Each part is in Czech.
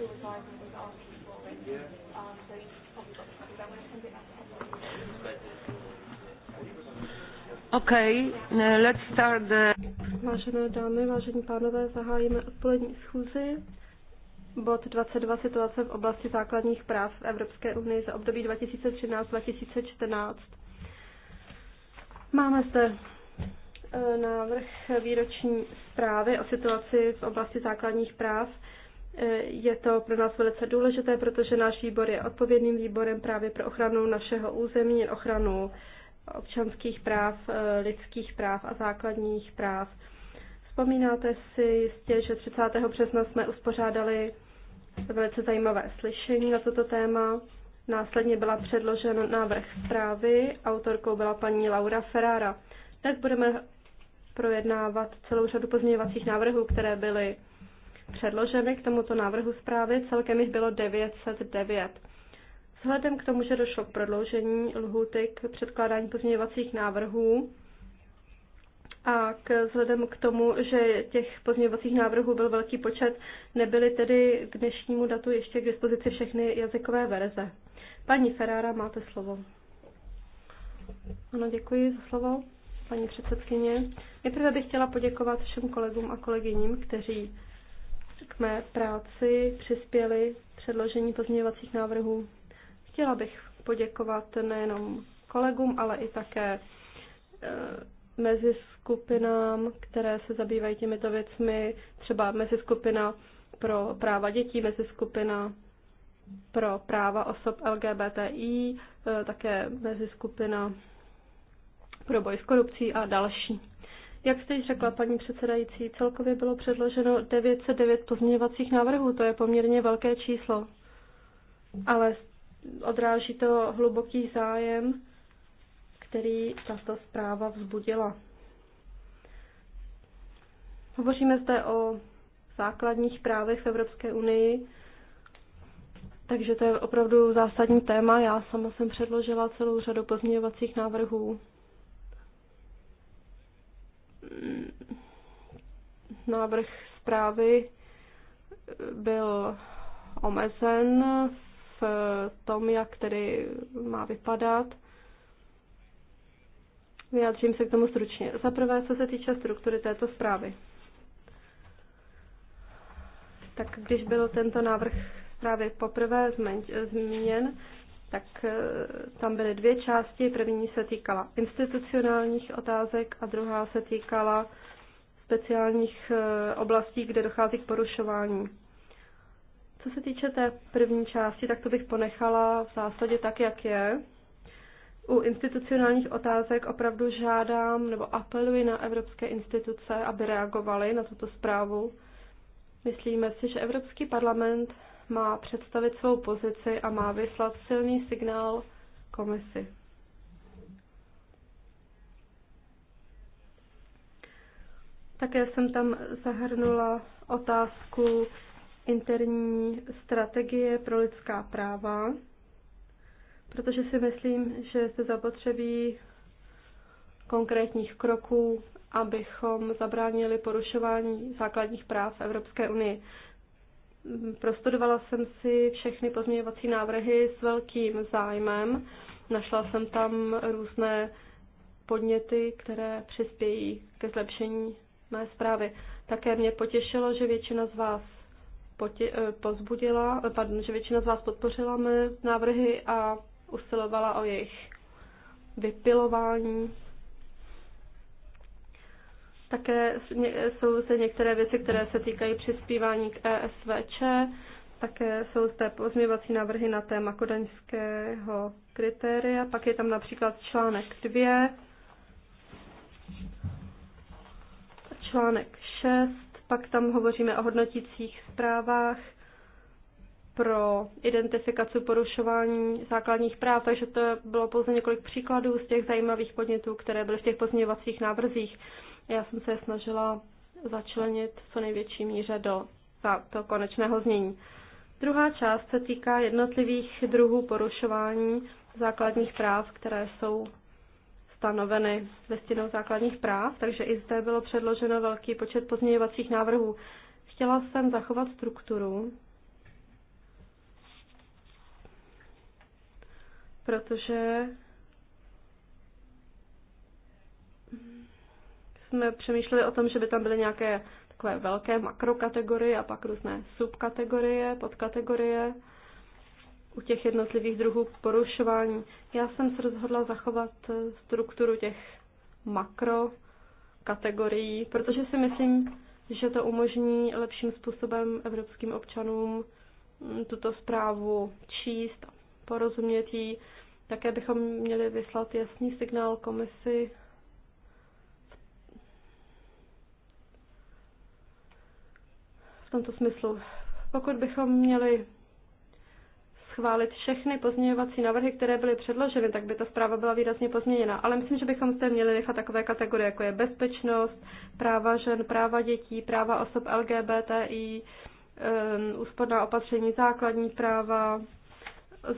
utilizing OK, uh, let's start the... Vážené dámy, vážení pánové, zahájíme odpolední schůzi. Bod 22 situace v oblasti základních práv v Evropské unii za období 2013-2014. Máme zde eh, návrh výroční zprávy o situaci v oblasti základních práv. Je to pro nás velice důležité, protože náš výbor je odpovědným výborem právě pro ochranu našeho území, ochranu občanských práv, eh, lidských práv a základních práv. Vzpomínáte si jistě, že 30. března jsme uspořádali velice zajímavé slyšení na toto téma. Následně byla předložen návrh zprávy, autorkou byla paní Laura Ferrara. Tak budeme projednávat celou řadu pozměňovacích návrhů, které byly předloženy k tomuto návrhu zprávy, celkem jich bylo 909. Vzhledem k tomu, že došlo k prodloužení lhuty k předkládání pozměňovacích návrhů a k, vzhledem k tomu, že těch pozměňovacích návrhů byl velký počet, nebyly tedy k dnešnímu datu ještě k dispozici všechny jazykové verze. Paní Ferrara, máte slovo. Ano, děkuji za slovo, paní předsedkyně. Nejprve bych chtěla poděkovat všem kolegům a kolegyním, kteří k mé práci přispěli předložení pozměňovacích návrhů. Chtěla bych poděkovat nejenom kolegům, ale i také e, mezi skupinám, které se zabývají těmito věcmi, třeba mezi skupina pro práva dětí, mezi skupina pro práva osob LGBTI, e, také mezi skupina pro boj s korupcí a další. Jak jste již řekla, paní předsedající, celkově bylo předloženo 909 pozměňovacích návrhů, to je poměrně velké číslo, ale odráží to hluboký zájem, který tato zpráva vzbudila. Hovoříme zde o základních právech v Evropské unii, takže to je opravdu zásadní téma. Já sama jsem předložila celou řadu pozměňovacích návrhů návrh zprávy byl omezen v tom, jak tedy má vypadat. Vyjádřím se k tomu stručně. Za prvé, co se týče struktury této zprávy. Tak když byl tento návrh zprávy poprvé změn, tak eh, tam byly dvě části. První se týkala institucionálních otázek a druhá se týkala speciálních eh, oblastí, kde dochází k porušování. Co se týče té první části, tak to bych ponechala v zásadě tak, jak je. U institucionálních otázek opravdu žádám nebo apeluji na evropské instituce, aby reagovaly na tuto zprávu. Myslíme si, že Evropský parlament má představit svou pozici a má vyslat silný signál komisi. Také jsem tam zahrnula otázku interní strategie pro lidská práva, protože si myslím, že se zapotřebí konkrétních kroků, abychom zabránili porušování základních práv Evropské unii. Mm, prostudovala jsem si všechny pozměňovací návrhy s velkým zájmem. Našla jsem tam různé podněty, které přispějí ke zlepšení mé zprávy. Také mě potěšilo, že většina z vás potě, eh, pozbudila, eh, pardon, že většina z vás podpořila mé návrhy a usilovala o jejich vypilování. Také jsou zde některé věci, které se týkají přispívání k ESVČ. Také jsou zde pozměvací návrhy na téma kodaňského kritéria. Pak je tam například článek 2, článek 6, pak tam hovoříme o hodnotících zprávách pro identifikaci porušování základních práv, takže to bylo pouze několik příkladů z těch zajímavých podnětů, které byly v těch pozměňovacích návrzích. Já jsem se je snažila začlenit co největší míře do toho konečného znění. Druhá část se týká jednotlivých druhů porušování základních práv, které jsou stanoveny listinou základních práv, takže i zde bylo předloženo velký počet pozměňovacích návrhů. Chtěla jsem zachovat strukturu, protože jsme přemýšleli o tom, že by tam byly nějaké takové velké makrokategorie a pak různé subkategorie, podkategorie u těch jednotlivých druhů porušování. Já jsem se rozhodla zachovat strukturu těch makrokategorií, protože si myslím, že to umožní lepším způsobem evropským občanům mm, tuto zprávu číst, porozumět jí. Také bychom měli vyslat jasný signál komisi tomto smyslu. Pokud bychom měli schválit všechny pozměňovací návrhy, které byly předloženy, tak by ta zpráva byla výrazně pozměněna. Ale myslím, že bychom zde měli nechat takové kategorie, jako je bezpečnost, práva žen, práva dětí, práva osob LGBTI, um, úsporná opatření, základní práva,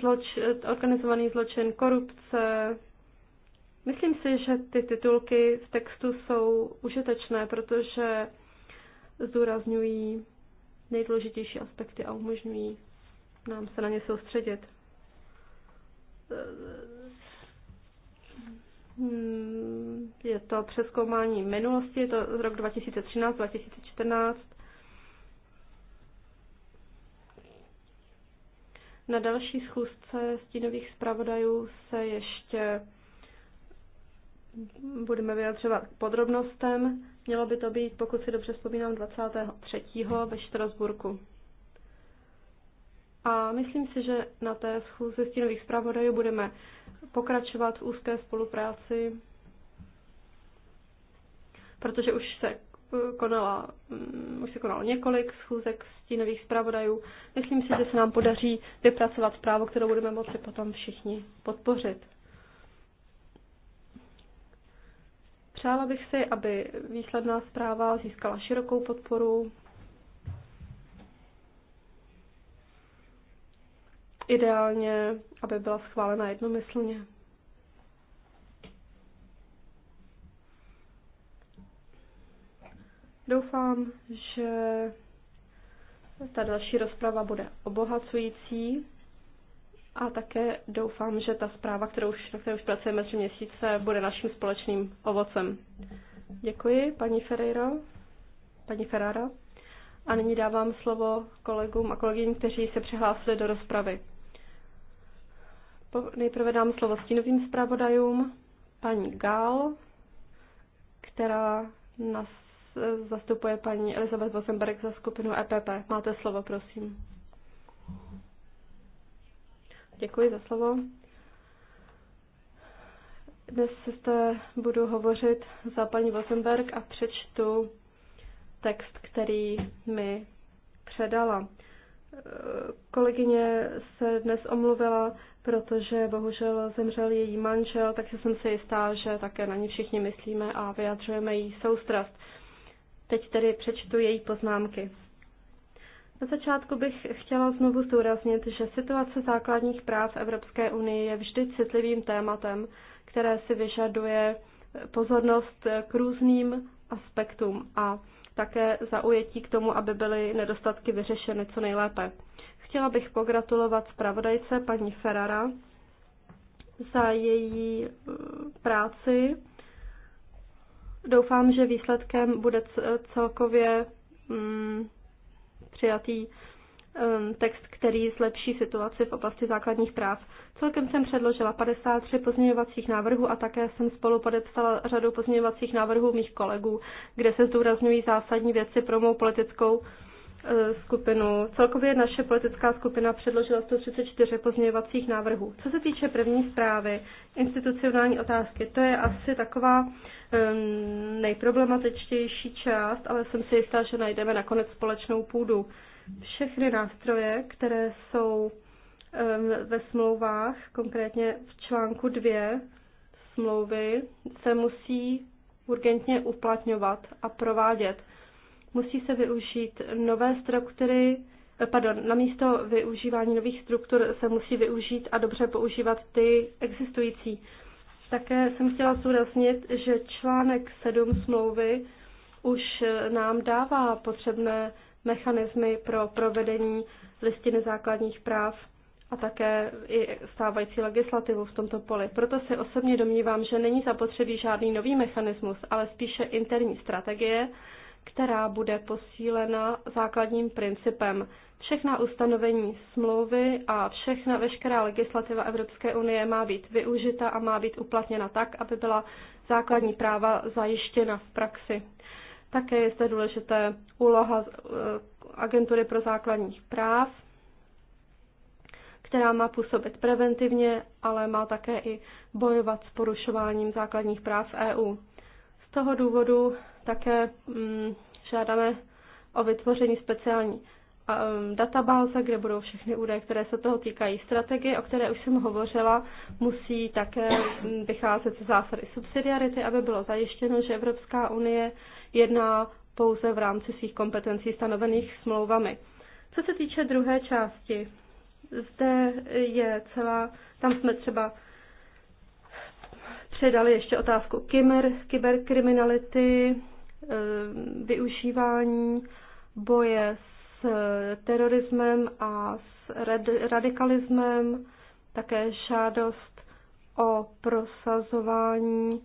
zloč, organizovaný zločin, korupce. Myslím si, že ty titulky v textu jsou užitečné, protože zdůrazňují nejdůležitější aspekty a umožňují nám se na ně soustředit. Eh, je to přeskoumání minulosti, je to z rok 2013-2014. Na další schůzce stínových zpravodajů se ještě budeme vyjadřovat k podrobnostem. Mělo by to být, pokud si dobře vzpomínám, 23. ve Štrasburku. A myslím si, že na té schůzi stínových zpravodajů budeme pokračovat v úzké spolupráci, protože už se eh, konala, mm, už se konalo několik schůzek stínových zpravodajů. Myslím si, že se nám podaří vypracovat zprávu, kterou budeme moci potom všichni podpořit. Přála bych si, aby výsledná zpráva získala širokou podporu. Ideálně, aby byla schválena jednomyslně. Doufám, že ta další rozprava bude obohacující a také doufám, že ta zpráva, kterou už, na které už pracujeme tři měsíce, bude naším společným ovocem. Děkuji, paní Ferreira. Paní Ferrara. A nyní dávám slovo kolegům a kolegyním, kteří se přihlásili do rozpravy. Nejprve dám slovo stínovým zpravodajům, paní Gál, která nás zastupuje paní Elizabeth Vosenberg za skupinu EPP. Máte slovo, prosím. Děkuji za slovo. Dnes jste budu hovořit za paní Vosenberg a přečtu text, který mi předala. Kolegyně se dnes omluvila, protože bohužel zemřel její manžel, takže jsem si jistá, že také na ní všichni myslíme a vyjadřujeme jí soustrast. Teď tedy přečtu její poznámky. Na začátku bych chtěla znovu zdůraznit, že situace základních práv Evropské unie je vždy citlivým tématem, které si vyžaduje pozornost k různým aspektům a také zaujetí k tomu, aby byly nedostatky vyřešeny co nejlépe. Chtěla bych pogratulovat zpravodajce paní Ferrara za její eh, práci. Doufám, že výsledkem bude celkově mm, přijatý um, text, který zlepší situaci v oblasti základních práv. Celkem jsem předložila 53 pozměňovacích návrhů a také jsem spolu podepsala řadu pozměňovacích návrhů mých kolegů, kde se zdůrazňují zásadní věci pro mou politickou Eh, skupinu. Celkově naše politická skupina předložila 134 pozměňovacích návrhů. Co se týče první zprávy, institucionální otázky, to je asi taková nejproblematičtější část, ale jsem si jistá, že najdeme nakonec společnou půdu. Všechny nástroje, které jsou ve smlouvách, konkrétně v článku 2 smlouvy, se musí urgentně uplatňovat a provádět. Musí se využít nové struktury, eh, pardon, na místo využívání nových struktur se musí využít a dobře používat ty existující. Také jsem chtěla zdůraznit, že článek 7 smlouvy už eh, nám dává potřebné mechanismy pro provedení listiny základních práv a také i stávající legislativu v tomto poli. Proto si osobně domnívám, že není zapotřebí žádný nový mechanismus, ale spíše interní strategie, která bude posílena základním principem. Všechna ustanovení smlouvy a všechna veškerá legislativa Evropské unie má být využita a má být uplatněna tak, aby byla základní práva zajištěna v praxi. Také je zde důležité úloha eh, Agentury pro základních práv, která má působit preventivně, ale má také i bojovat s porušováním základních práv EU. Z toho důvodu také mm, žádáme o vytvoření speciální mm, databáze, kde budou všechny údaje, které se toho týkají. Strategie, o které už jsem hovořila, musí také mm, vycházet ze zásady subsidiarity, aby bylo zajištěno, že Evropská unie jedná pouze v rámci svých kompetencí stanovených smlouvami. Co se týče druhé části, zde je celá, tam jsme třeba přidali ještě otázku kyber, kyberkriminality, využívání boje s terorismem a s radikalismem, také žádost o prosazování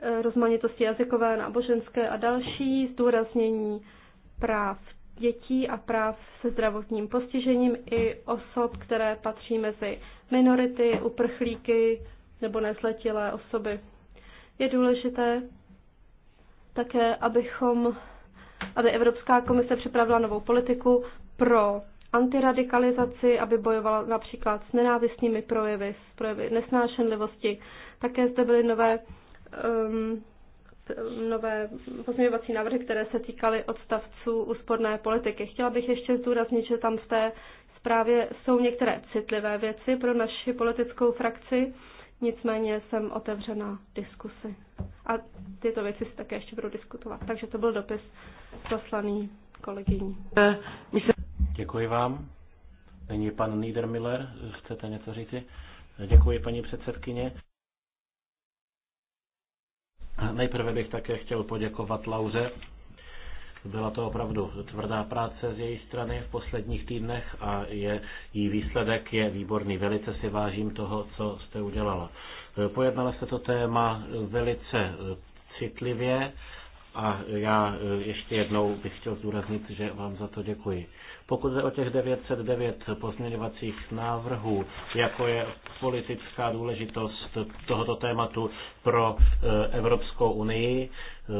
eh, rozmanitosti jazykové, náboženské a další, zdůraznění práv dětí a práv se zdravotním postižením i osob, které patří mezi minority, uprchlíky nebo nezletilé osoby. Je důležité také, abychom, aby Evropská komise připravila novou politiku pro antiradikalizaci, aby bojovala například s nenávistnými projevy, s projevy nesnášenlivosti. Také zde byly nové, um, nové pozměňovací návrhy, které se týkaly odstavců úsporné politiky. Chtěla bych ještě zdůraznit, že tam v té zprávě jsou některé citlivé věci pro naši politickou frakci Nicméně jsem otevřena diskusi. A tyto věci si také ještě budu diskutovat. Takže to byl dopis poslaný kolegyní. Děkuji vám. Není pan Niedermiller, chcete něco říci? Děkuji, paní předsedkyně. Nejprve bych také chtěl poděkovat Lauze byla to opravdu tvrdá práce z její strany v posledních týdnech a je, její výsledek je výborný. Velice si vážím toho, co jste udělala. Pojednala se to téma velice citlivě a já ještě jednou bych chtěl zdůraznit, že vám za to děkuji. Pokud jde o těch 909 pozměňovacích návrhů, jako je politická důležitost tohoto tématu pro eh, Evropskou unii, eh,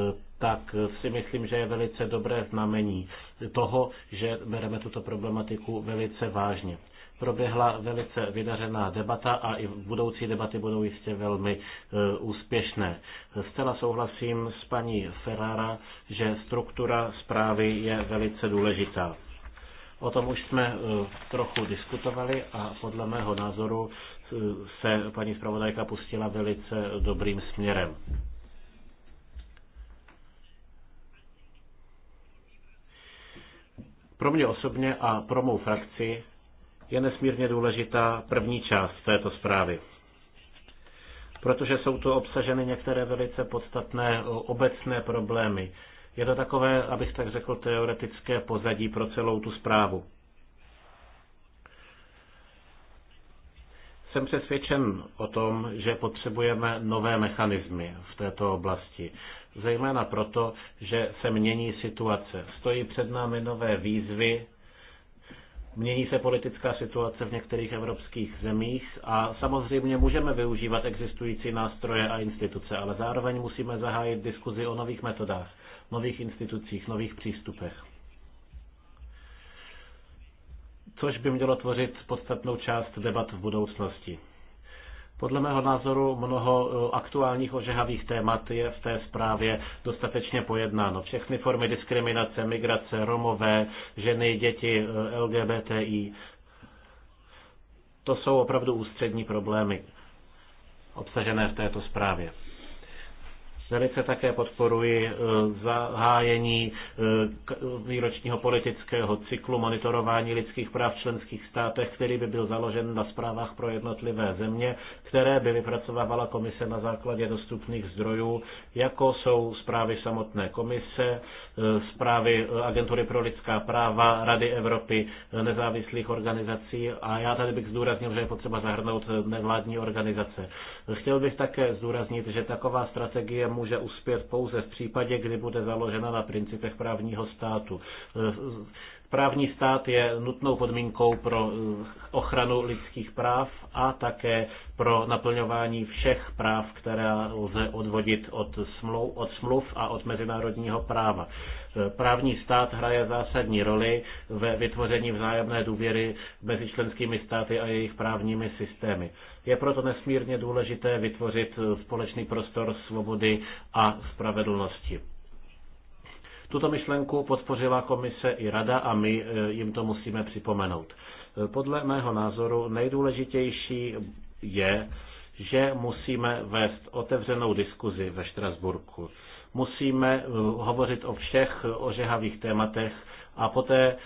tak si myslím, že je velice dobré znamení toho, že bereme tuto problematiku velice vážně. Proběhla velice vydařená debata a i budoucí debaty budou jistě velmi e, úspěšné. Zcela souhlasím s paní Ferrara, že struktura zprávy je velice důležitá. O tom už jsme e, trochu diskutovali a podle mého názoru e, se paní zpravodajka pustila velice dobrým směrem. Pro mě osobně a pro mou frakci je nesmírně důležitá první část této zprávy, protože jsou tu obsaženy některé velice podstatné obecné problémy. Je to takové, abych tak řekl, teoretické pozadí pro celou tu zprávu. Jsem přesvědčen o tom, že potřebujeme nové mechanismy v této oblasti zejména proto, že se mění situace. Stojí před námi nové výzvy, Mění se politická situace v některých evropských zemích a samozřejmě můžeme využívat existující nástroje a instituce, ale zároveň musíme zahájit diskuzi o nových metodách, nových institucích, nových přístupech. Což by mělo tvořit podstatnou část debat v budoucnosti. Podle mého názoru mnoho e, aktuálních ožehavých témat je v té zprávě dostatečně pojednáno. Všechny formy diskriminace, migrace, romové, ženy, děti, e, LGBTI, to jsou opravdu ústřední problémy obsažené v této zprávě. Velice také podporuji eh, zahájení eh, výročního politického cyklu monitorování lidských práv v členských státech, který by byl založen na zprávách pro jednotlivé země, které by vypracovávala komise na základě dostupných zdrojů, jako jsou zprávy samotné komise, eh, zprávy Agentury pro lidská práva, Rady Evropy, nezávislých organizací a já tady bych zdůraznil, že je potřeba zahrnout nevládní organizace. Chtěl bych také zdůraznit, že taková strategie může může uspět pouze v případě, kdy bude založena na principech právního státu. Právní stát je nutnou podmínkou pro eh, ochranu lidských práv a také pro naplňování všech práv, která lze odvodit od smluv, od smluv a od mezinárodního práva. Právní stát hraje zásadní roli ve vytvoření vzájemné důvěry mezi členskými státy a jejich právními systémy. Je proto nesmírně důležité vytvořit společný prostor svobody a spravedlnosti. Tuto myšlenku podpořila komise i rada a my eh, jim to musíme připomenout. Eh, podle mého názoru nejdůležitější je, že musíme vést otevřenou diskuzi ve Štrasburku. Musíme eh, hovořit o všech ožehavých tématech a poté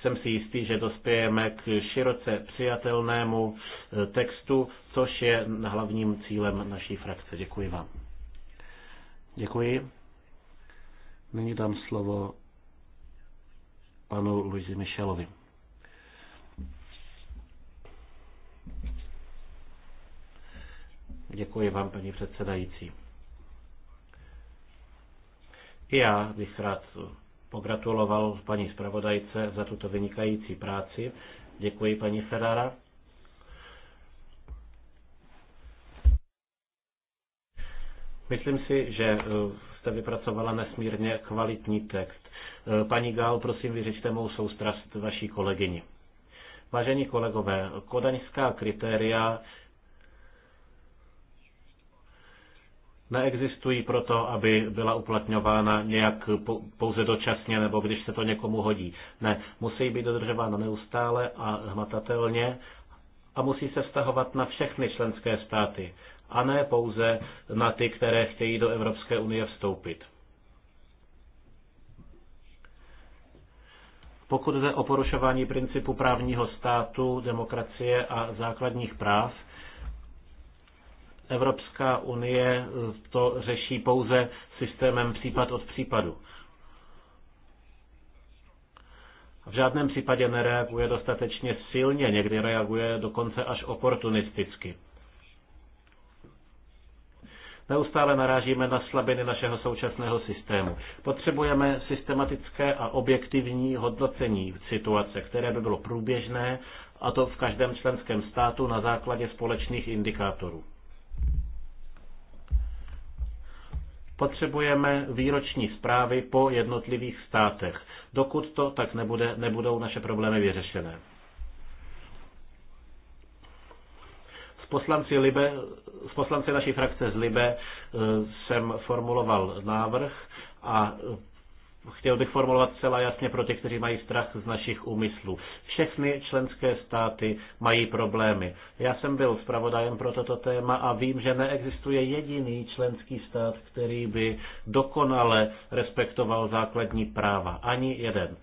jsem si jistý, že dospějeme k široce přijatelnému eh, textu, což je hlavním cílem naší frakce. Děkuji vám. Děkuji. Nyní dám slovo panu Luizi Michelovi. Děkuji vám, paní předsedající. I já bych rád pogratuloval paní zpravodajce za tuto vynikající práci. Děkuji, paní Ferrara. Myslím si, že eh, jste vypracovala nesmírně kvalitní text. Eh, paní Gál, prosím, vyřešte mou soustrast vaší kolegyni. Vážení kolegové, kodaňská kritéria neexistují proto, aby byla uplatňována nějak pouze dočasně nebo když se to někomu hodí. Ne, musí být dodržována neustále a hmatatelně a musí se vztahovat na všechny členské státy a ne pouze na ty, které chtějí do Evropské unie vstoupit. Pokud jde o porušování principu právního státu, demokracie a základních práv, Evropská unie to řeší pouze systémem případ od případu. V žádném případě nereaguje dostatečně silně, někdy reaguje dokonce až oportunisticky. Neustále narážíme na slabiny našeho současného systému. Potřebujeme systematické a objektivní hodnocení situace, které by bylo průběžné, a to v každém členském státu na základě společných indikátorů. Potřebujeme výroční zprávy po jednotlivých státech. Dokud to tak nebude, nebudou naše problémy vyřešené. poslanci, Libe, s poslanci naší frakce z Libe eh, jsem formuloval návrh a chtěl bych formulovat celá jasně pro ty, kteří mají strach z našich úmyslů. Všechny členské státy mají problémy. Já jsem byl zpravodajem pro toto téma a vím, že neexistuje jediný členský stát, který by dokonale respektoval základní práva. Ani jeden.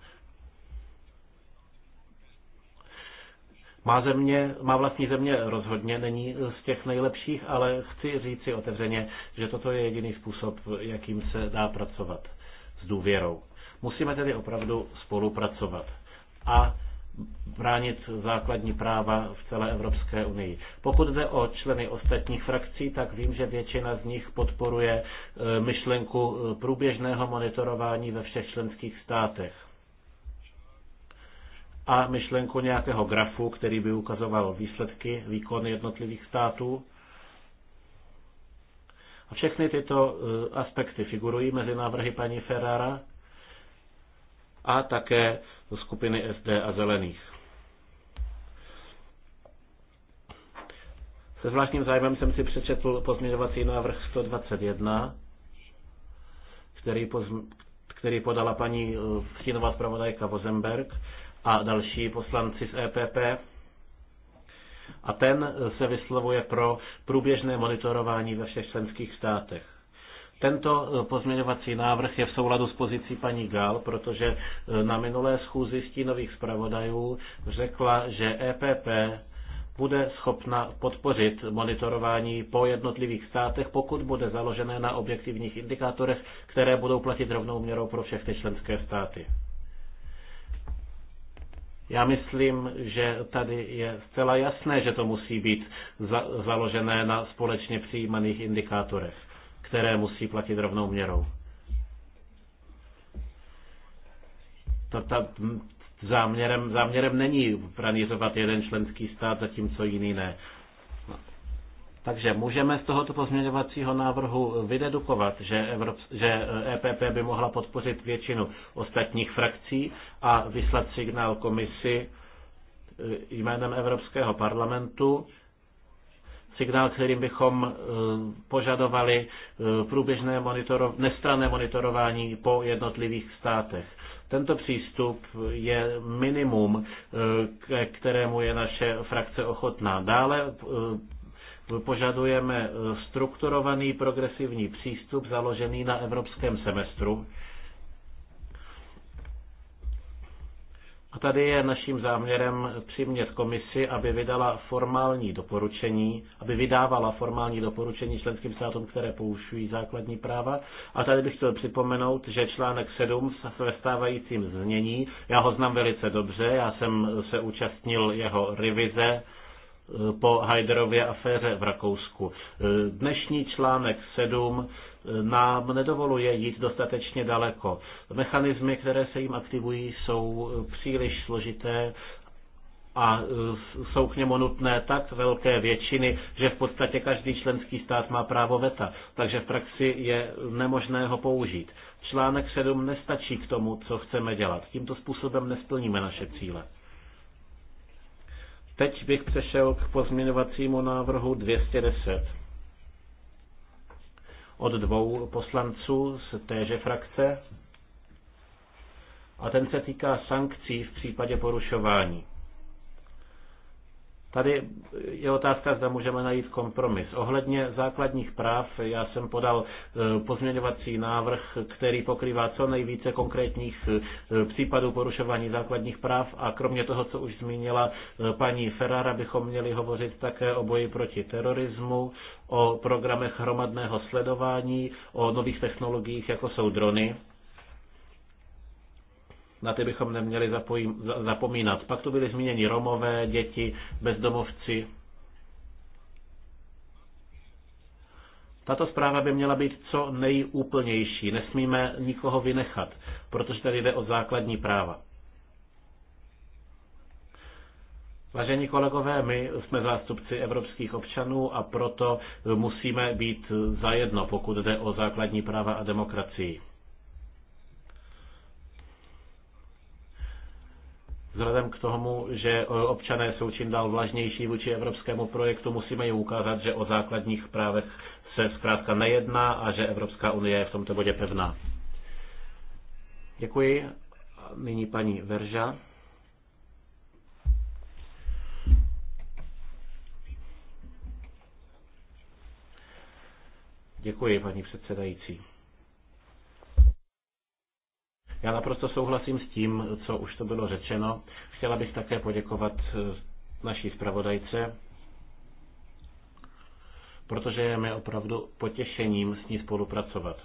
Má, země, má vlastní země rozhodně není z těch nejlepších, ale chci říci otevřeně, že toto je jediný způsob, jakým se dá pracovat s důvěrou. Musíme tedy opravdu spolupracovat a bránit základní práva v celé Evropské unii. Pokud jde o členy ostatních frakcí, tak vím, že většina z nich podporuje e, myšlenku e, průběžného monitorování ve všech členských státech a myšlenku nějakého grafu, který by ukazoval výsledky, výkon jednotlivých států a všechny tyto eh, aspekty figurují mezi návrhy paní Ferrara a také skupiny SD a zelených. Se zvláštním zájmem jsem si přečetl pozměňovací návrh 121, který, pozm, který podala paní eh, stínová zpravodajka Vozemberg a další poslanci z EPP a ten eh, se vyslovuje pro průběžné monitorování ve všech členských státech. Tento eh, pozměňovací návrh je v souladu s pozicí paní Gal, protože eh, na minulé schůzi stínových zpravodajů řekla, že EPP bude schopna podpořit monitorování po jednotlivých státech, pokud bude založené na objektivních indikátorech, které budou platit rovnou měrou pro všechny členské státy. Já myslím, že tady je zcela jasné, že to musí být za, založené na společně přijímaných indikátorech, které musí platit rovnou měrou. To, ta, záměrem, záměrem není pranířovat jeden členský stát, zatímco jiný ne. Takže můžeme z tohoto pozměňovacího návrhu vydedukovat, že, Evrop, že EPP eh, e by mohla podpořit většinu ostatních frakcí a vyslat signál komisi eh, jménem Evropského parlamentu, signál, kterým bychom eh, požadovali průběžné monitoro, nestranné monitorování po jednotlivých státech. Tento přístup je minimum, ke kterému je naše frakce ochotná. Dále Požadujeme eh, strukturovaný progresivní přístup založený na evropském semestru. A tady je naším záměrem přimět komisi, aby vydala formální doporučení, aby vydávala formální doporučení členským státům, které poušují základní práva. A tady bych chtěl připomenout, že článek 7 ve stávajícím znění, já ho znám velice dobře, já jsem se účastnil jeho revize Eh, po Haiderově aféře v Rakousku. Eh, dnešní článek 7 eh, nám nedovoluje jít dostatečně daleko. Mechanismy, které se jim aktivují, jsou příliš složité a jsou k němu nutné tak velké většiny, že v podstatě každý členský stát má právo veta, takže v praxi je nemožné ho použít. Článek 7 nestačí k tomu, co chceme dělat. Tímto způsobem nesplníme naše cíle. Teď bych přešel k pozměňovacímu návrhu 210 od dvou poslanců z téže frakce a ten se týká sankcí v případě porušování. Tady je otázka, zda můžeme najít kompromis. Ohledně základních práv já jsem podal e, pozměňovací návrh, který pokrývá co nejvíce konkrétních e, případů porušování základních práv a kromě toho, co už zmínila e, paní Ferrara, bychom měli hovořit také o boji proti terorismu, o programech hromadného sledování, o nových technologiích, jako jsou drony na ty bychom neměli zapomínat. Pak tu byly zmíněni Romové, děti, bezdomovci. Tato zpráva by měla být co nejúplnější. Nesmíme nikoho vynechat, protože tady jde o základní práva. Vážení kolegové, my jsme zástupci evropských občanů a proto musíme být zajedno, pokud jde o základní práva a demokracii. Vzhledem k tomu, že e, občané jsou čím dál vlažnější vůči evropskému projektu, musíme jim ukázat, že o základních právech se zkrátka nejedná a že Evropská unie je v tomto bodě pevná. Děkuji. Nyní paní Verža. Děkuji, paní předsedající. Já naprosto souhlasím s tím, co už to bylo řečeno. Chtěla bych také poděkovat eh, naší zpravodajce, protože je mi opravdu potěšením s ní spolupracovat.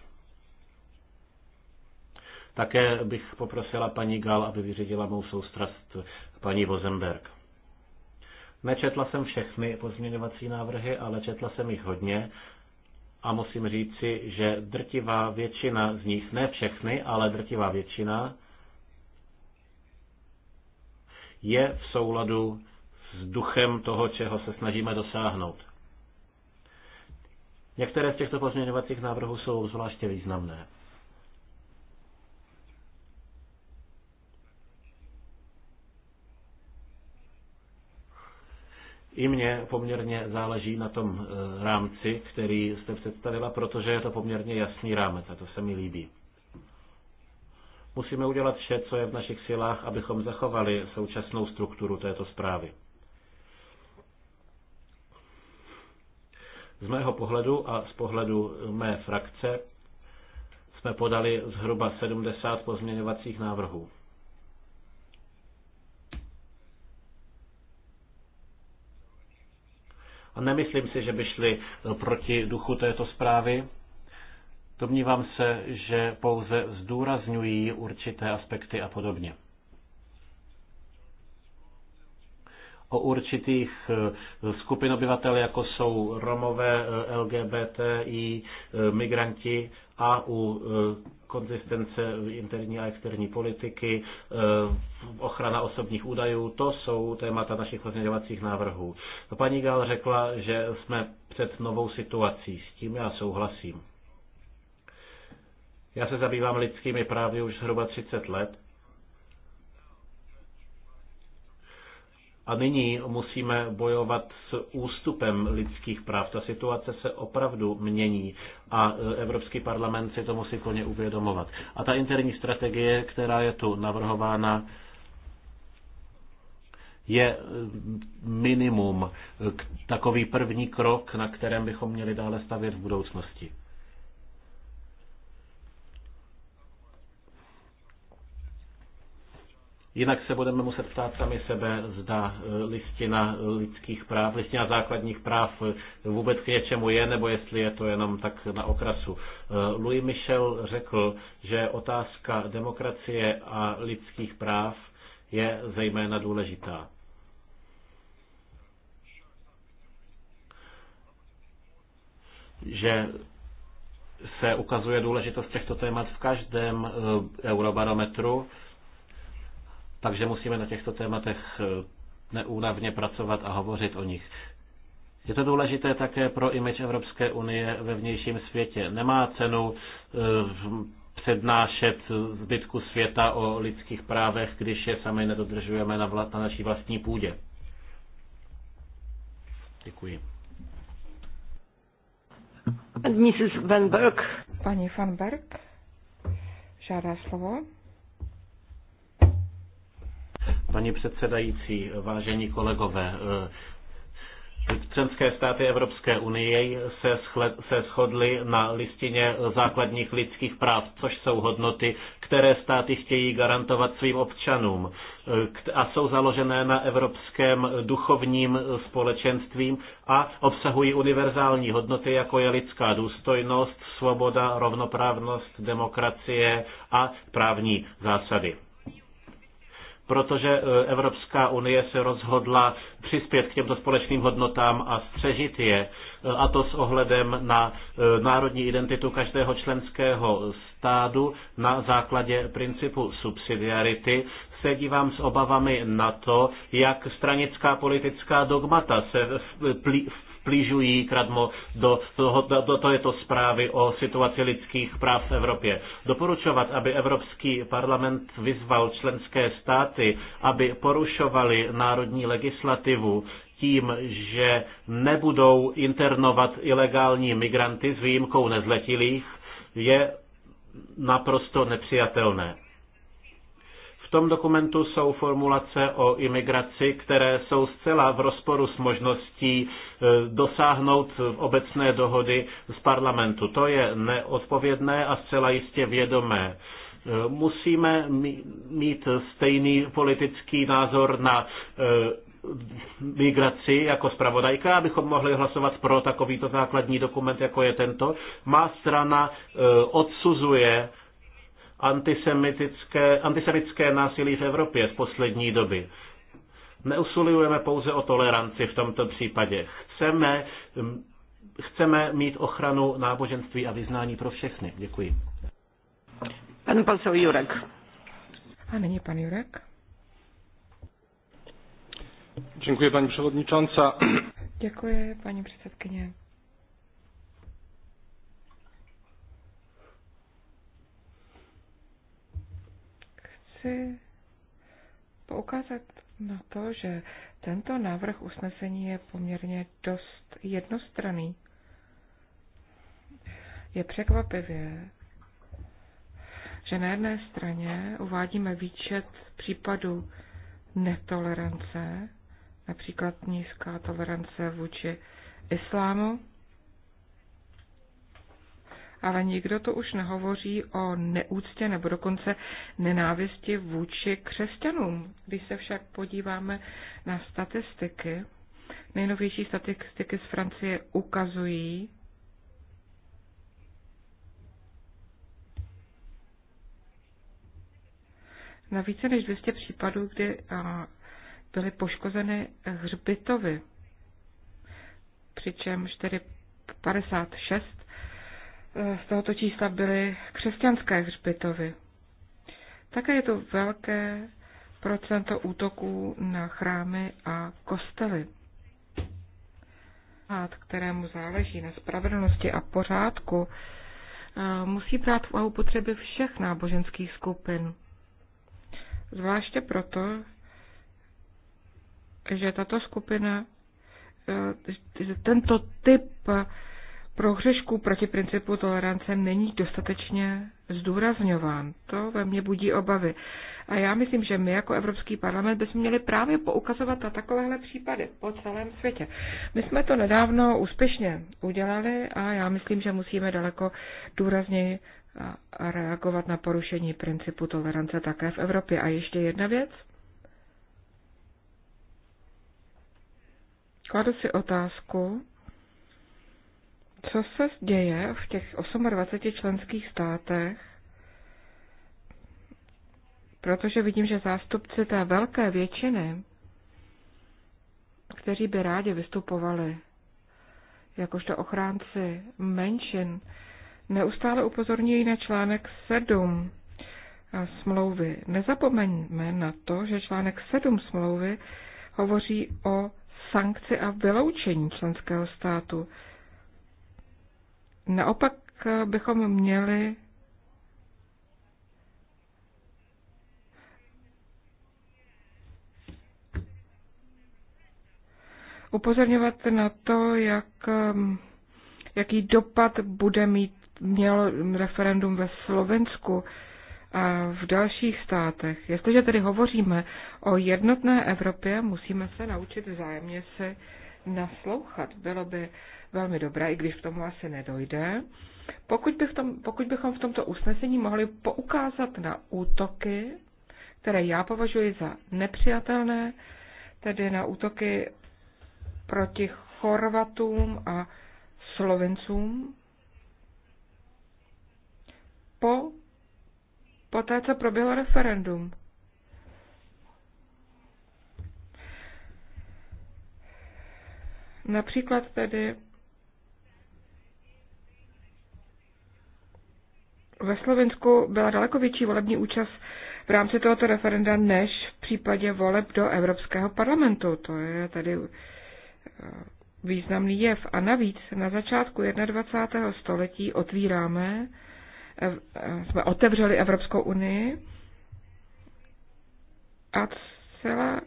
Také bych poprosila paní Gal, aby vyřídila mou soustrast paní Vozenberg. Nečetla jsem všechny pozměňovací návrhy, ale četla jsem jich hodně a musím říci, že drtivá většina z nich, ne všechny, ale drtivá většina, je v souladu s duchem toho, čeho se snažíme dosáhnout. Některé z těchto pozměňovacích návrhů jsou zvláště významné. I mně poměrně záleží na tom eh, rámci, který jste představila, protože je to poměrně jasný rámec a to se mi líbí. Musíme udělat vše, co je v našich silách, abychom zachovali současnou strukturu této zprávy. Z mého pohledu a z pohledu mé frakce jsme podali zhruba 70 pozměňovacích návrhů. A nemyslím si, že by šli eh, proti duchu této zprávy. Domnívám se, že pouze zdůrazňují určité aspekty a podobně. o určitých eh, skupin obyvatel, jako jsou Romové, eh, LGBT, i eh, migranti a u konzistence interní a externí politiky, ochrana osobních údajů, to jsou témata našich pozměňovacích návrhů. No, paní Gál řekla, že jsme před novou situací, s tím já souhlasím. Já se zabývám lidskými právy už zhruba 30 let A nyní musíme bojovat s ústupem lidských práv. Ta situace se opravdu mění a e, Evropský parlament si to musí plně uvědomovat. A ta interní strategie, která je tu navrhována, je e, minimum, takový první krok, na kterém bychom měli dále stavět v budoucnosti. Jinak se budeme muset ptát sami sebe, zda e, listina lidských práv, listina základních práv e, vůbec k něčemu je, nebo jestli je to jenom tak na okrasu. E, Louis Michel řekl, že otázka demokracie a lidských práv je zejména důležitá. Že se ukazuje důležitost těchto témat v každém eurobarometru, takže musíme na těchto tématech eh, neúnavně pracovat a hovořit o nich. Je to důležité také pro image Evropské unie ve vnějším světě. Nemá cenu eh, přednášet zbytku světa o lidských právech, když je sami nedodržujeme na, vla, na naší vlastní půdě. Děkuji. Mrs. Van Berg. Paní Van Berg žádá slovo. Paní předsedající, vážení kolegové, eh, Členské státy Evropské unie se, se shodly na listině základních lidských práv, což jsou hodnoty, které státy chtějí garantovat svým občanům eh, a jsou založené na evropském duchovním společenstvím a obsahují univerzální hodnoty, jako je lidská důstojnost, svoboda, rovnoprávnost, demokracie a právní zásady protože e, Evropská unie se rozhodla přispět k těmto společným hodnotám a střežit je, e, a to s ohledem na e, národní identitu každého členského stádu na základě principu subsidiarity, se dívám s obavami na to, jak stranická politická dogmata se vplížují kradmo do, toho, do, do tohoto zprávy o situaci lidských práv v Evropě. Doporučovat, aby Evropský parlament vyzval členské státy, aby porušovali národní legislativu, tím, že nebudou internovat ilegální migranty s výjimkou nezletilých, je naprosto nepřijatelné tom dokumentu jsou formulace o imigraci, které jsou zcela v rozporu s možností e, dosáhnout obecné dohody z parlamentu. To je neodpovědné a zcela jistě vědomé e, musíme mít stejný politický názor na e, migraci jako zpravodajka, abychom mohli hlasovat pro takovýto základní dokument, jako je tento. Má strana odsuzuje antisemitické, antisemitské násilí v Evropě v poslední doby. Neusilujeme pouze o toleranci v tomto případě. Chceme, chceme mít ochranu náboženství a vyznání pro všechny. Děkuji. Pan poslou Jurek. A nyní pan Jurek. Děkuji, pani przewodnicząca. Dziękuję pani předsedkyně. chci poukázat na to, že tento návrh usnesení je poměrně dost jednostranný. Je překvapivě, že na jedné straně uvádíme výčet případů netolerance, například nízká tolerance vůči islámu, ale nikdo to už nehovoří o neúctě nebo dokonce nenávisti vůči křesťanům. Když se však podíváme na statistiky, nejnovější statistiky z Francie ukazují, na více než 200 případů, kdy byly poškozeny hřbitovy, přičemž tedy 56 Eh, z tohoto čísla byly křesťanské hřbitovy. Také je to velké procento útoků na chrámy a kostely. kostely.Át, kterému záleží na spravedlnosti a pořádku, eh, musí brát v úvahu potřeby všech náboženských skupin. Zvláště proto, že tato skupina, eh, tento typ prohřešku proti principu tolerance není dostatečně zdůrazňován. To ve mně budí obavy. A já myslím, že my jako Evropský parlament bychom měli právě poukazovat na takovéhle případy po celém světě. My jsme to nedávno úspěšně udělali a já myslím, že musíme daleko důrazněji reagovat na porušení principu tolerance také v Evropě. A ještě jedna věc. Kladu si otázku, co se děje v těch 28 členských státech, protože vidím, že zástupci té velké většiny, kteří by rádi vystupovali jakožto ochránci menšin, neustále upozorňují na článek 7 smlouvy. Nezapomeňme na to, že článek 7 smlouvy hovoří o sankci a vyloučení členského státu Naopak eh, bychom měli upozorňovat na to, jak, eh, jaký dopad bude mít měl referendum ve Slovensku a v dalších státech. Jestliže tedy hovoříme o jednotné Evropě, musíme se naučit vzájemně se naslouchat. Bylo by velmi dobré, i když k tomu asi nedojde. Pokud, by v tom, pokud bychom v tomto usnesení mohli poukázat na útoky, které já považuji za nepřijatelné, tedy na útoky proti Chorvatům a Slovencům, po, po té, co proběhlo referendum. Například tedy ve Slovensku byla daleko větší volební účast v rámci tohoto referenda než v případě voleb do Evropského parlamentu. To je tedy eh, významný jev. A navíc na začátku 21. století otvíráme, eh, eh, jsme otevřeli Evropskou unii a celá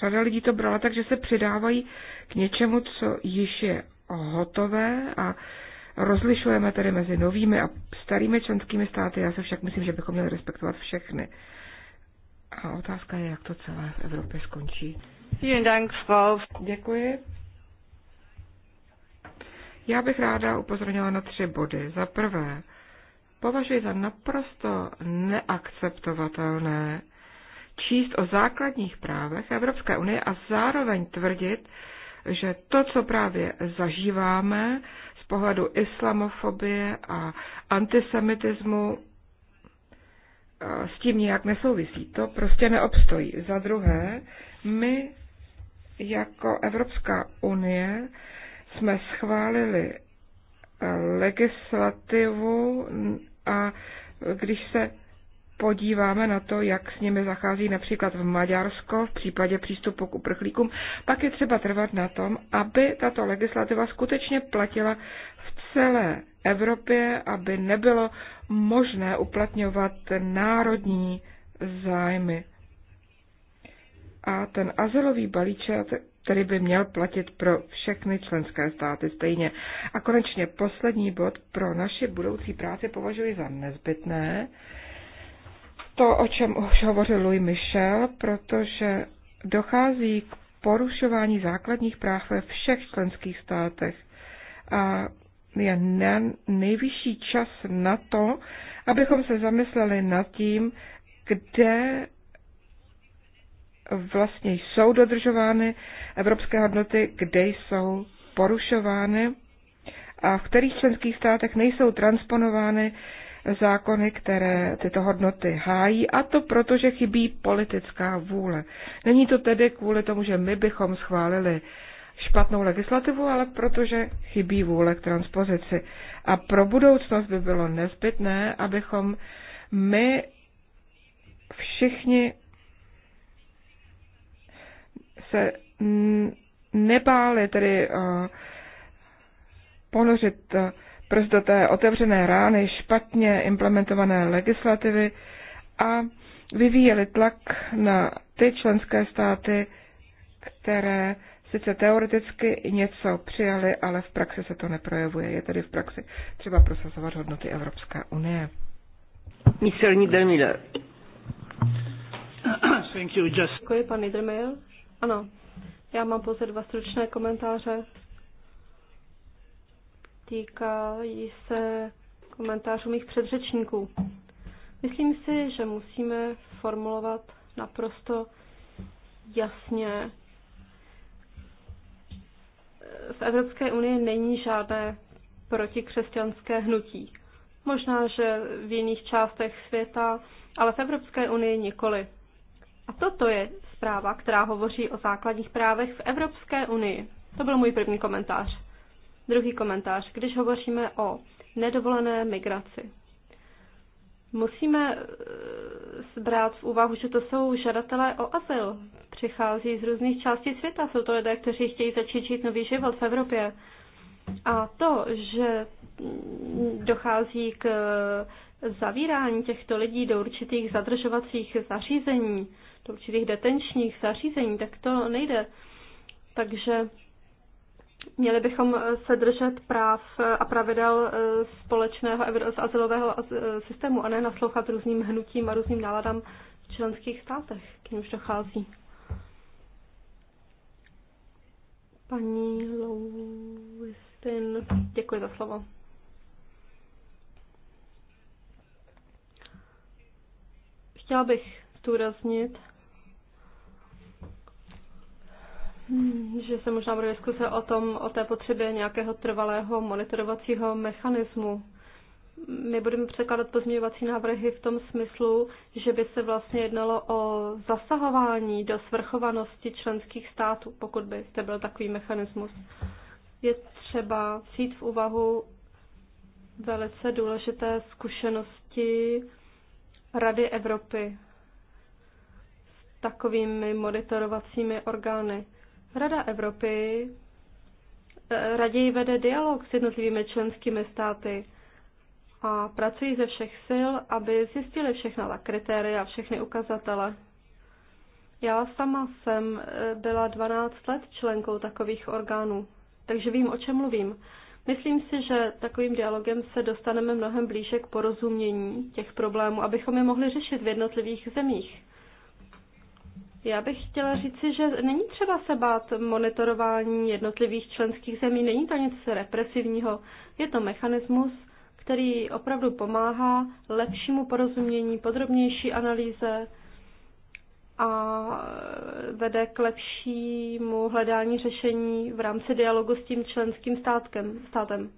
řada lidí to brala tak, že se přidávají k něčemu, co již je hotové a rozlišujeme tedy mezi novými a starými členskými státy. Já se však myslím, že bychom měli respektovat všechny. A otázka je, jak to celé v Evropě skončí. Děkuji. Já bych ráda upozornila na tři body. Za prvé, považuji za naprosto neakceptovatelné číst o základních právech Evropské unie a zároveň tvrdit, že to, co právě zažíváme z pohledu islamofobie a antisemitismu, eh, s tím nijak nesouvisí. To prostě neobstojí. Za druhé, my jako Evropská unie jsme schválili eh, legislativu a když se podíváme na to, jak s nimi zachází například v Maďarsko v případě přístupu k uprchlíkům, pak je třeba trvat na tom, aby tato legislativa skutečně platila v celé Evropě, aby nebylo možné uplatňovat národní zájmy. A ten azylový balíček který by měl platit pro všechny členské státy stejně. A konečně poslední bod pro naši budoucí práci považuji za nezbytné, to, o čem už hovořil Louis Michel, protože dochází k porušování základních práv ve všech členských státech a je nejvyšší čas na to, abychom se zamysleli nad tím, kde vlastně jsou dodržovány evropské hodnoty, kde jsou porušovány a v kterých členských státech nejsou transponovány zákony, které tyto hodnoty hájí, a to proto, že chybí politická vůle. Není to tedy kvůli tomu, že my bychom schválili špatnou legislativu, ale protože chybí vůle k transpozici. A pro budoucnost by bylo nezbytné, abychom my všichni se nebáli tedy uh, ponořit uh, prst do té otevřené rány špatně implementované legislativy a vyvíjeli tlak na ty členské státy, které sice teoreticky něco přijali, ale v praxi se to neprojevuje. Je tedy v praxi třeba prosazovat hodnoty Evropské unie. Mr. Niedermiller. Děkuji, pan Niedermiller. Ano, já mám pouze dva stručné komentáře týkají se komentářů mých předřečníků. Myslím si, že musíme formulovat naprosto jasně. V Evropské unii není žádné protikřesťanské hnutí. Možná, že v jiných částech světa, ale v Evropské unii nikoli. A toto je zpráva, která hovoří o základních právech v Evropské unii. To byl můj první komentář. Druhý komentář. Když hovoříme o nedovolené migraci, musíme eh, brát v úvahu, že to jsou žadatelé o azyl. Přichází z různých částí světa. Jsou to lidé, kteří chtějí začít žít nový život v Evropě. A to, že dochází k eh, zavírání těchto lidí do určitých zadržovacích zařízení, do určitých detenčních zařízení, tak to nejde. Takže Měli bychom eh, se držet práv eh, a pravidel eh, společného azylového systému a ne naslouchat různým hnutím a různým náladám v členských státech, k nímž dochází. Paní Louistin, děkuji za slovo. Chtěla bych zdůraznit, Hmm, že se možná bude diskuse o tom, o té potřebě nějakého trvalého monitorovacího mechanismu. My budeme překládat pozměňovací návrhy v tom smyslu, že by se vlastně jednalo o zasahování do svrchovanosti členských států, pokud by To byl takový mechanismus. Je třeba vzít v úvahu velice důležité zkušenosti Rady Evropy s takovými monitorovacími orgány Rada Evropy eh, raději vede dialog s jednotlivými členskými státy a pracují ze všech sil, aby zjistili všechna ta kritéria, všechny ukazatele. Já sama jsem eh, byla 12 let členkou takových orgánů, takže vím, o čem mluvím. Myslím si, že takovým dialogem se dostaneme mnohem blíže k porozumění těch problémů, abychom je mohli řešit v jednotlivých zemích. Já bych chtěla říci, že není třeba se bát monitorování jednotlivých členských zemí, není to nic represivního, je to mechanismus, který opravdu pomáhá lepšímu porozumění, podrobnější analýze a vede k lepšímu hledání řešení v rámci dialogu s tím členským státkem, státem.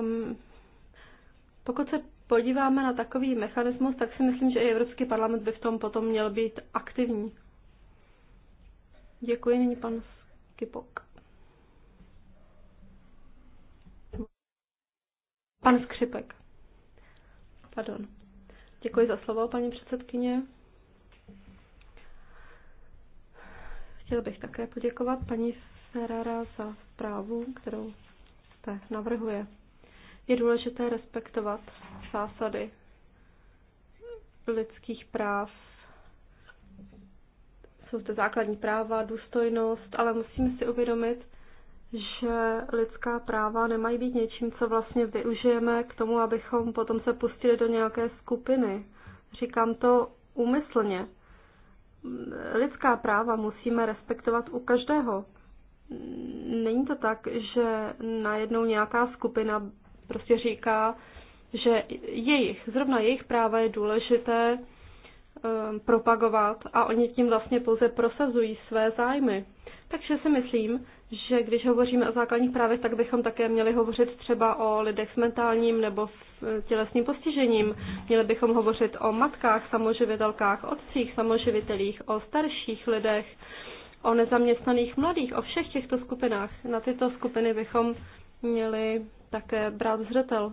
Um, pokud se podíváme na takový mechanismus, tak si myslím, že i Evropský parlament by v tom potom měl být aktivní. Děkuji, nyní pan Skipok. Pan Skřipek. Pardon. Děkuji za slovo, paní předsedkyně. Chtěl bych také poděkovat paní Ferrara za zprávu, kterou jste navrhuje je důležité respektovat zásady lidských práv. Jsou zde základní práva, důstojnost, ale musíme si uvědomit, že lidská práva nemají být něčím, co vlastně využijeme k tomu, abychom potom se pustili do nějaké skupiny. Říkám to úmyslně. Lidská práva musíme respektovat u každého. Není to tak, že najednou nějaká skupina prostě říká, že jejich, zrovna jejich práva je důležité um, propagovat a oni tím vlastně pouze prosazují své zájmy. Takže si myslím, že když hovoříme o základních právech, tak bychom také měli hovořit třeba o lidech s mentálním nebo e, tělesným postižením. Měli bychom hovořit o matkách, samoživitelkách, otcích, samoživitelích, o starších lidech, o nezaměstnaných mladých, o všech těchto skupinách. Na tyto skupiny bychom měli také brát zřetel.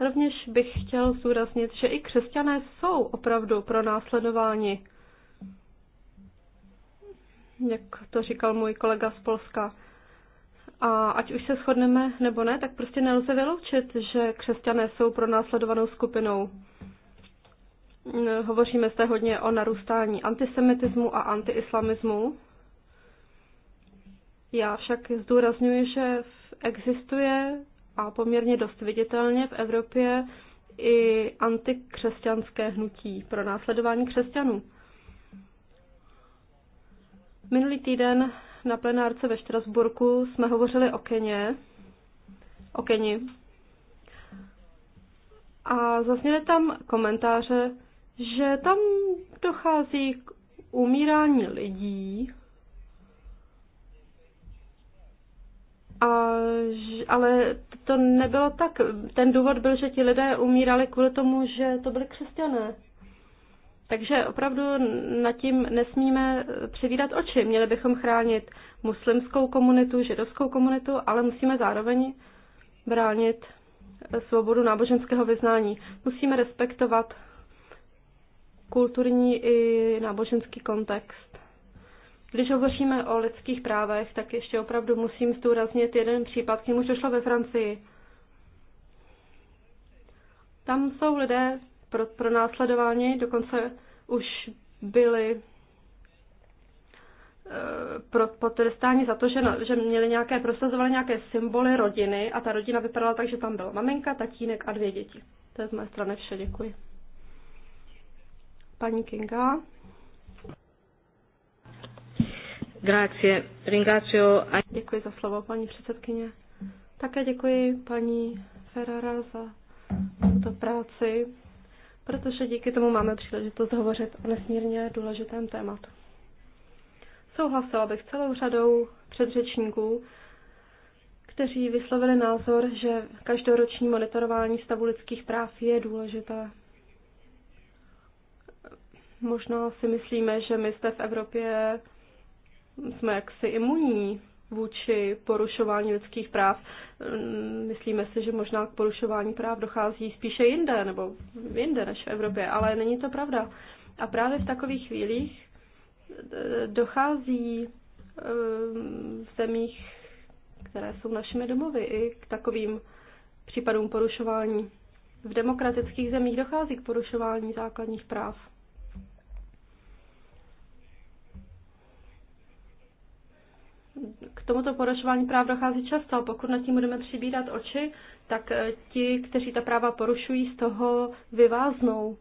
Rovněž bych chtěl zúraznit, že i křesťané jsou opravdu pro následování. Jak to říkal můj kolega z Polska. A ať už se shodneme nebo ne, tak prostě nelze vyloučit, že křesťané jsou pro následovanou skupinou. Hovoříme zde hodně o narůstání antisemitismu a antiislamismu. Já však zdůrazňuji, že existuje a poměrně dost viditelně v Evropě i antikřesťanské hnutí pro následování křesťanů. Minulý týden na plenárce ve Štrasburku jsme hovořili o Keně, o Keni. A zazněly tam komentáře, že tam dochází k umírání lidí, A, ale to nebylo tak. Ten důvod byl, že ti lidé umírali kvůli tomu, že to byli křesťané. Takže opravdu nad tím nesmíme přivídat oči. Měli bychom chránit muslimskou komunitu, židovskou komunitu, ale musíme zároveň bránit svobodu náboženského vyznání. Musíme respektovat kulturní i náboženský kontext. Když hovoříme o lidských právech, tak ještě opravdu musím zdůraznit jeden případ, k němuž došlo ve Francii. Tam jsou lidé pro, pro následování, dokonce už byli eh, pro potrestání za to, že, že měli nějaké, prosazovali nějaké symboly rodiny a ta rodina vypadala tak, že tam byla maminka, tatínek a dvě děti. To je z mé strany vše, děkuji. Paní Kinga. Grazie. Ringrazio... Děkuji za slovo, paní předsedkyně. Také děkuji paní Ferrara za tuto práci, protože díky tomu máme příležitost hovořit o nesmírně důležitém tématu. Souhlasila bych s celou řadou předřečníků, kteří vyslovili názor, že každoroční monitorování stavu lidských práv je důležité. Možná si myslíme, že my jste v Evropě jsme jaksi imunní vůči porušování lidských práv. Mm, myslíme si, že možná k porušování práv dochází spíše jinde, nebo jinde než v Evropě, ale není to pravda. A právě v takových chvílích eh, dochází eh, v zemích, které jsou našimi domovy, i k takovým případům porušování. V demokratických zemích dochází k porušování základních práv. tomuto porušování práv dochází často. Pokud nad tím budeme přibírat oči, tak eh, ti, kteří ta práva porušují, z toho vyváznou.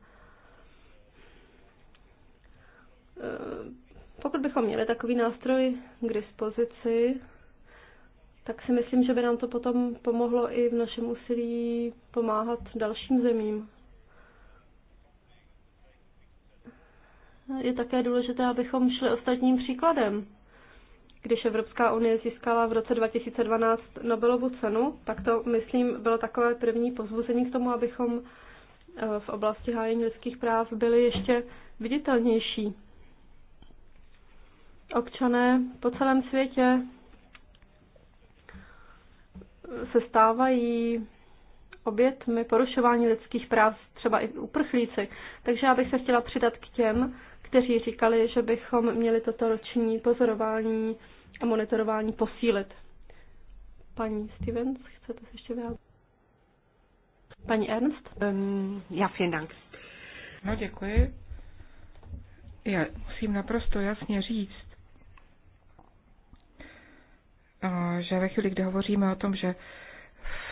Eh, pokud bychom měli takový nástroj k dispozici, tak si myslím, že by nám to potom pomohlo i v našem úsilí pomáhat dalším zemím. Je také důležité, abychom šli ostatním příkladem když Evropská unie získala v roce 2012 Nobelovu cenu, tak to, myslím, bylo takové první pozbuzení k tomu, abychom eh, v oblasti hájení lidských práv byli ještě viditelnější. Občané po celém světě se stávají obětmi porušování lidských práv, třeba i uprchlíci. Takže já bych se chtěla přidat k těm, kteří říkali, že bychom měli toto roční pozorování a monitorování posílit. Paní Stevens, chcete se ještě vyjádřit? Paní Ernst? Um, já vielen Dank. No děkuji. Já musím naprosto jasně říct, eh, že ve chvíli, kdy hovoříme o tom, že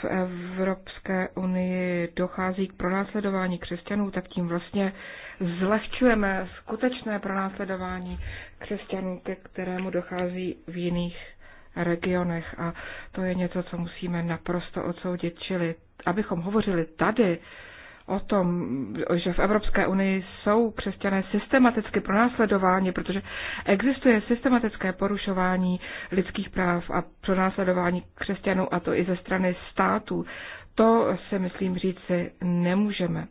v Evropské unii dochází k pronásledování křesťanů, tak tím vlastně zlehčujeme skutečné pronásledování křesťanů, ke kterému dochází v jiných regionech. A to je něco, co musíme naprosto odsoudit. Čili abychom hovořili tady o tom, že v Evropské unii jsou křesťané systematicky pronásledováni, protože existuje systematické porušování lidských práv a pronásledování křesťanů, a to i ze strany států. To se, myslím, říci nemůžeme.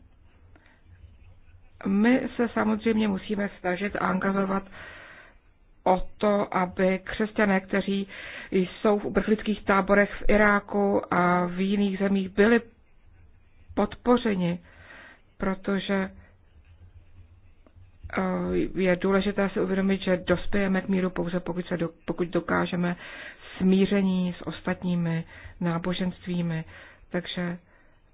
My se samozřejmě musíme snažit a angažovat o to, aby křesťané, kteří jsou v uprchlických táborech v Iráku a v jiných zemích, byli podpořeni, protože eh, je důležité si uvědomit, že dospějeme k míru pouze pokud, se do, pokud dokážeme smíření s ostatními náboženstvími. Takže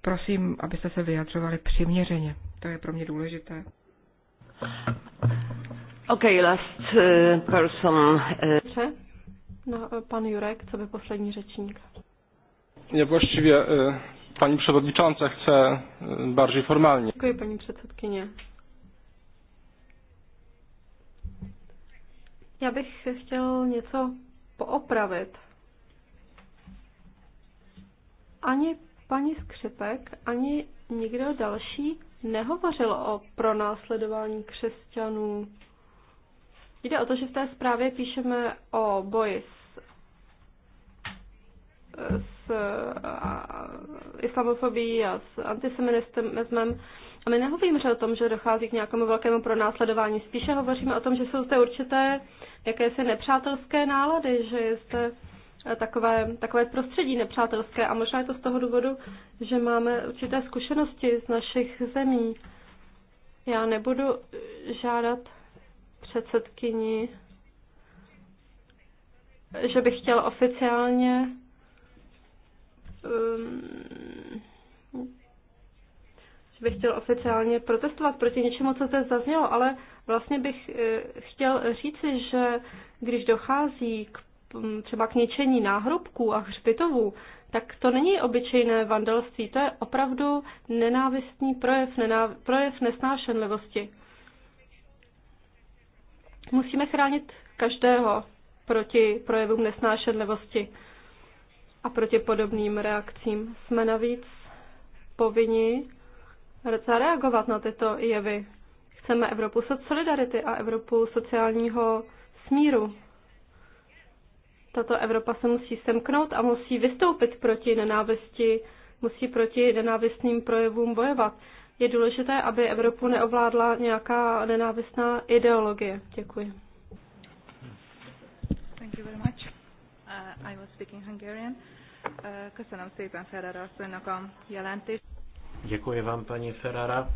prosím, abyste se vyjadřovali přiměřeně. To je pro mě důležité. OK, last eh, person. Eh. Dobře. No, pan Jurek, co by poslední řečník? Já vlastně. Pani przewodnicząca chce e, bardziej formalnie. Dziękuję pani předsedkyně. Já bych chtěl něco poopravit. Ani paní Skřipek, ani nikdo další nehovořil o pronásledování křesťanů. Jde o to, že v té zprávě píšeme o boji s, e, s islamofobií a s antisemitismem. A my nehovoříme o tom, že dochází k nějakému velkému pronásledování, spíše hovoříme o tom, že jsou zde určité jakési nepřátelské nálady, že je zde takové, takové prostředí nepřátelské a možná je to z toho důvodu, že máme určité zkušenosti z našich zemí. Já nebudu žádat předsedkyni, že bych chtěl oficiálně um, že bych chtěl oficiálně protestovat proti něčemu, co zde zaznělo, ale vlastně bych eh, chtěl říci, že když dochází k mm, třeba k ničení náhrobků a hřbitovů, tak to není obyčejné vandalství, to je opravdu nenávistný projev, nenáv- projev nesnášenlivosti. Musíme chránit každého proti projevům nesnášenlivosti a proti podobným reakcím. Jsme navíc povinni zareagovat na tyto jevy. Chceme Evropu solidarity a Evropu sociálního smíru. Tato Evropa se musí semknout a musí vystoupit proti nenávisti, musí proti nenávistným projevům bojovat. Je důležité, aby Evropu neovládla nějaká nenávistná ideologie. Děkuji. Thank you very much. I was speaking Hungarian. Uh, köszönöm szépen Ferrara asszonynak a jelentést. Děkuji vám, paní Ferrara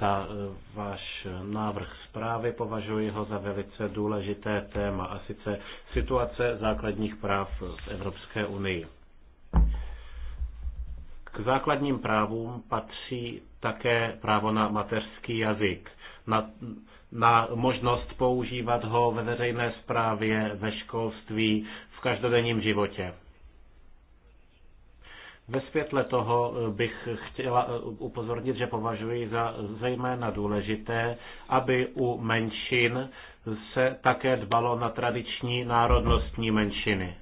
za eh, váš návrh zprávy. Považuji ho za velice důležité téma, a sice situace základních práv v Evropské unii. K základním právům patří také právo na mateřský jazyk, na na možnost používat ho ve veřejné správě, ve školství, v každodenním životě. Ve světle toho bych chtěla upozornit, že považuji za zejména důležité, aby u menšin se také dbalo na tradiční národnostní menšiny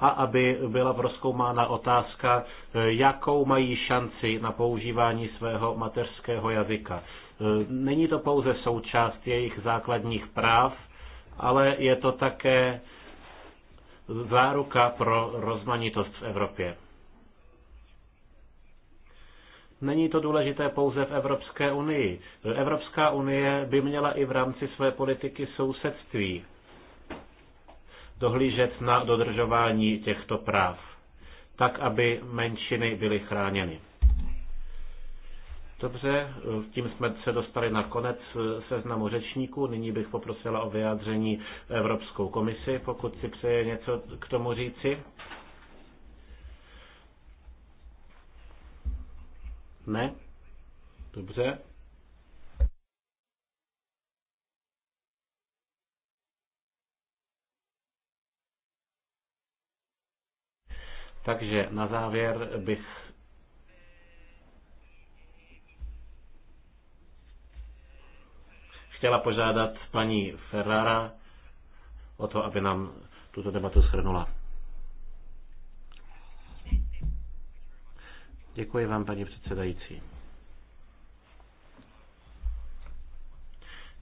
a aby byla proskoumána otázka, jakou mají šanci na používání svého mateřského jazyka. Eh, není to pouze součást jejich základních práv, ale je to také záruka pro rozmanitost v Evropě. Není to důležité pouze v Evropské unii. Evropská unie by měla i v rámci své politiky sousedství dohlížet na dodržování těchto práv, tak aby menšiny byly chráněny. Dobře, tím jsme se dostali na konec eh, seznamu řečníků. Nyní bych poprosila o vyjádření Evropskou komisi, pokud si přeje něco k tomu říci. Ne? Dobře. Takže na závěr bych chtěla požádat paní Ferrara o to, aby nám tuto debatu shrnula. Děkuji vám, paní předsedající.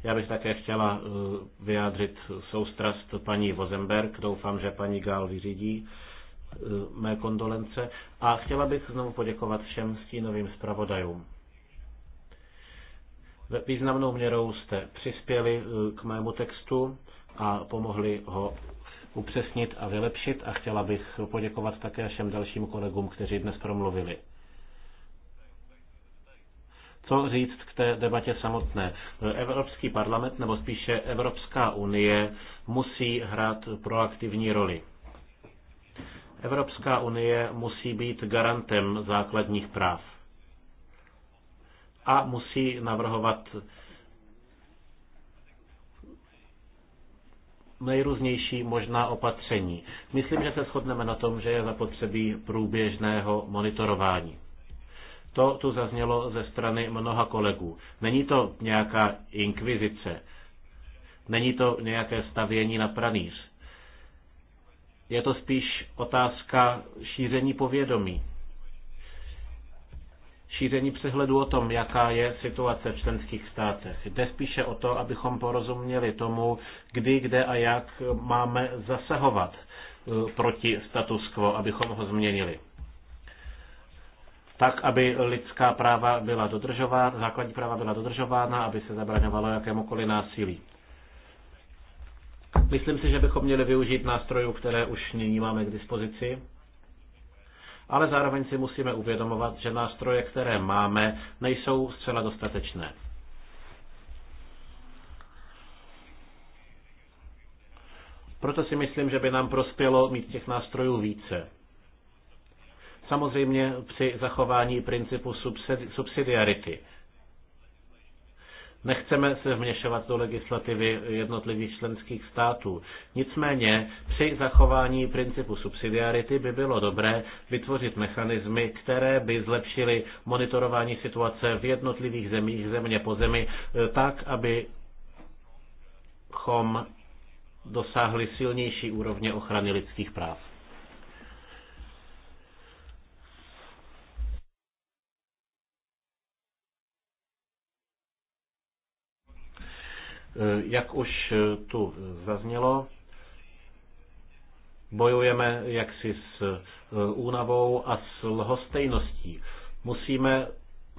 Já bych také chtěla eh, vyjádřit soustrast paní Vozemberg. Doufám, že paní Gál vyřídí eh, mé kondolence. A chtěla bych znovu poděkovat všem stínovým zpravodajům. Významnou měrou jste přispěli eh, k mému textu a pomohli ho upřesnit a vylepšit a chtěla bych poděkovat také všem dalším kolegům, kteří dnes promluvili. Co říct k té debatě samotné? Eh, Evropský parlament, nebo spíše Evropská unie, musí hrát proaktivní roli. Evropská unie musí být garantem základních práv a musí navrhovat nejrůznější možná opatření. Myslím, že se shodneme na tom, že je zapotřebí průběžného monitorování. To tu zaznělo ze strany mnoha kolegů. Není to nějaká inkvizice, není to nějaké stavění na pranýř. Je to spíš otázka šíření povědomí šíření přehledu o tom, jaká je situace v členských státech. Jde spíše o to, abychom porozuměli tomu, kdy, kde a jak máme zasahovat eh, proti status quo, abychom ho změnili. Tak, aby lidská práva byla dodržována, základní práva byla dodržována, aby se zabraňovalo jakémukoliv násilí. Myslím si, že bychom měli využít nástrojů, které už nyní máme k dispozici ale zároveň si musíme uvědomovat, že nástroje, které máme, nejsou zcela dostatečné. Proto si myslím, že by nám prospělo mít těch nástrojů více. Samozřejmě při zachování principu subsidiarity. Nechceme se vměšovat do legislativy jednotlivých členských států. Nicméně při zachování principu subsidiarity by bylo dobré vytvořit mechanismy, které by zlepšily monitorování situace v jednotlivých zemích země po zemi eh, tak, abychom dosáhli silnější úrovně ochrany lidských práv. Eh, jak už eh, tu eh, zaznělo, bojujeme jaksi s únavou a s lhostejností. Musíme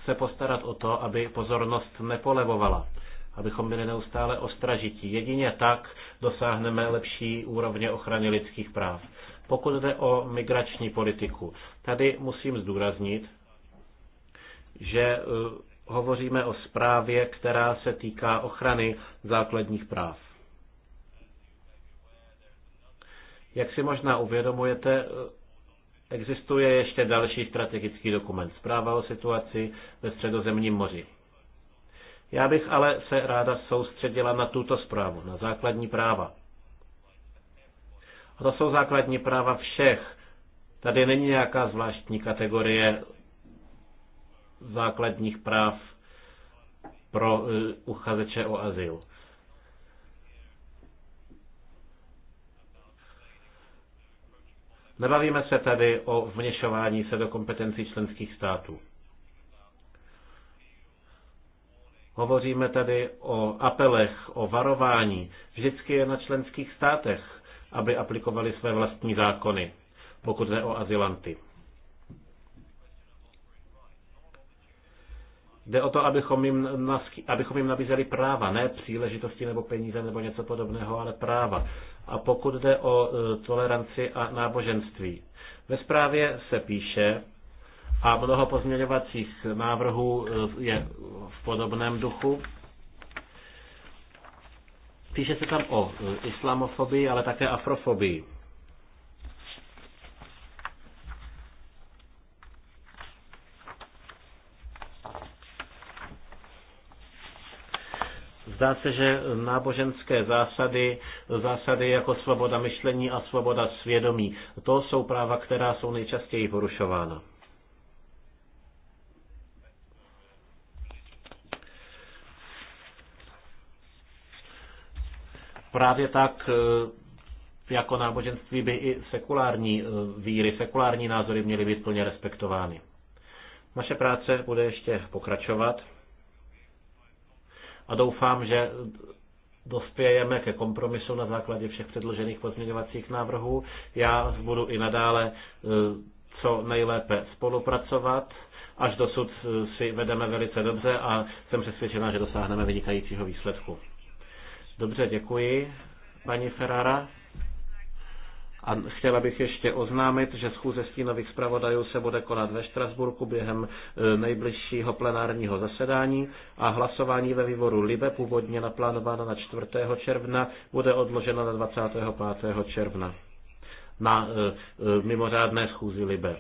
se postarat o to, aby pozornost nepolevovala, abychom byli neustále ostražití. Jedině tak dosáhneme lepší úrovně ochrany lidských práv. Pokud jde o migrační politiku, tady musím zdůraznit, že hovoříme o zprávě, která se týká ochrany základních práv. Jak si možná uvědomujete, existuje ještě další strategický dokument, zpráva o situaci ve středozemním moři. Já bych ale se ráda soustředila na tuto zprávu, na základní práva. A to jsou základní práva všech. Tady není nějaká zvláštní kategorie základních práv pro eh, uchazeče o azyl. Nebavíme se tady o vněšování se do kompetencí členských států. Hovoříme tady o apelech, o varování. Vždycky je na členských státech, aby aplikovali své vlastní zákony, pokud jde o azylanty. Jde o to, abychom jim, abychom jim nabízeli práva, ne příležitosti nebo peníze nebo něco podobného, ale práva. A pokud jde o e, toleranci a náboženství. Ve zprávě se píše, a mnoho pozměňovacích návrhů e, je v podobném duchu, píše se tam o e, islamofobii, ale také afrofobii. Zdá se, že náboženské zásady, zásady jako svoboda myšlení a svoboda svědomí, to jsou práva, která jsou nejčastěji porušována. Právě tak eh, jako náboženství by i sekulární eh, víry, sekulární názory měly být plně respektovány. Naše práce bude ještě pokračovat a doufám, že dospějeme ke kompromisu na základě všech předložených pozměňovacích návrhů. Já budu i nadále e, co nejlépe spolupracovat. Až dosud e, si vedeme velice dobře a jsem přesvědčena, že dosáhneme vynikajícího výsledku. Dobře, děkuji, paní Ferrara. A chtěla bych ještě oznámit, že schůze stínových zpravodajů se bude konat ve Štrasburku během e, nejbližšího plenárního zasedání a hlasování ve výboru Libe, původně naplánováno na 4. června, bude odloženo na 25. června na e, e, mimořádné schůzi Libe.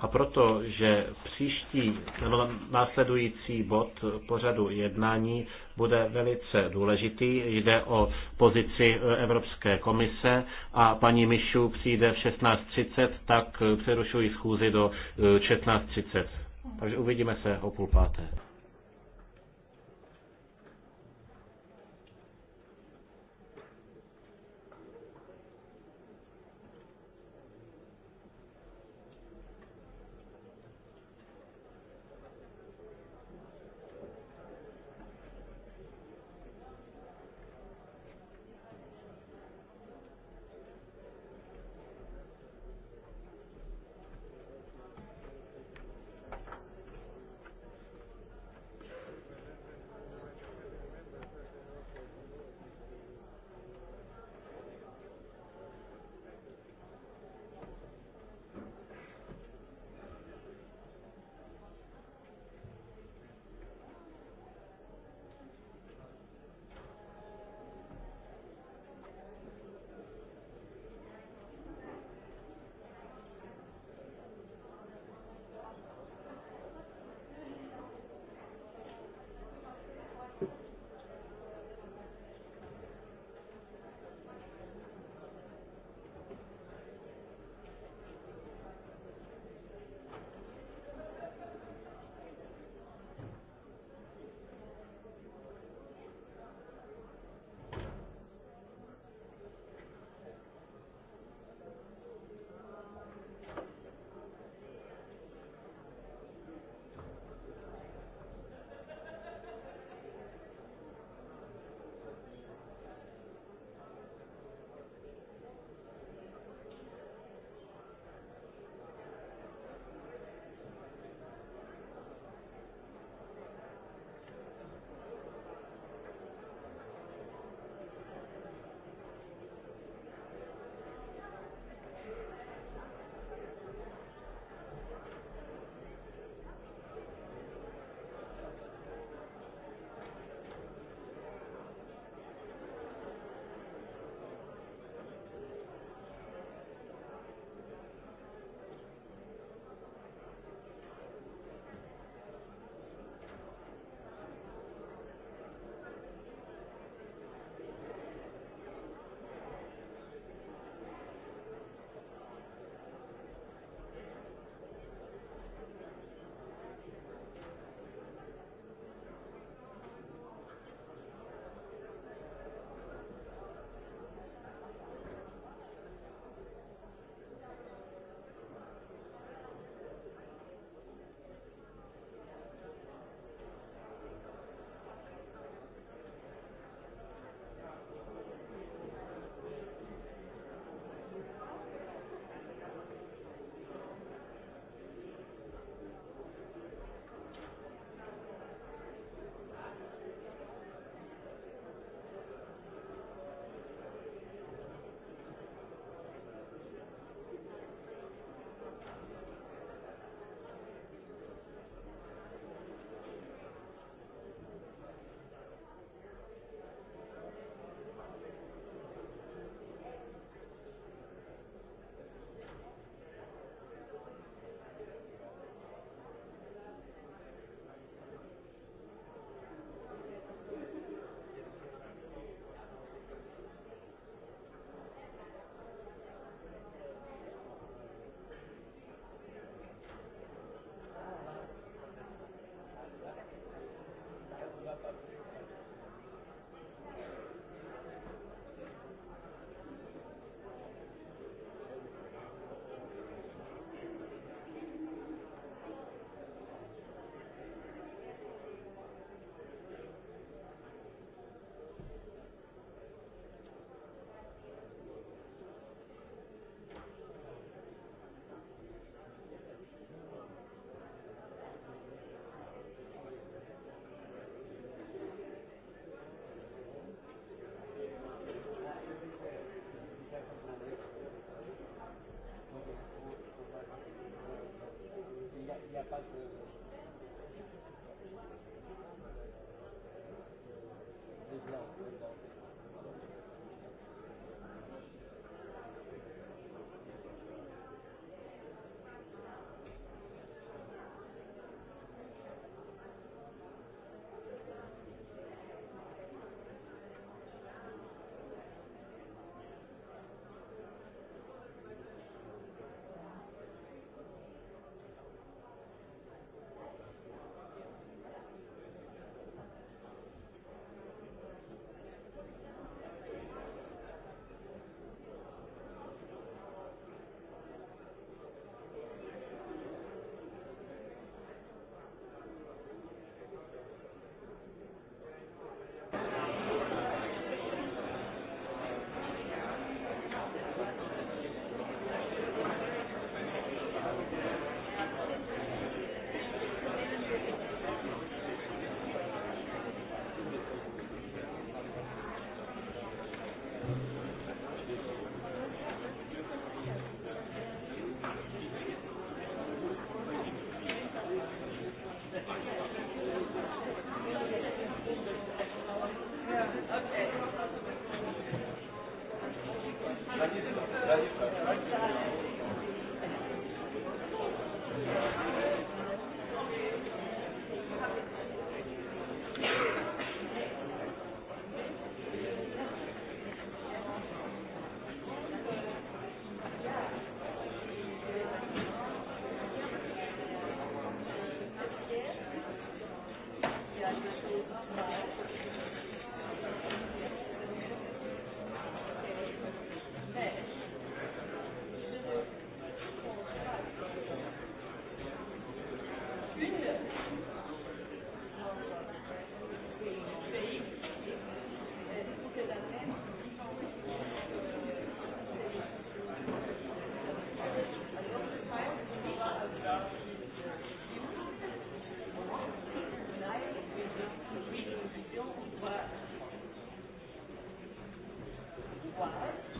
A proto, že příští nebo následující bod pořadu jednání bude velice důležitý, jde o pozici Evropské komise a paní Mišu přijde v 16.30, tak přerušuji schůzi do 16.30. Takže uvidíme se o půl páté. il n'y a pas de. Les blancs, les blancs. required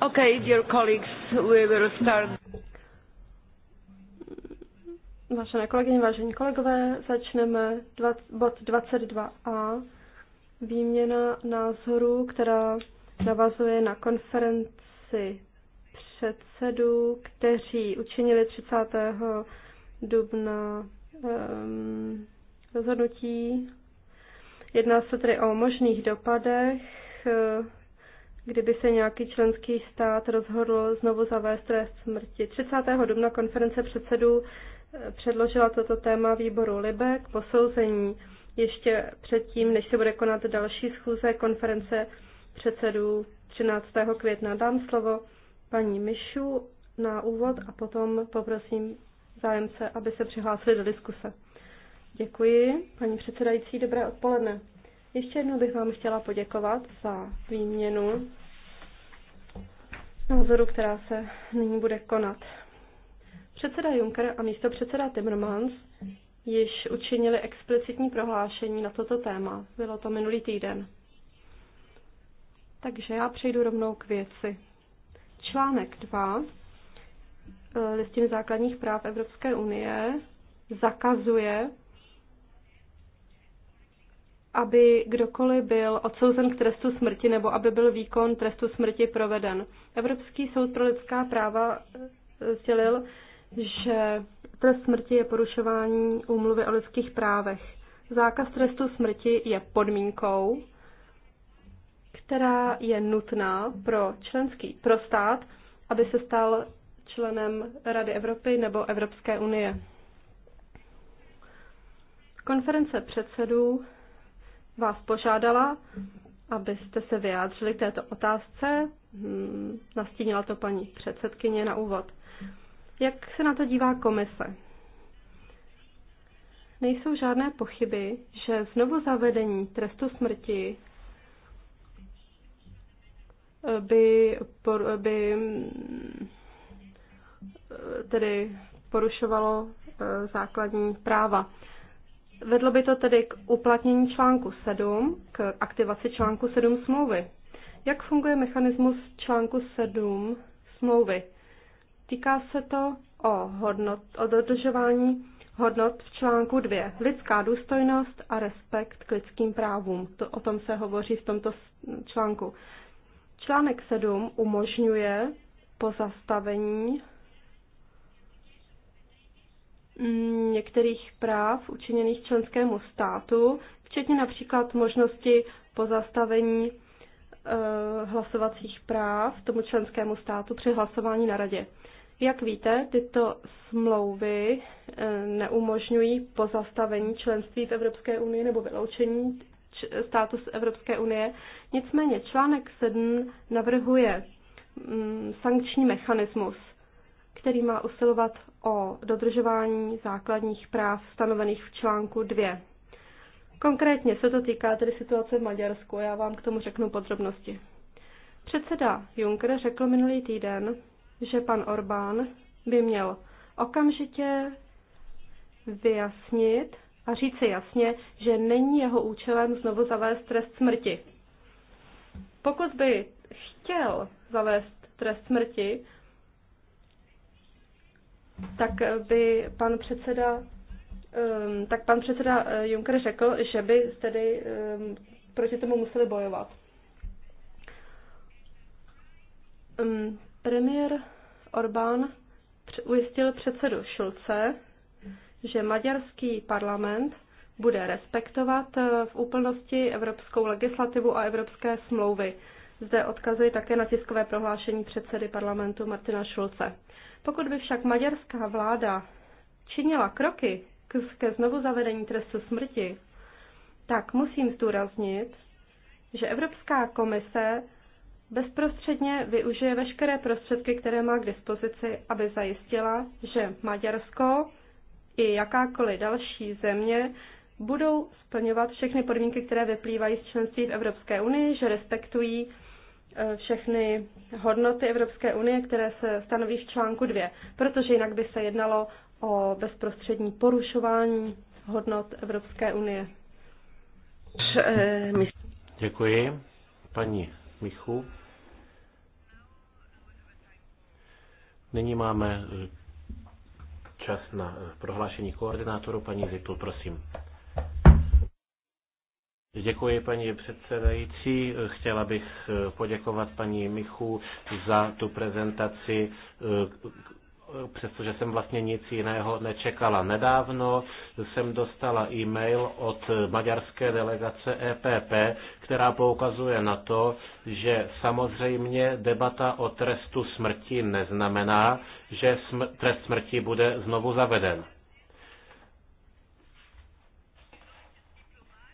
Okay, dear colleagues, we will start. Vážené kolegyně, vážení kolegové, začneme bod 22a, výměna názorů, která navazuje na konferenci předsedů, kteří učinili 30. dubna um, rozhodnutí. Jedná se tedy o možných dopadech kdyby se nějaký členský stát rozhodl znovu zavést trest smrti. 30. dubna konference předsedů eh, předložila toto téma výboru Libe k posouzení ještě předtím, než se bude konat další schůze konference předsedů 13. května. Dám slovo paní Mišu na úvod a potom poprosím zájemce, aby se přihlásili do diskuse. Děkuji, paní předsedající, dobré odpoledne. Ještě jednou bych vám chtěla poděkovat za výměnu názoru, která se nyní bude konat. Předseda Juncker a místo předseda Timmermans již učinili explicitní prohlášení na toto téma. Bylo to minulý týden. Takže já přejdu rovnou k věci. Článek 2 eh, listiny základních práv Evropské unie zakazuje aby kdokoliv byl odsouzen k trestu smrti nebo aby byl výkon trestu smrti proveden. Evropský soud pro lidská práva eh, sdělil, že trest smrti je porušování úmluvy o lidských právech. Zákaz trestu smrti je podmínkou, která je nutná pro členský pro stát, aby se stal členem Rady Evropy nebo Evropské unie. Konference předsedů vás požádala, abyste se vyjádřili k této otázce. Hmm, nastínila to paní předsedkyně na úvod. Jak se na to dívá komise? Nejsou žádné pochyby, že znovu zavedení trestu smrti by, by hmm, tedy porušovalo eh, základní práva. Vedlo by to tedy k uplatnění článku 7, k aktivaci článku 7 smlouvy. Jak funguje mechanismus článku 7 smlouvy? Týká se to o, hodnot, o dodržování hodnot v článku 2. Lidská důstojnost a respekt k lidským právům. To, o tom se hovoří v tomto článku. Článek 7 umožňuje pozastavení Mm, některých práv učiněných členskému státu, včetně například možnosti pozastavení e, hlasovacích práv tomu členskému státu při hlasování na radě. Jak víte, tyto smlouvy e, neumožňují pozastavení členství v Evropské unii nebo vyloučení státu z Evropské unie. Nicméně článek 7 navrhuje mm, sankční mechanismus který má usilovat o dodržování základních práv stanovených v článku 2. Konkrétně se to týká tedy situace v Maďarsku, já vám k tomu řeknu podrobnosti. Předseda Juncker řekl minulý týden, že pan Orbán by měl okamžitě vyjasnit a říci jasně, že není jeho účelem znovu zavést trest smrti. Pokud by chtěl zavést trest smrti, tak by pan předseda ehm, tak pan předseda eh, Juncker řekl, že by tedy ehm, proti tomu museli bojovat. Ehm, premiér Orbán ujistil předsedu Šulce, že maďarský parlament bude respektovat eh, v úplnosti evropskou legislativu a evropské smlouvy. Zde odkazuje také na tiskové prohlášení předsedy parlamentu Martina Šulce. Pokud by však maďarská vláda činila kroky ke znovu zavedení trestu smrti, tak musím zdůraznit, že Evropská komise bezprostředně využije veškeré prostředky, které má k dispozici, aby zajistila, že Maďarsko i jakákoliv další země budou splňovat všechny podmínky, které vyplývají z členství v Evropské unii, že respektují Eh, všechny hodnoty Evropské unie, které se stanoví v článku 2, protože jinak by se jednalo o bezprostřední porušování hodnot Evropské unie. Děkuji. Paní Michu. Nyní máme čas na prohlášení koordinátoru. Paní Zitl, prosím. Děkuji, paní předsedající. Chtěla bych eh, poděkovat paní Michu za tu prezentaci, eh, přestože jsem vlastně nic jiného nečekala. Nedávno jsem dostala e-mail od maďarské delegace EPP, která poukazuje na to, že samozřejmě debata o trestu smrti neznamená, že trest smrti bude znovu zaveden.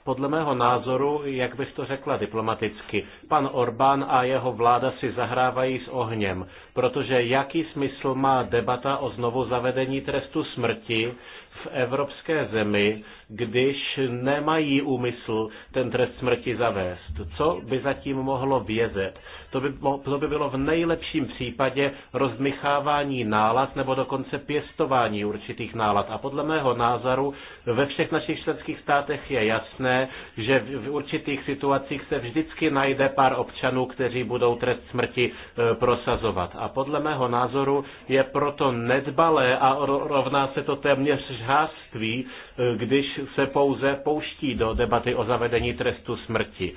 Podle mého názoru, jak bych to řekla diplomaticky, pan Orbán a jeho vláda si zahrávají s ohněm, protože jaký smysl má debata o znovu zavedení trestu smrti v evropské zemi, když nemají úmysl ten trest smrti zavést. Co by zatím mohlo vězet? To by, to by bylo v nejlepším případě rozmychávání nálad nebo dokonce pěstování určitých nálad. A podle mého názoru ve všech našich členských státech je jasné, že v, v určitých situacích se vždycky najde pár občanů, kteří budou trest smrti e, prosazovat. A podle mého názoru je proto nedbalé a rovná se to téměř žháství, když se pouze pouští do debaty o zavedení trestu smrti.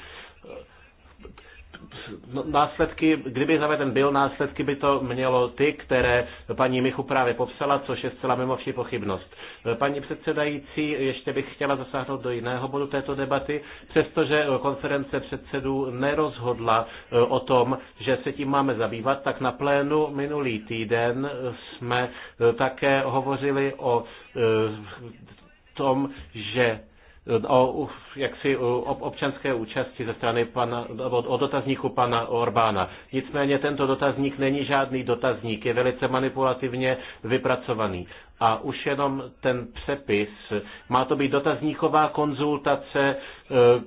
Následky, kdyby zaveden byl, následky by to mělo ty, které paní Michu právě popsala, což je zcela mimo vši pochybnost. Paní předsedající, ještě bych chtěla zasáhnout do jiného bodu této debaty, přestože konference předsedů nerozhodla eh, o tom, že se tím máme zabývat, tak na plénu minulý týden jsme eh, také hovořili o eh, tom, že eh, o jaksi o občanské účasti ze strany pana, o dotazníku pana Orbána. Nicméně tento dotazník není žádný dotazník, je velice manipulativně vypracovaný. A už jenom ten přepis, má to být dotazníková konzultace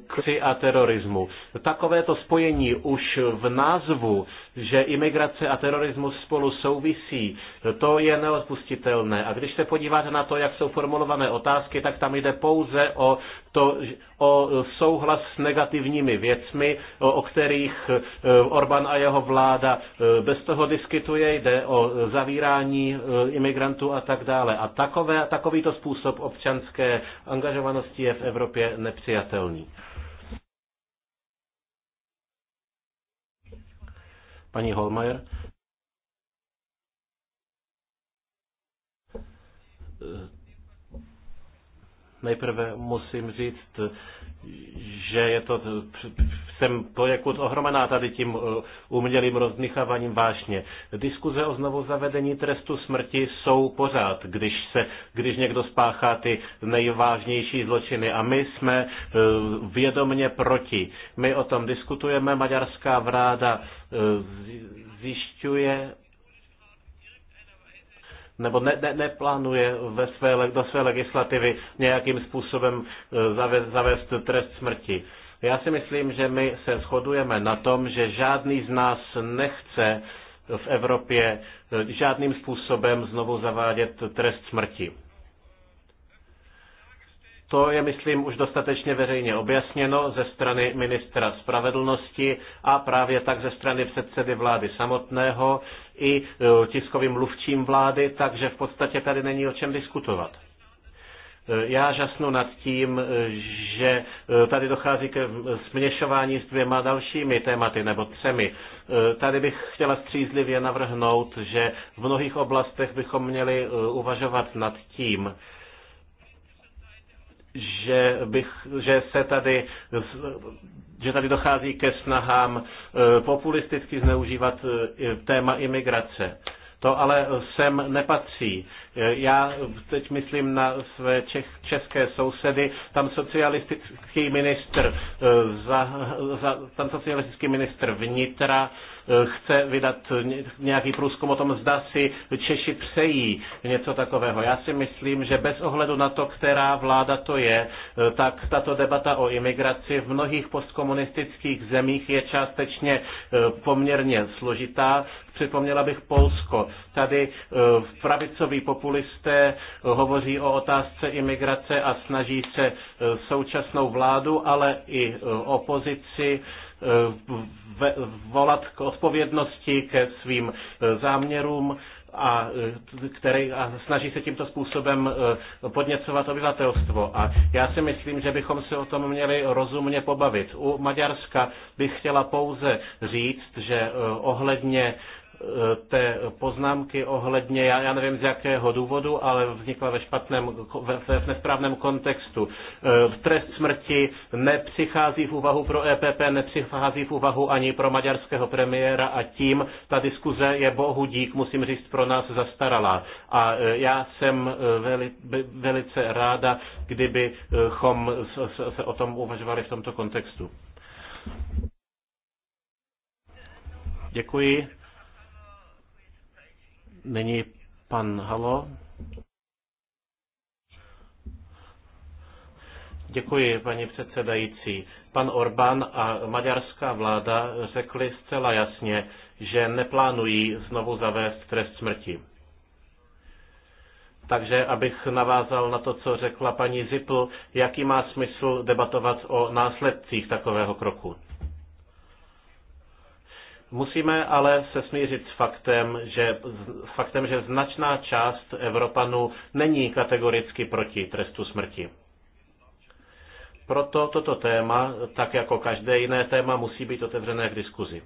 kři a terorismu. Takovéto spojení už v názvu, že imigrace a terorismus spolu souvisí, to je neodpustitelné. A když se podíváte na to, jak jsou formulované otázky, tak tam jde pouze o, to, o souhlas s negativními věcmi, o, o kterých e, Orbán a jeho vláda e, bez toho diskutuje, jde o zavírání e, imigrantů a tak dále. A takové, takovýto způsob občanské angažovanosti je v Evropě nepřijatelný neviditelný. Paní Holmajer. Nejprve musím říct, že je to, jsem poněkud ohromená tady tím eh, umělým rozmycháváním vášně. Diskuze o znovu zavedení trestu smrti jsou pořád, když, se, když někdo spáchá ty nejvážnější zločiny a my jsme eh, vědomně proti. My o tom diskutujeme, maďarská vláda eh, zjišťuje, nebo ne, ne, neplánuje ve své, do své legislativy nějakým způsobem e, zavést, zavést trest smrti. Já si myslím, že my se shodujeme na tom, že žádný z nás nechce v Evropě e, žádným způsobem znovu zavádět trest smrti. To je, myslím, už dostatečně veřejně objasněno ze strany ministra spravedlnosti a právě tak ze strany předsedy vlády samotného, i e, tiskovým mluvčím vlády, takže v podstatě tady není o čem diskutovat. E, já žasnu nad tím, e, že tady dochází k směšování s dvěma dalšími tématy nebo třemi. Tady bych chtěla střízlivě navrhnout, že v mnohých oblastech bychom měli uvažovat nad tím, že, bych, že se tady že tady dochází ke snahám e, populisticky zneužívat e, téma imigrace. To ale sem nepatří. E, já teď myslím na své čech, české sousedy. Tam socialistický ministr, za, za, tam socialistický ministr vnitra chce vydat nějaký průzkum o tom, zda si Češi přejí něco takového. Já si myslím, že bez ohledu na to, která vláda to je, tak tato debata o imigraci v mnohých postkomunistických zemích je částečně eh, poměrně složitá. Připomněla bych Polsko. Tady eh, pravicoví populisté hovoří o otázce imigrace a snaží se eh, současnou vládu, ale i opozici volat k odpovědnosti, ke svým e, záměrům a, e, který, a snaží se tímto způsobem e, podněcovat obyvatelstvo. A já si myslím, že bychom se o tom měli rozumně pobavit. U Maďarska bych chtěla pouze říct, že ohledně té poznámky ohledně, já, já nevím z jakého důvodu, ale vznikla ve špatném, ve, v nesprávném kontextu. E, trest smrti nepřichází v úvahu pro EPP, nepřichází v úvahu ani pro maďarského premiéra a tím ta diskuze je bohu dík, musím říct, pro nás zastaralá. A e, já jsem e, veli, velice ráda, kdybychom se o tom uvažovali v tomto kontextu. Děkuji. Není pan Halo. Děkuji, paní předsedající. Pan Orbán a maďarská vláda řekli zcela jasně, že neplánují znovu zavést trest smrti. Takže abych navázal na to, co řekla paní Zipl, jaký má smysl debatovat o následcích takového kroku. Musíme ale se smířit s faktem, že, s faktem, že značná část Evropanů není kategoricky proti trestu smrti. Proto toto téma, tak jako každé jiné téma, musí být otevřené k diskuzi.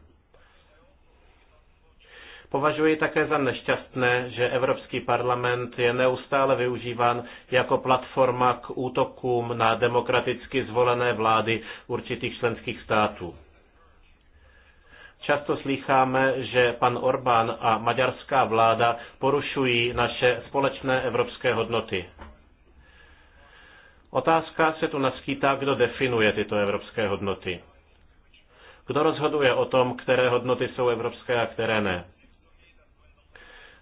Považuji také za nešťastné, že Evropský parlament je neustále využíván jako platforma k útokům na demokraticky zvolené vlády určitých členských států. Často slycháme, že pan Orbán a maďarská vláda porušují naše společné evropské hodnoty. Otázka se tu naskýtá, kdo definuje tyto evropské hodnoty. Kdo rozhoduje o tom, které hodnoty jsou evropské a které ne?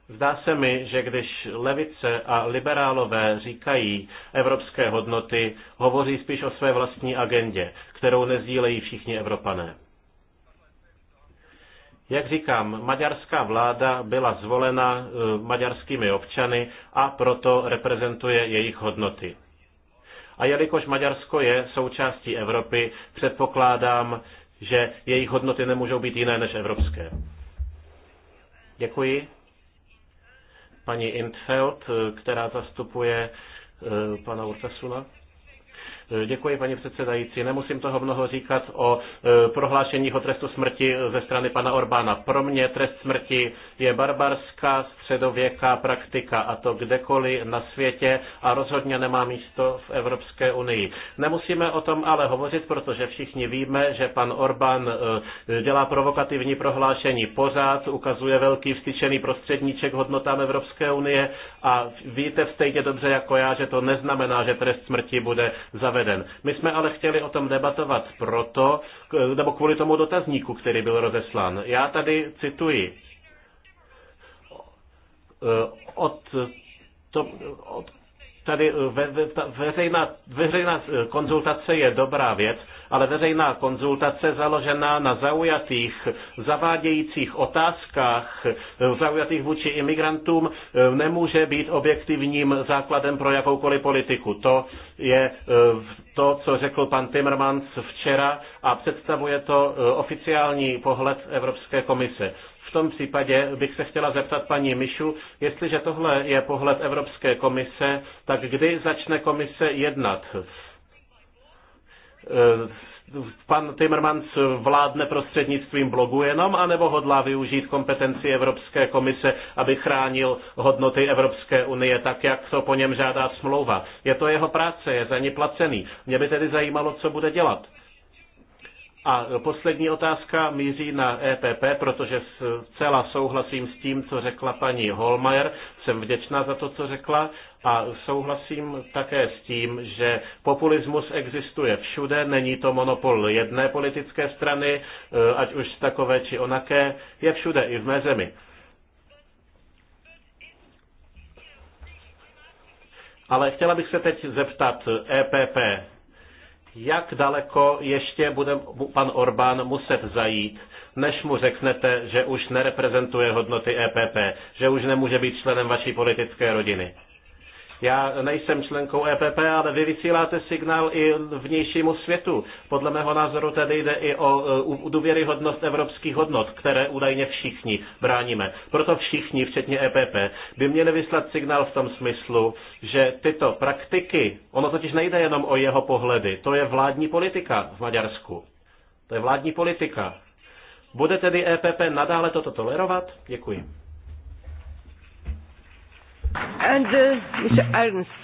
Zdá se mi, že když levice a liberálové říkají evropské hodnoty, hovoří spíš o své vlastní agendě, kterou nezdílejí všichni Evropané. Jak říkám, maďarská vláda byla zvolena eh, maďarskými občany a proto reprezentuje jejich hodnoty. A jelikož Maďarsko je součástí Evropy, předpokládám, že jejich hodnoty nemůžou být jiné než evropské. Děkuji. Paní Intfeld, eh, která zastupuje eh, pana Urtasula. Děkuji, paní předsedající. Nemusím toho mnoho říkat o e, prohlášení o trestu smrti ze strany pana Orbána. Pro mě trest smrti je barbarská středověká praktika a to kdekoliv na světě a rozhodně nemá místo v Evropské unii. Nemusíme o tom ale hovořit, protože všichni víme, že pan Orbán e, dělá provokativní prohlášení pořád, ukazuje velký vstyčený prostředníček hodnotám Evropské unie a víte stejně dobře jako já, že to neznamená, že trest smrti bude zaveden proveden. My jsme ale chtěli o tom debatovat proto, nebo kvůli tomu dotazníku, který byl rozeslán. Já tady cituji eh, od, to, od tady ve, ve, veřejná, veřejná konzultace je dobrá věc, ale veřejná konzultace založená na zaujatých, zavádějících otázkách, zaujatých vůči imigrantům, nemůže být objektivním základem pro jakoukoliv politiku. To je eh, to, co řekl pan Timmermans včera a představuje to eh, oficiální pohled Evropské komise. V tom případě bych se chtěla zeptat paní Mišu, jestliže tohle je pohled Evropské komise, tak kdy začne komise jednat? Eh, pan Timmermans vládne prostřednictvím blogu jenom, anebo hodlá využít kompetenci Evropské komise, aby chránil hodnoty Evropské unie, tak jak to po něm žádá smlouva. Je to jeho práce, je za ní placený. Mě by tedy zajímalo, co bude dělat. A poslední otázka míří na EPP, protože zcela souhlasím s tím, co řekla paní Holmajer. Jsem vděčná za to, co řekla a souhlasím také s tím, že populismus existuje všude, není to monopol jedné politické strany, eh, ať už takové či onaké, je všude i v mé zemi. Ale chtěla bych se teď zeptat EPP, jak daleko ještě bude pan Orbán muset zajít, než mu řeknete, že už nereprezentuje hodnoty EPP, že už nemůže být členem vaší politické rodiny. Já nejsem členkou EPP, ale vy vysíláte signál i vnějšímu světu. Podle mého názoru tedy jde i o e, důvěryhodnost evropských hodnot, které údajně všichni bráníme. Proto všichni, včetně EPP, by měli vyslat signál v tom smyslu, že tyto praktiky, ono totiž nejde jenom o jeho pohledy, to je vládní politika v Maďarsku. To je vládní politika. Bude tedy EPP nadále toto tolerovat? Děkuji. And uh, Mr. Ernst.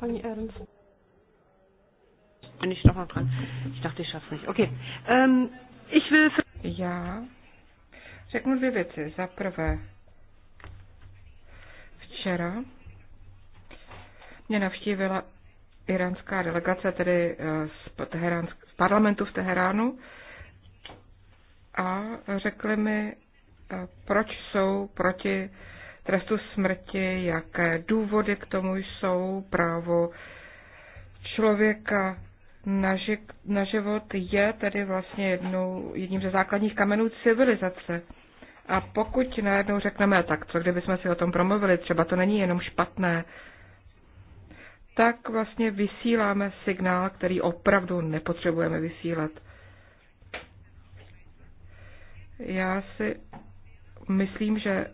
Pani Ernst. Bin ich noch mal dran? Ich dachte, ich schaffe nicht. Okay. Um, ich will... Für ja. řeknu dvě věci. Za prvé, včera mě navštívila iránská delegace, tedy eh, z, teheránsk, z parlamentu v Teheránu, a řekli mi, eh, proč jsou proti trestu smrti, jaké důvody k tomu jsou, právo člověka na, ži- na život je tedy vlastně jednou, jedním ze základních kamenů civilizace. A pokud najednou řekneme, tak co kdybychom si o tom promluvili, třeba to není jenom špatné, tak vlastně vysíláme signál, který opravdu nepotřebujeme vysílat. Já si myslím, že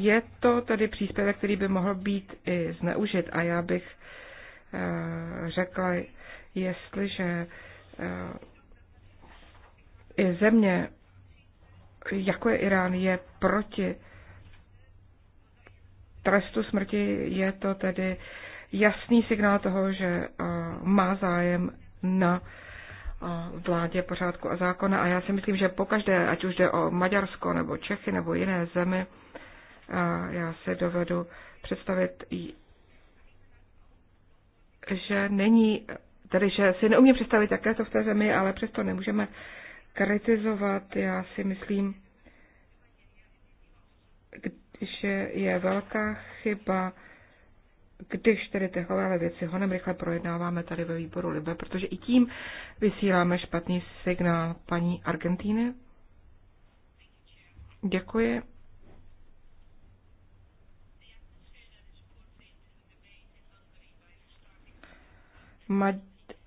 je to tedy příspěvek, který by mohl být i zneužit a já bych eh, řekla, jestliže eh, i země, jako je Irán, je proti trestu smrti, je to tedy jasný signál toho, že eh, má zájem na vládě pořádku a zákona. A já si myslím, že pokaždé, ať už jde o Maďarsko nebo Čechy nebo jiné zemi, a já se dovedu představit, že není, tedy že si neumím představit, jaké to v té zemi, ale přesto nemůžeme kritizovat. Já si myslím, že je velká chyba, když tedy tyhle věci honem rychle projednáváme tady ve výboru Libe, protože i tím vysíláme špatný signál paní Argentíny. Děkuji.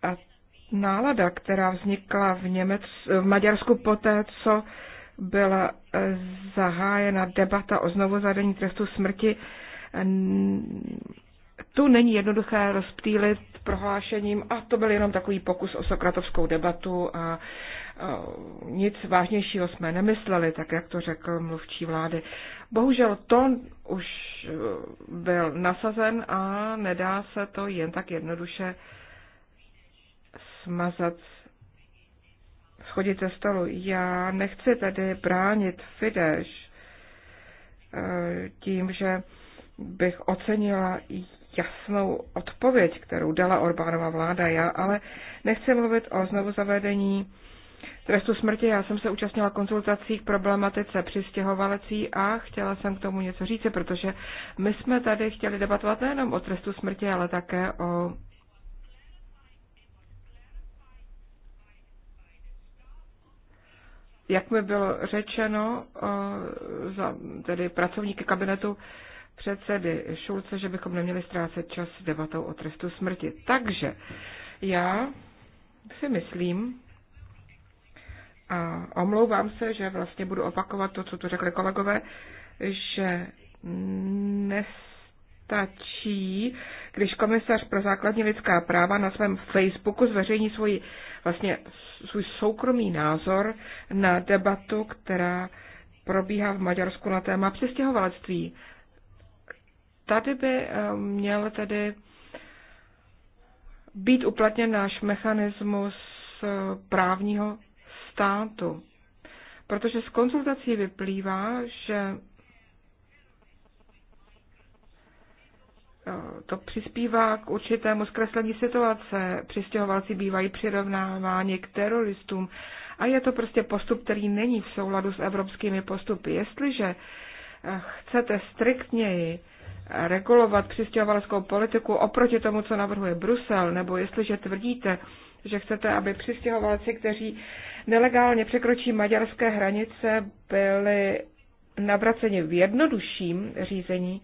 a nálada, která vznikla v, Němec, v Maďarsku poté, co byla eh, zahájena debata o znovu zadení trestu smrti, tu není jednoduché rozptýlit prohlášením a to byl jenom takový pokus o sokratovskou debatu a, eh, nic vážnějšího jsme nemysleli, tak jak to řekl mluvčí vlády. Bohužel to už eh, byl nasazen a nedá se to jen tak jednoduše smazat, schodit ze stolu. Já nechci tady bránit Fidesz eh, tím, že bych ocenila jasnou odpověď, kterou dala Orbánova vláda já, ale nechci mluvit o znovu zavedení trestu smrti. Já jsem se účastnila konzultací k problematice přistěhovalecí a chtěla jsem k tomu něco říci, protože my jsme tady chtěli debatovat nejenom o trestu smrti, ale také o Jak mi bylo řečeno eh, za tedy pracovníky kabinetu předsedy Šulce, že bychom neměli ztrácet čas s debatou o trestu smrti. Takže já si myslím, a omlouvám se, že vlastně budu opakovat to, co tu řekli kolegové, že nes stačí, když komisař pro základní lidská práva na svém Facebooku zveřejní svůj, vlastně, svůj soukromý názor na debatu, která probíhá v Maďarsku na téma přistěhovalectví. Tady by eh, měl tedy být uplatněn náš mechanismus eh, právního státu, protože z konzultací vyplývá, že Eh, to přispívá k určitému zkreslení situace. Přistěhovalci bývají přirovnáváni k teroristům a je to prostě postup, který není v souladu s evropskými postupy. Jestliže eh, chcete striktněji eh, regulovat přistěhovalskou politiku oproti tomu, co navrhuje Brusel, nebo jestliže tvrdíte, že chcete, aby přistěhovalci, kteří nelegálně překročí maďarské hranice, byli navraceni v jednodušším řízení,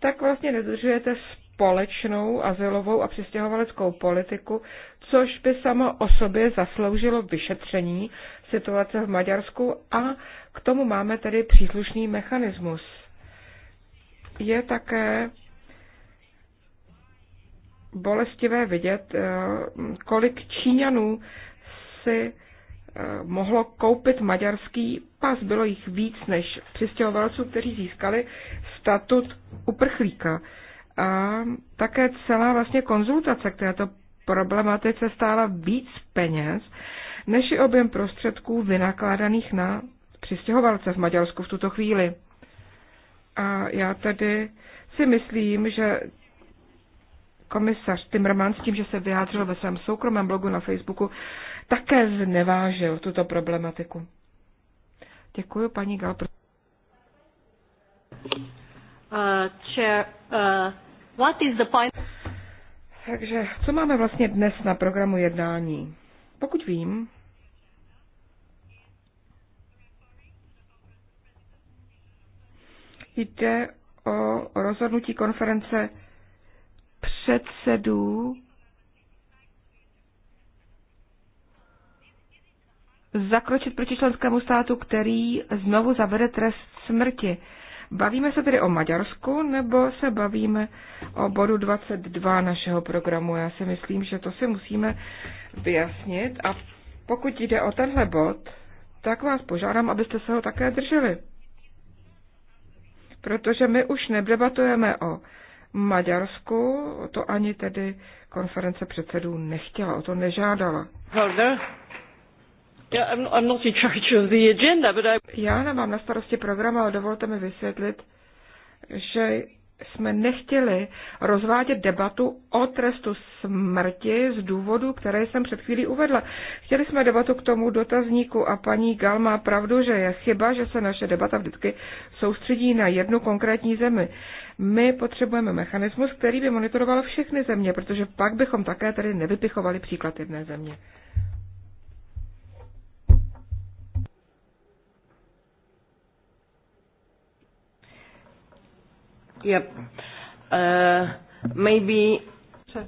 tak vlastně nedržujete společnou azylovou a přistěhovaleckou politiku, což by samo o sobě zasloužilo vyšetření situace v Maďarsku a k tomu máme tedy příslušný mechanismus. Je také bolestivé vidět, eh, kolik Číňanů si Eh, mohlo koupit maďarský pas. Bylo jich víc než přistěhovalců, kteří získali statut uprchlíka. A také celá vlastně konzultace k této problematice stála víc peněz, než je objem prostředků vynakládaných na přistěhovalce v Maďarsku v tuto chvíli. A já tedy si myslím, že komisař Timmermans tím, že se vyjádřil ve svém soukromém blogu na Facebooku, také znevážil tuto problematiku. Děkuji, paní Gal. Uh, chair, uh, what is the point? Takže co máme vlastně dnes na programu jednání? Pokud vím, jde o rozhodnutí konference předsedů zakročit proti členskému státu, který znovu zavede trest smrti. Bavíme se tedy o Maďarsku, nebo se bavíme o bodu 22 našeho programu? Já si myslím, že to si musíme vyjasnit a pokud jde o tenhle bod, tak vás požádám, abyste se ho také drželi. Protože my už nedebatujeme o Maďarsku, to ani tedy konference předsedů nechtěla, o to nežádala. Holder? Já nemám na starosti program, ale dovolte mi vysvětlit, že jsme nechtěli rozvádět debatu o trestu smrti z důvodu, které jsem před chvílí uvedla. Chtěli jsme debatu k tomu dotazníku a paní Gal má pravdu, že je chyba, že se naše debata vždycky soustředí na jednu konkrétní zemi. My potřebujeme mechanismus, který by monitoroval všechny země, protože pak bychom také tady nevypichovali příklad jedné země. Yep. Uh, maybe...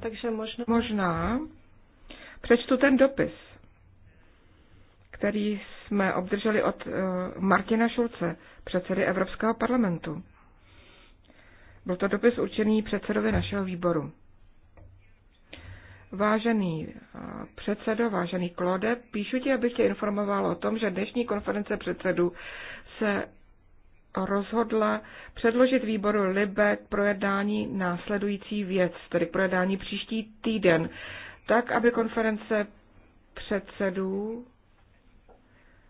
Takže možná... možná přečtu ten dopis, který jsme obdrželi od uh, Martina Šulce, předsedy Evropského parlamentu. Byl to dopis určený předsedovi našeho výboru. Vážený eh, předsedo, vážený Klode, píšu ti, abych tě informoval o tom, že dnešní konference předsedů se rozhodla předložit výboru LIBE k projednání následující věc, tedy k projednání příští týden, tak, aby konference předsedů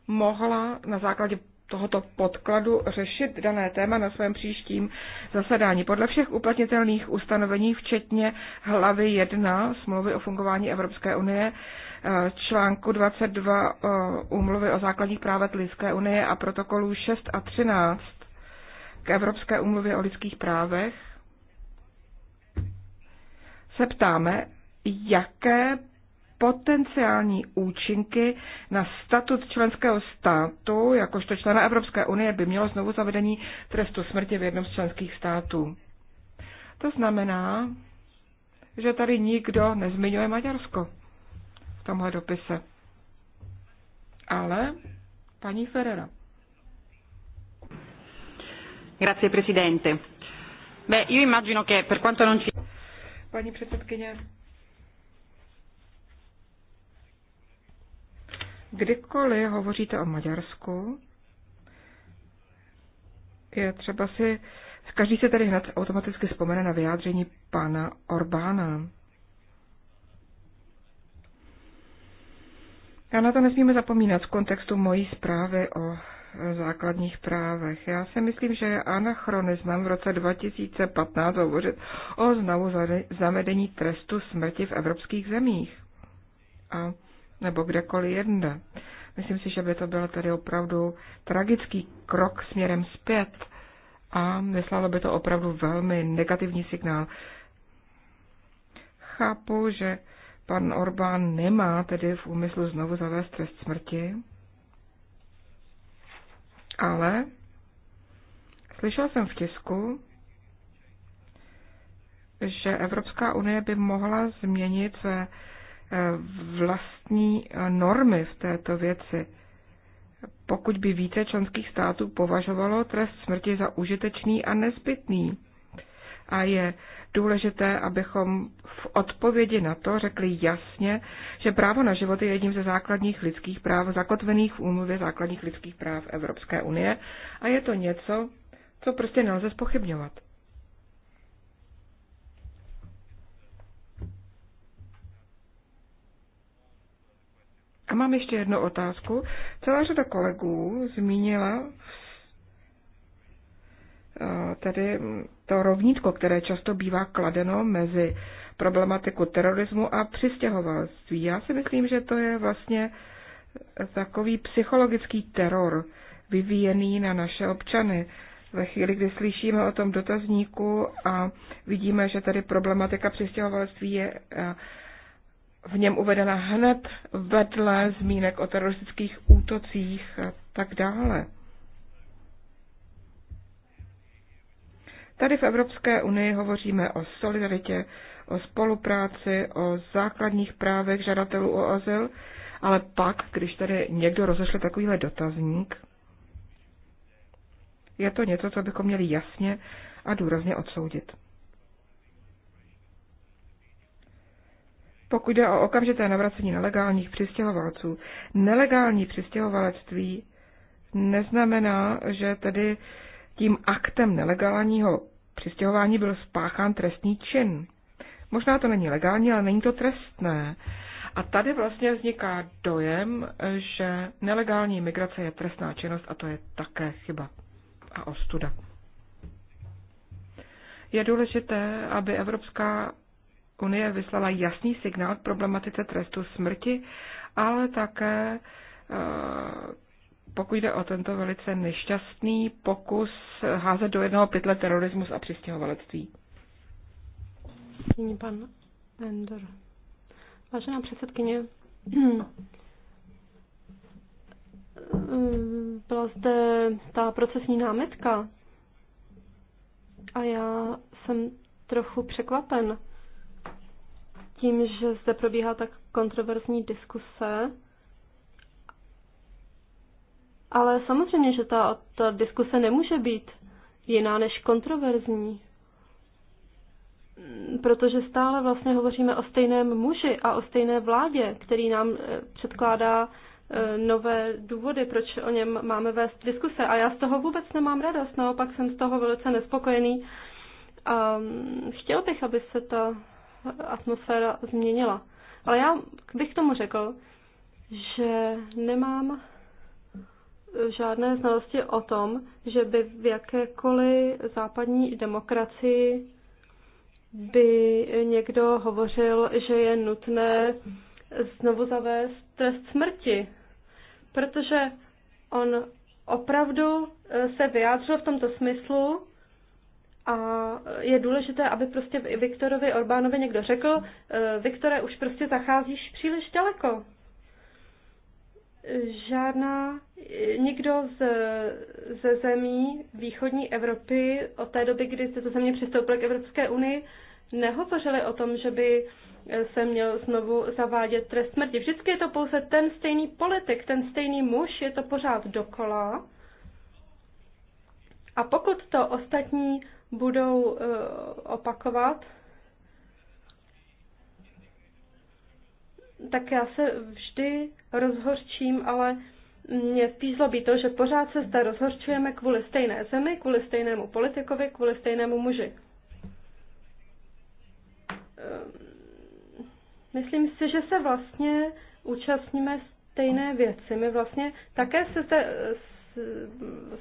mohla na základě tohoto podkladu řešit dané téma na svém příštím zasedání. Podle všech uplatnitelných ustanovení, včetně hlavy 1 smlouvy o fungování Evropské unie, eh, článku 22 eh, úmluvy o základních právech Lidské unie a protokolů 6 a 13 k Evropské úmluvě o lidských právech, se ptáme, jaké potenciální účinky na statut členského státu, jakožto člena Evropské unie, by mělo znovu zavedení trestu smrti v jednom z členských států. To znamená, že tady nikdo nezmiňuje Maďarsko v tomhle dopise. Ale paní Ferrera. Grazie Presidente. Beh, io immagino che per quanto non ci... Paní předsedkyně, Kdykoliv hovoříte o Maďarsku, je třeba si, každý se tady hned automaticky vzpomene na vyjádření pana Orbána. A na to nesmíme zapomínat v kontextu mojí zprávy o základních právech. Já si myslím, že je anachronismem v roce 2015 hovořit o znovu zavedení trestu smrti v evropských zemích. A nebo kdekoliv jinde. Myslím si, že by to byl tedy opravdu tragický krok směrem zpět a vyslalo by to opravdu velmi negativní signál. Chápu, že pan Orbán nemá tedy v úmyslu znovu zavést trest smrti, ale slyšel jsem v tisku, že Evropská unie by mohla změnit své vlastní eh, normy v této věci. Pokud by více členských států považovalo trest smrti za užitečný a nezbytný. A je důležité, abychom v odpovědi na to řekli jasně, že právo na život je jedním ze základních lidských práv zakotvených v úmluvě základních lidských práv Evropské unie a je to něco, co prostě nelze spochybňovat. A mám ještě jednu otázku. Celá řada kolegů zmínila eh, tedy to rovnítko, které často bývá kladeno mezi problematiku terorismu a přistěhovalství. Já si myslím, že to je vlastně takový psychologický teror vyvíjený na naše občany. Ve chvíli, kdy slyšíme o tom dotazníku a vidíme, že tady problematika přistěhovalství je eh, v něm uvedena hned vedle zmínek o teroristických útocích a tak dále. Tady v Evropské unii hovoříme o solidaritě, o spolupráci, o základních právech žadatelů o azyl, ale pak, když tady někdo rozešle takovýhle dotazník, je to něco, co bychom měli jasně a důrazně odsoudit. Pokud jde o okamžité navracení nelegálních přistěhovalců, nelegální přistěhovalectví neznamená, že tedy tím aktem nelegálního přistěhování byl spáchán trestný čin. Možná to není legální, ale není to trestné. A tady vlastně vzniká dojem, že nelegální migrace je trestná činnost a to je také chyba a ostuda. Je důležité, aby Evropská unie vyslala jasný signál k problematice trestu smrti, ale také eh, pokud jde o tento velice nešťastný pokus házet do jednoho pytle terorismus a přistěhovalectví. Nyní pan Endor. Vážená předsedkyně, byla zde ta procesní námitka a já jsem trochu překvapen, tím, že zde probíhá tak kontroverzní diskuse. Ale samozřejmě, že ta, ta diskuse nemůže být jiná než kontroverzní. Protože stále vlastně hovoříme o stejném muži a o stejné vládě, který nám eh, předkládá eh, nové důvody, proč o něm máme vést diskuse. A já z toho vůbec nemám radost, naopak jsem z toho velice nespokojený. A chtěl bych, aby se ta atmosféra změnila. Ale já bych tomu řekl, že nemám eh, žádné znalosti o tom, že by v jakékoliv západní demokracii by někdo hovořil, že je nutné znovu zavést trest smrti, protože on opravdu eh, se vyjádřil v tomto smyslu, a je důležité, aby prostě Viktorovi Orbánovi někdo řekl, eh, Viktore, už prostě zacházíš příliš daleko. Žádná, eh, nikdo z, ze zemí východní Evropy od té doby, kdy to země přistoupil k Evropské unii, nehovořili o tom, že by eh, se měl znovu zavádět trest smrti. Vždycky je to pouze ten stejný politik, ten stejný muž, je to pořád dokola. A pokud to ostatní budou eh, opakovat, tak já se vždy rozhorčím, ale mě spíš zlobí to, že pořád se zde rozhorčujeme kvůli stejné zemi, kvůli stejnému politikovi, kvůli stejnému muži. Ehm, myslím si, že se vlastně účastníme stejné věci. My vlastně také se zde eh, Eh,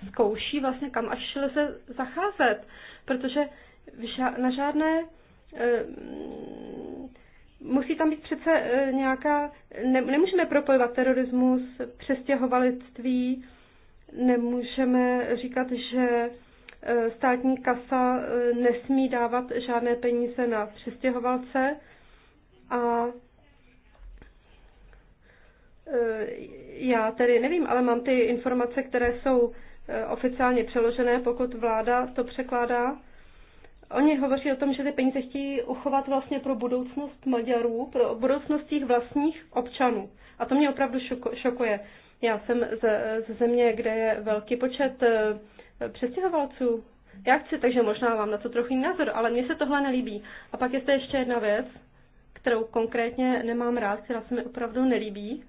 zkouší vlastně, kam až lze zacházet, protože na žádné eh, musí tam být přece eh, nějaká, ne, nemůžeme propojovat terorismus, přestěhovalectví, nemůžeme říkat, že státní kasa nesmí dávat žádné peníze na přestěhovalce a já tedy nevím, ale mám ty informace, které jsou eh, oficiálně přeložené, pokud vláda to překládá. Oni hovoří o tom, že ty peníze chtějí uchovat vlastně pro budoucnost Maďarů, pro budoucnost jejich vlastních občanů. A to mě opravdu šoko, šokuje. Já jsem ze, ze země, kde je velký počet eh, přestěhovalců. Já chci, takže možná mám na to trochu jiný názor, ale mně se tohle nelíbí. A pak je zde ještě jedna věc, kterou konkrétně nemám rád, která se mi opravdu nelíbí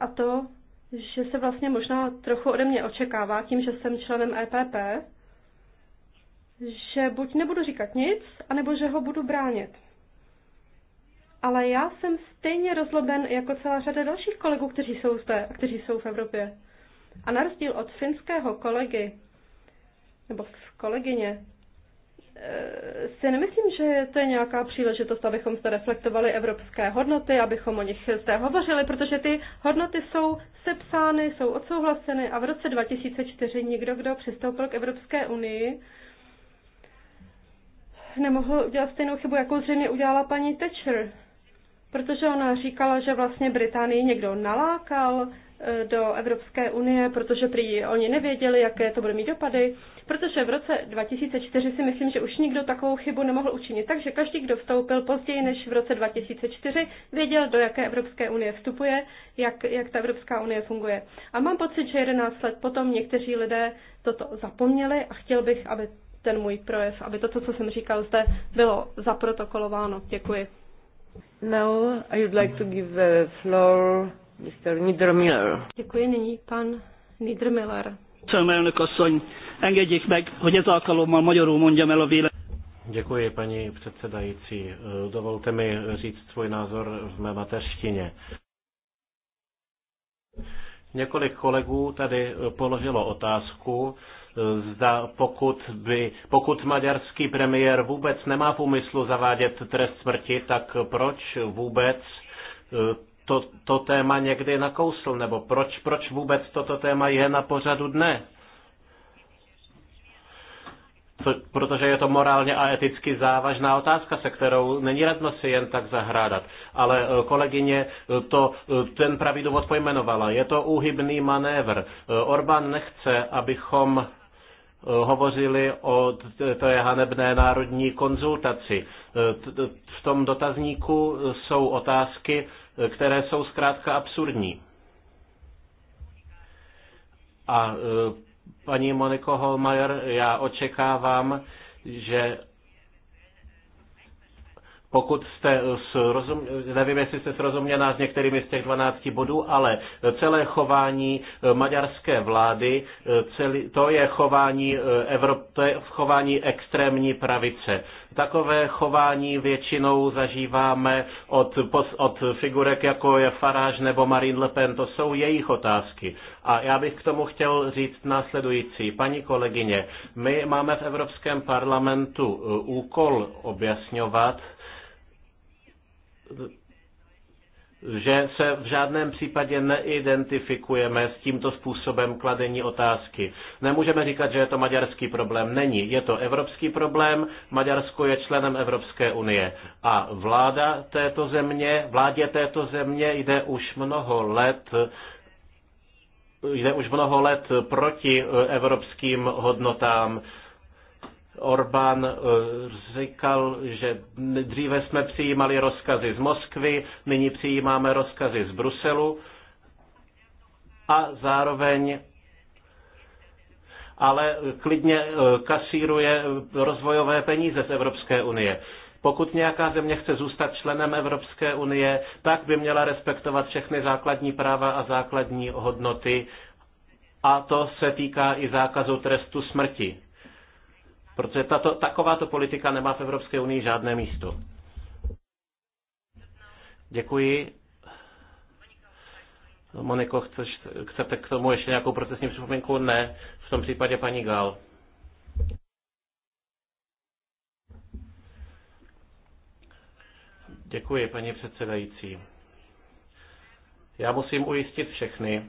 a to, že se vlastně možná trochu ode mě očekává tím, že jsem členem EPP, že buď nebudu říkat nic, anebo že ho budu bránit. Ale já jsem stejně rozloben jako celá řada dalších kolegů, kteří jsou zde a kteří jsou v Evropě. A na rozdíl od finského kolegy, nebo kolegyně, Eh, si nemyslím, že to je nějaká příležitost, abychom se reflektovali evropské hodnoty, abychom o nich zde hovořili, protože ty hodnoty jsou sepsány, jsou odsouhlaseny a v roce 2004 nikdo, kdo přistoupil k Evropské unii, nemohl udělat stejnou chybu, jakou zřejmě udělala paní Thatcher, protože ona říkala, že vlastně Británii někdo nalákal, do Evropské unie, protože prý oni nevěděli, jaké to bude mít dopady, protože v roce 2004 si myslím, že už nikdo takovou chybu nemohl učinit, takže každý, kdo vstoupil později než v roce 2004, věděl, do jaké Evropské unie vstupuje, jak, jak ta Evropská unie funguje. A mám pocit, že 11 let potom někteří lidé toto zapomněli a chtěl bych, aby ten můj projev, aby to, co jsem říkal zde, bylo zaprotokolováno. Děkuji. Now I would like to give the floor Mr. Niedermiller. Děkuji nyní pan Niedermiller. Köszönöm, elnök asszony. Engedjék meg, hogy ez alkalommal magyarul mondjam el a véleményt. Děkuji, paní předsedající. Dovolte mi říct svůj názor v mé mateřštině. Několik kolegů tady položilo otázku, zda pokud, by, pokud maďarský premiér vůbec nemá v úmyslu zavádět trest smrti, tak proč vůbec to, to téma někdy nakousl, nebo proč, proč vůbec toto téma je na pořadu dne. To, protože je to morálně a eticky závažná otázka, se kterou není radno si jen tak zahrádat. Ale eh, kolegyně eh, to, eh, ten pravý důvod pojmenovala. Je to úhybný manévr. Orbán nechce, abychom hovořili o té hanebné národní konzultaci. V tom dotazníku jsou otázky, které jsou zkrátka absurdní. A e, paní Moniko Holmajer, já očekávám, že pokud jste, srozum, nevím, jestli jste srozuměná s některými z těch 12 bodů, ale celé chování eh, maďarské vlády, eh, celý, to je chování, eh, Evrop, to je chování extrémní pravice. Takové chování většinou zažíváme od, od figurek, jako je Faráž nebo Marine Le Pen, to jsou jejich otázky. A já bych k tomu chtěl říct následující. Paní kolegyně, my máme v Evropském parlamentu úkol objasňovat, že se v žádném případě neidentifikujeme s tímto způsobem kladení otázky. Nemůžeme říkat, že je to maďarský problém. Není. Je to evropský problém. Maďarsko je členem Evropské unie. A vláda této země, vládě této země jde už mnoho let jde už mnoho let proti evropským hodnotám, Orbán eh, říkal, že dříve jsme přijímali rozkazy z Moskvy, nyní přijímáme rozkazy z Bruselu a zároveň ale klidně eh, kasíruje rozvojové peníze z Evropské unie. Pokud nějaká země chce zůstat členem Evropské unie, tak by měla respektovat všechny základní práva a základní hodnoty. A to se týká i zákazu trestu smrti. Protože tato, takováto politika nemá v Evropské unii žádné místo. Děkuji. Moniko, chceš, chcete k tomu ještě nějakou procesní připomínku? Ne. V tom případě paní Gál. Děkuji, paní předsedající. Já musím ujistit všechny,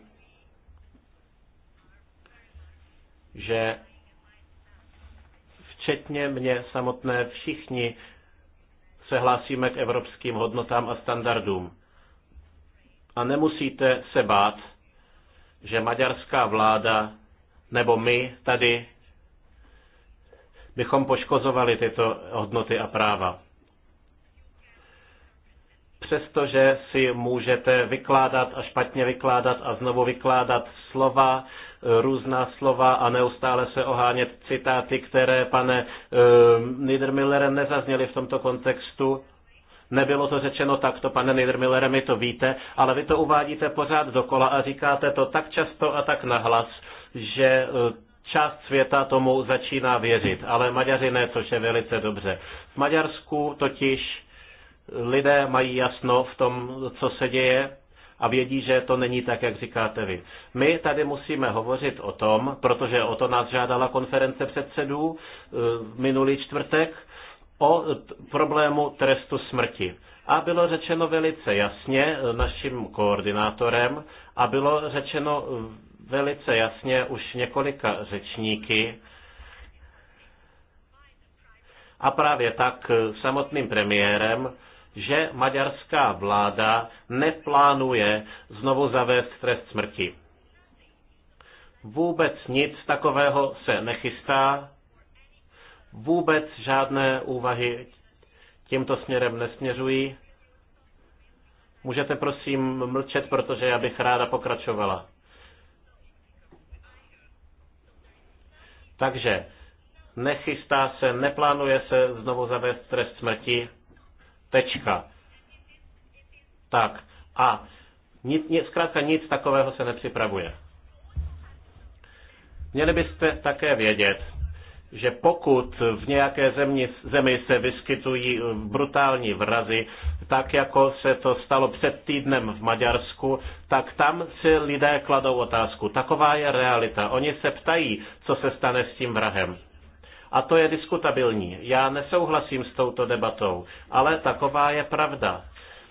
že včetně mě samotné, všichni se hlásíme k evropským hodnotám a standardům. A nemusíte se bát, že maďarská vláda nebo my tady bychom poškozovali tyto hodnoty a práva. Přestože si můžete vykládat a špatně vykládat a znovu vykládat slova, různá slova a neustále se ohánět citáty, které, pane eh, Niedermillere, nezazněly v tomto kontextu. Nebylo to řečeno takto, pane Niedermillere, my to víte, ale vy to uvádíte pořád dokola a říkáte to tak často a tak nahlas, že eh, část světa tomu začíná věřit, ale Maďaři ne, což je velice dobře. V Maďarsku totiž lidé mají jasno v tom, co se děje, a vědí, že to není tak, jak říkáte vy. My tady musíme hovořit o tom, protože o to nás žádala konference předsedů eh, minulý čtvrtek, o problému trestu smrti. A bylo řečeno velice jasně eh, naším koordinátorem a bylo řečeno eh, velice jasně už několika řečníky, a právě tak samotným premiérem, že maďarská vláda neplánuje znovu zavést trest smrti. Vůbec nic takového se nechystá, vůbec žádné úvahy tímto směrem nesměřují. Můžete prosím mlčet, protože já bych ráda pokračovala. Takže nechystá se, neplánuje se znovu zavést trest smrti. Tečka. Tak. A nic, nic, zkrátka nic takového se nepřipravuje. Měli byste také vědět, že pokud v nějaké zemi, zemi se vyskytují brutální vrazy, tak jako se to stalo před týdnem v Maďarsku, tak tam si lidé kladou otázku. Taková je realita. Oni se ptají, co se stane s tím vrahem. A to je diskutabilní. Já nesouhlasím s touto debatou, ale taková je pravda.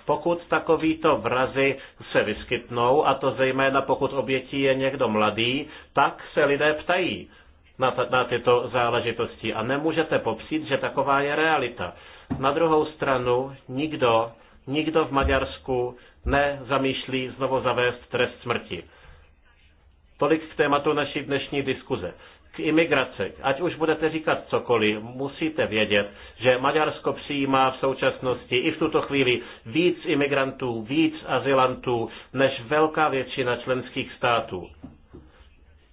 Pokud takovýto vrazy se vyskytnou, a to zejména pokud obětí je někdo mladý, tak se lidé ptají na, na tyto záležitosti a nemůžete popřít, že taková je realita. Na druhou stranu nikdo, nikdo v Maďarsku nezamýšlí znovu zavést trest smrti. Tolik k tématu naší dnešní diskuze k imigraci. Ať už budete říkat cokoliv, musíte vědět, že Maďarsko přijímá v současnosti i v tuto chvíli víc imigrantů, víc azylantů, než velká většina členských států.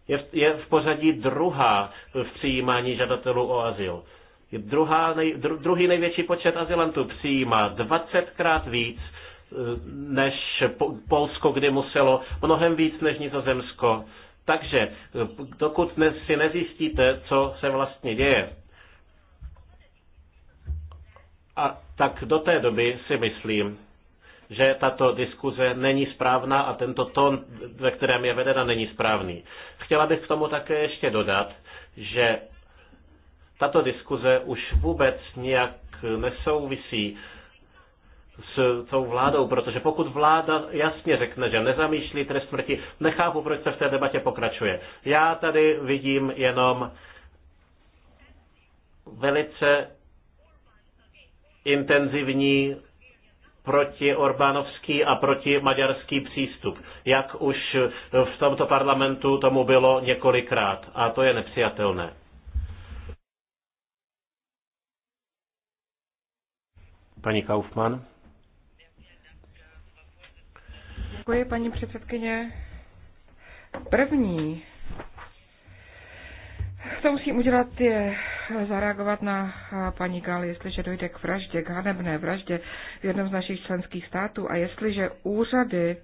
Je v, je v pořadí druhá v přijímání žadatelů o azyl. Druhá nej, dru, druhý největší počet azylantů přijímá 20krát víc eh, než Polsko, kdy muselo mnohem víc než Nizozemsko takže eh, dokud si nezjistíte, co se vlastně děje, a tak do té doby si myslím, že tato diskuze není správná a tento tón, ve kterém je vedena, není správný. Chtěla bych k tomu také ještě dodat, že tato diskuze už vůbec nijak nesouvisí s tou vládou, protože pokud vláda jasně řekne, že nezamýšlí trest smrti, nechápu, proč se v té debatě pokračuje. Já tady vidím jenom velice intenzivní proti Orbánovský a proti maďarský přístup, jak už v tomto parlamentu tomu bylo několikrát. A to je nepřijatelné. Paní Kaufmann. Děkuji, paní předsedkyně. První, co musím udělat, je zareagovat na eh, paní Gali, jestliže dojde k vraždě, k hanebné vraždě v jednom z našich členských států a jestliže úřady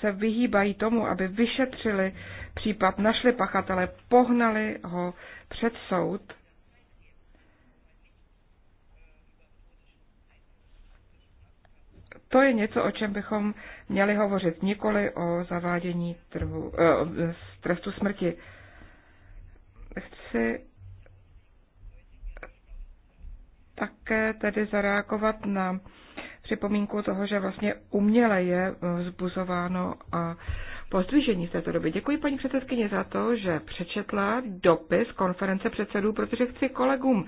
se vyhýbají tomu, aby vyšetřili případ, našli pachatele, pohnali ho před soud, to je něco, o čem bychom měli hovořit, nikoli o zavádění trhu, eh, eh, trestu smrti. Chci také tedy zareagovat na připomínku toho, že vlastně uměle je eh, vzbuzováno pozdvižení v této době. Děkuji paní předsedkyně za to, že přečetla dopis konference předsedů, protože chci kolegům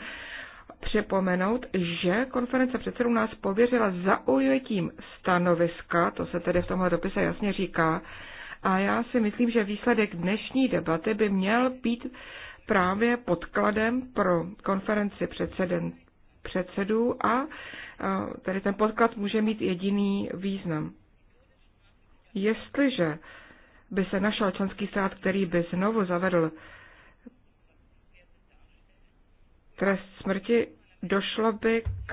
připomenout, že konference předsedů nás pověřila zaujetím stanoviska, to se tedy v tomhle dopise jasně říká, a já si myslím, že výsledek dnešní debaty by měl být právě podkladem pro konferenci předseden, předsedů a tedy ten podklad může mít jediný význam. Jestliže by se našel členský stát, který by znovu zavedl trest smrti, došlo by k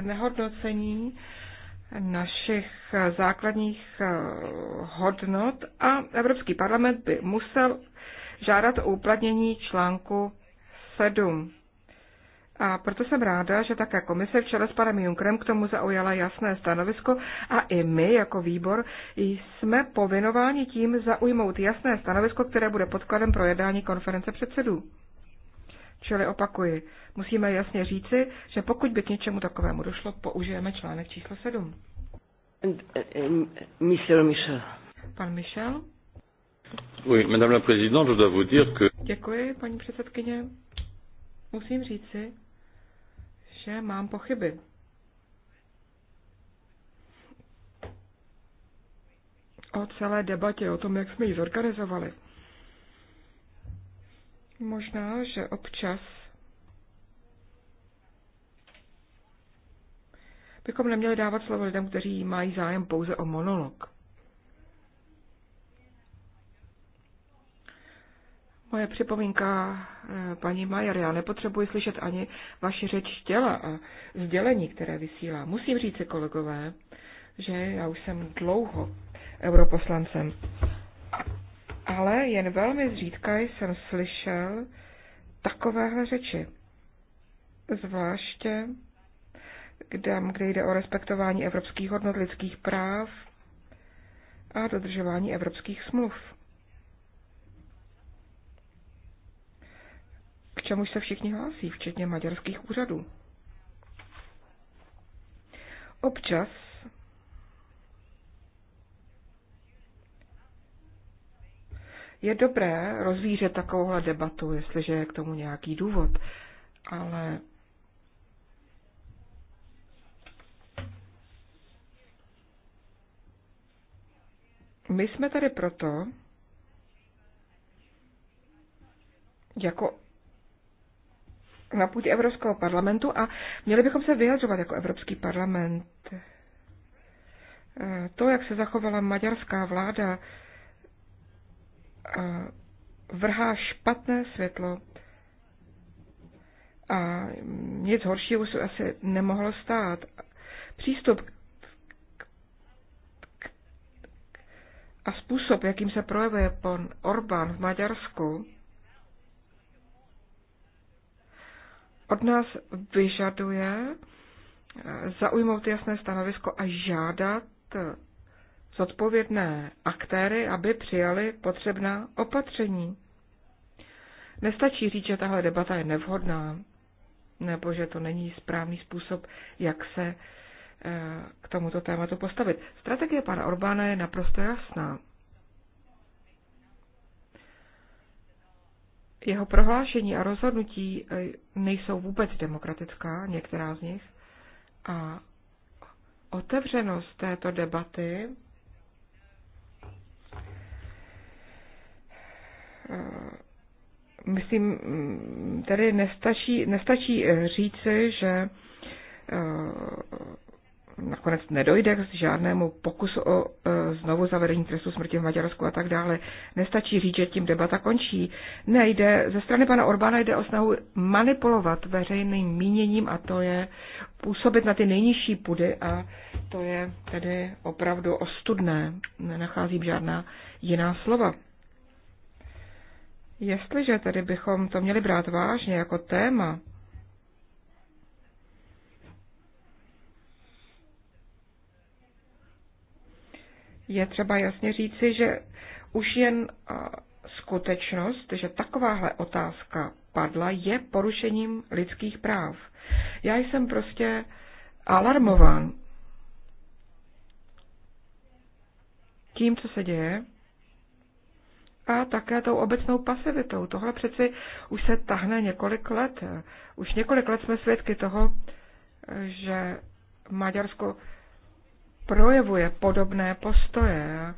znehodnocení našich základních eh, hodnot a Evropský parlament by musel žádat o uplatnění článku 7. A proto jsem ráda, že také komise v čele s panem Junkrem k tomu zaujala jasné stanovisko a i my jako výbor jsme povinováni tím zaujmout jasné stanovisko, které bude podkladem pro jednání konference předsedů. Čili opakuji, musíme jasně říci, že pokud by k něčemu takovému došlo, použijeme článek číslo 7. Michel Michel. Pan Michel. Oui, madame la présidente, je dois vous dire que... Děkuji, paní předsedkyně. Musím říci, že mám pochyby. O celé debatě, o tom, jak jsme ji zorganizovali. Možná, že občas bychom neměli dávat slovo lidem, kteří mají zájem pouze o monolog. Moje připomínka, eh, paní Majer, já nepotřebuji slyšet ani vaši řeč těla a sdělení, které vysílá. Musím říct si, kolegové, že já už jsem dlouho europoslancem ale jen velmi zřídka jsem slyšel takovéhle řeči. Zvláště kde, kde jde o respektování evropských hodnot lidských práv a dodržování evropských smluv. K čemuž se všichni hlásí, včetně maďarských úřadů. Občas Je dobré rozvířet takovouhle debatu, jestliže je k tomu nějaký důvod, ale my jsme tady proto, jako na půdě Evropského parlamentu a měli bychom se vyjadřovat jako Evropský parlament. Eh, to, jak se zachovala maďarská vláda, vrhá špatné světlo a nic horšího se asi nemohlo stát. Přístup a způsob, jakým se projevuje pan Orbán v Maďarsku, od nás vyžaduje zaujmout jasné stanovisko a žádat zodpovědné aktéry, aby přijali potřebná opatření. Nestačí říct, že tahle debata je nevhodná, nebo že to není správný způsob, jak se eh, k tomuto tématu postavit. Strategie pana Orbána je naprosto jasná. Jeho prohlášení a rozhodnutí eh, nejsou vůbec demokratická, některá z nich, a otevřenost této debaty Eh, myslím, mm, tady nestačí, nestačí eh, říci, že eh, nakonec nedojde k žádnému pokusu o znovu zavedení trestu smrti v Maďarsku a tak dále. Nestačí říct, že tím debata končí. Nejde, ze strany pana Orbána jde o snahu manipulovat veřejným míněním a to je působit na ty nejnižší pudy a to je tedy opravdu ostudné. Nenacházím žádná jiná slova. Jestliže tedy bychom to měli brát vážně jako téma, je třeba jasně říci, že už jen skutečnost, že takováhle otázka padla, je porušením lidských práv. Já jsem prostě alarmován tím, co se děje, a také tou obecnou pasivitou. Tohle přeci už se tahne několik let. Už několik let jsme svědky toho, že Maďarsko projevuje podobné postoje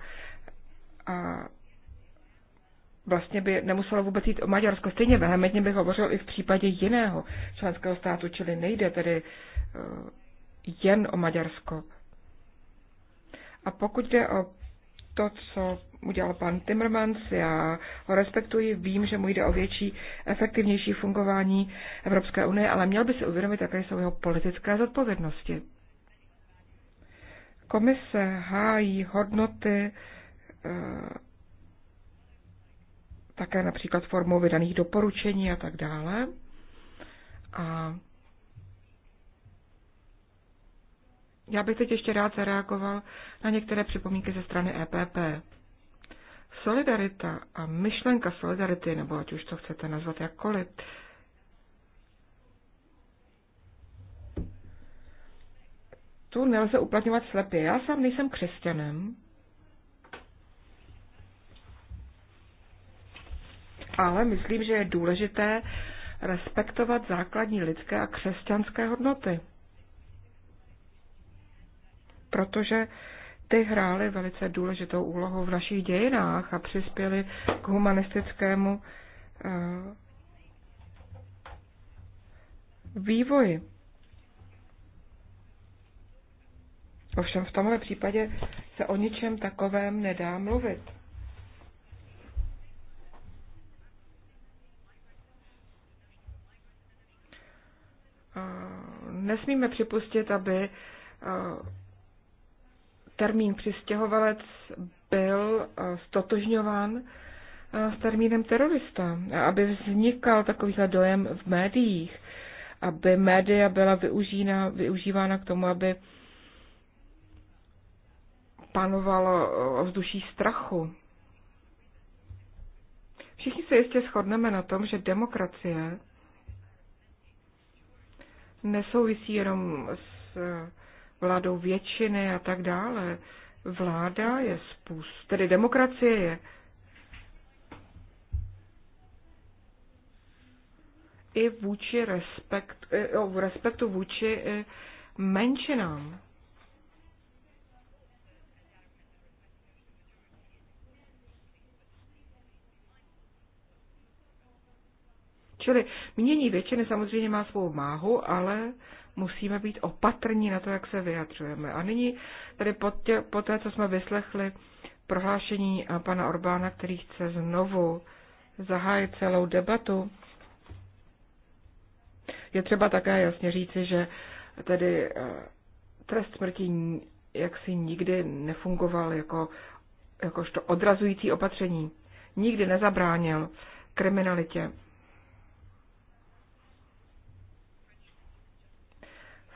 a vlastně by nemuselo vůbec jít o Maďarsko. Stejně vehementně bych hovořil i v případě jiného členského státu, čili nejde tedy eh, jen o Maďarsko. A pokud jde o to, co udělal pan Timmermans, já ho respektuji, vím, že mu jde o větší, efektivnější fungování Evropské unie, ale měl by si uvědomit, jaké jsou jeho politické zodpovědnosti. Komise hájí hodnoty eh, také například formou vydaných doporučení a tak dále. A Já bych teď ještě rád zareagoval na některé připomínky ze strany EPP. Solidarita a myšlenka solidarity, nebo ať už to chcete nazvat jakkoliv, tu nelze uplatňovat slepě. Já sám nejsem křesťanem, ale myslím, že je důležité respektovat základní lidské a křesťanské hodnoty protože ty hrály velice důležitou úlohu v našich dějinách a přispěly k humanistickému eh, vývoji. Ovšem v tomhle případě se o ničem takovém nedá mluvit. Eh, nesmíme připustit, aby eh, termín přistěhovalec byl eh, stotožňován eh, s termínem terorista, aby vznikal takovýhle dojem v médiích, aby média byla využína, využívána k tomu, aby panovalo eh, vzduší strachu. Všichni se jistě shodneme na tom, že demokracie nesouvisí jenom s vládou většiny a tak dále. Vláda je způsob, tedy demokracie je i vůči respekt, eh, o, respektu vůči eh, menšinám. Čili mění většiny samozřejmě má svou máhu, ale musíme být opatrní na to, jak se vyjadřujeme. A nyní tady po, tě, po té, co jsme vyslechli prohlášení eh, pana Orbána, který chce znovu zahájit celou debatu, je třeba také jasně říci, že tedy eh, trest smrti jaksi nikdy nefungoval jako, jakožto odrazující opatření. Nikdy nezabránil kriminalitě.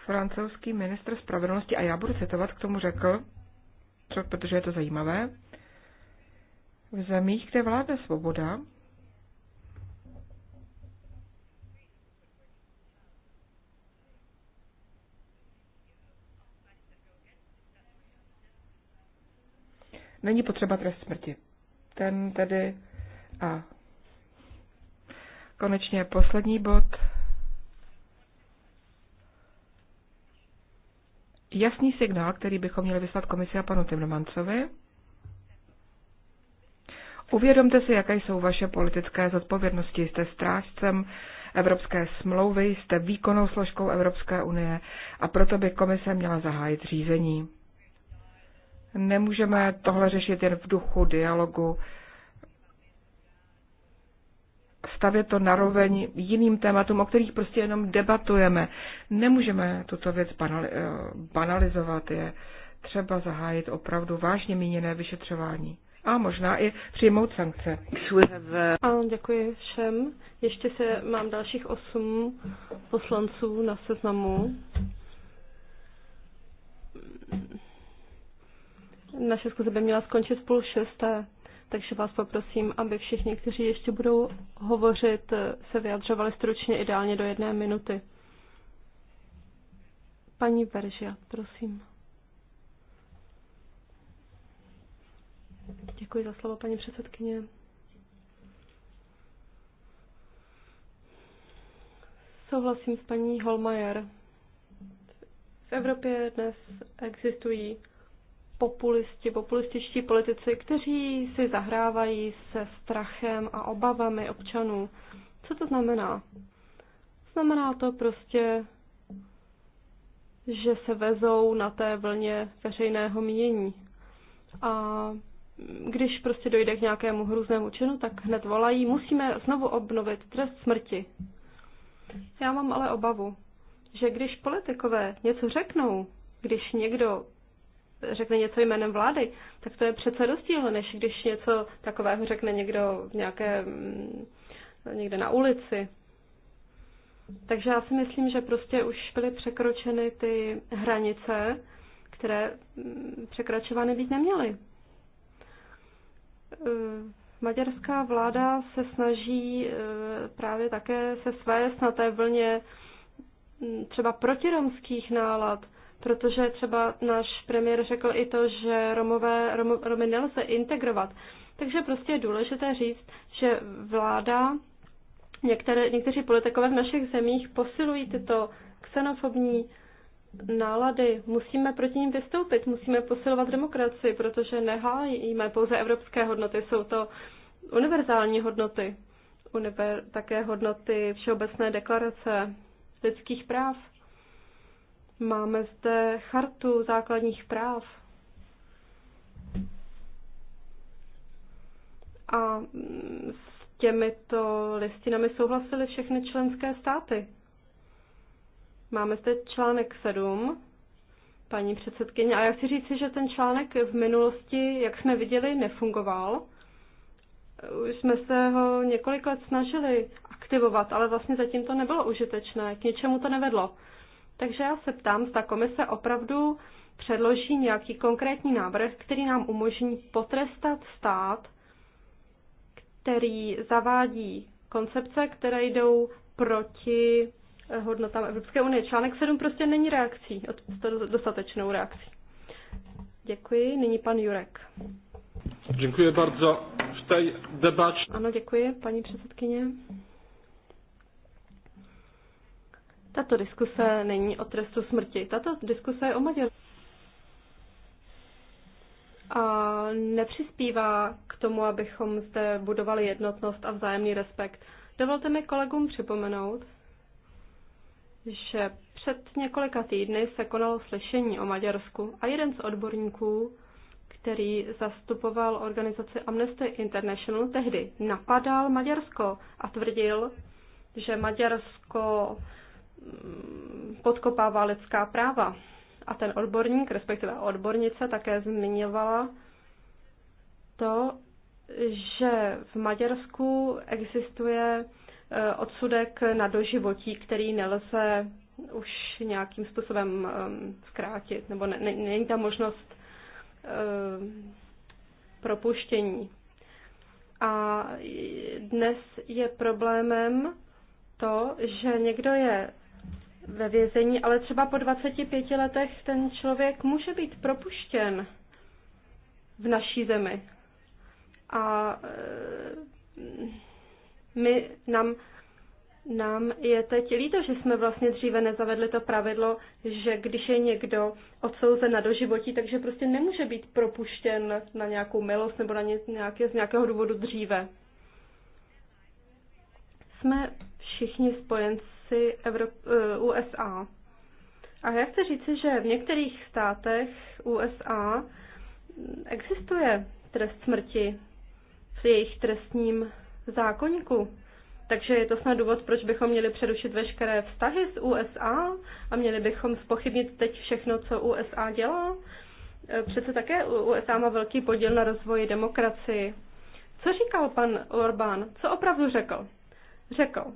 francouzský ministr spravedlnosti, a já budu citovat, k tomu řekl, co, protože je to zajímavé, v zemích, kde vládne svoboda, není potřeba trest smrti. Ten tedy a konečně poslední bod jasný signál, který bychom měli vyslat komisi a panu Timmermansovi. Uvědomte si, jaké jsou vaše politické zodpovědnosti. Jste strážcem Evropské smlouvy, jste výkonnou složkou Evropské unie a proto by komise měla zahájit řízení. Nemůžeme tohle řešit jen v duchu dialogu stavět to naroveň jiným tématům, o kterých prostě jenom debatujeme. Nemůžeme tuto věc eh, banalizovat, je třeba zahájit opravdu vážně míněné vyšetřování a možná i přijmout sankce. Ano, děkuji všem. Ještě se mám dalších osm poslanců na seznamu. Naše zkuze by měla skončit spolu šesté takže vás poprosím, aby všichni, kteří ještě budou hovořit, se vyjadřovali stručně ideálně do jedné minuty. Paní Veržia, prosím. Děkuji za slovo, paní předsedkyně. Souhlasím s paní Holmajer. V Evropě dnes existují populisti, populističtí politici, kteří si zahrávají se strachem a obavami občanů. Co to znamená? Znamená to prostě, že se vezou na té vlně veřejného mínění. A když prostě dojde k nějakému hrůznému činu, tak hned volají, musíme znovu obnovit trest smrti. Já mám ale obavu, že když politikové něco řeknou, když někdo řekne něco jménem vlády, tak to je přece rozdíl, než když něco takového řekne někdo v nějaké, mm, někde na ulici. Takže já si myslím, že prostě už byly překročeny ty hranice, které mm, překračovány být neměly. E, maďarská vláda se snaží e, právě také se své snaté vlně mm, třeba protiromských nálad, protože třeba náš premiér řekl i to, že Romové, Rom, Romy nelze integrovat. Takže prostě je důležité říct, že vláda, některé, někteří politikové v našich zemích posilují tyto xenofobní nálady. Musíme proti ním vystoupit, musíme posilovat demokracii, protože nehájíme pouze evropské hodnoty, jsou to univerzální hodnoty, univer, také hodnoty Všeobecné deklarace lidských práv. Máme zde chartu základních práv. A s těmito listinami souhlasily všechny členské státy. Máme zde článek 7, paní předsedkyně. A já chci říci, že ten článek v minulosti, jak jsme viděli, nefungoval. Už jsme se ho několik let snažili aktivovat, ale vlastně zatím to nebylo užitečné, k ničemu to nevedlo. Takže já se ptám, zda komise opravdu předloží nějaký konkrétní návrh, který nám umožní potrestat stát, který zavádí koncepce, které jdou proti hodnotám Evropské unie. Článek 7 prostě není reakcí, dostatečnou reakcí. Děkuji. Nyní pan Jurek. Děkuji bardzo. V té debač... Ano, děkuji, paní předsedkyně. Tato diskuse není o trestu smrti, tato diskuse je o Maďarsku. A nepřispívá k tomu, abychom zde budovali jednotnost a vzájemný respekt. Dovolte mi kolegům připomenout, že před několika týdny se konalo slyšení o Maďarsku a jeden z odborníků, který zastupoval organizaci Amnesty International, tehdy napadal Maďarsko a tvrdil, že Maďarsko Mm, podkopává lidská práva. A ten odborník, respektive odbornice, také zmiňovala to, že v Maďarsku existuje eh, odsudek na doživotí, který nelze už nějakým způsobem ehm, zkrátit, nebo není tam možnost ehm, propuštění. A dnes je problémem to, že někdo je ve vězení, ale třeba po 25 letech ten člověk může být propuštěn v naší zemi. A e, my nám, nám je teď líto, že jsme vlastně dříve nezavedli to pravidlo, že když je někdo odsouzen na doživotí, takže prostě nemůže být propuštěn na nějakou milost nebo na nějaké, z nějakého důvodu dříve. Jsme všichni spojenci rámci Evrop- eh, USA. A já chci říci, že v některých státech USA existuje trest smrti v jejich trestním zákonníku. Takže je to snad důvod, proč bychom měli přerušit veškeré vztahy s USA a měli bychom spochybnit teď všechno, co USA dělá. Eh, přece také USA má velký podíl na rozvoji demokracii. Co říkal pan Orbán? Co opravdu řekl? Řekl,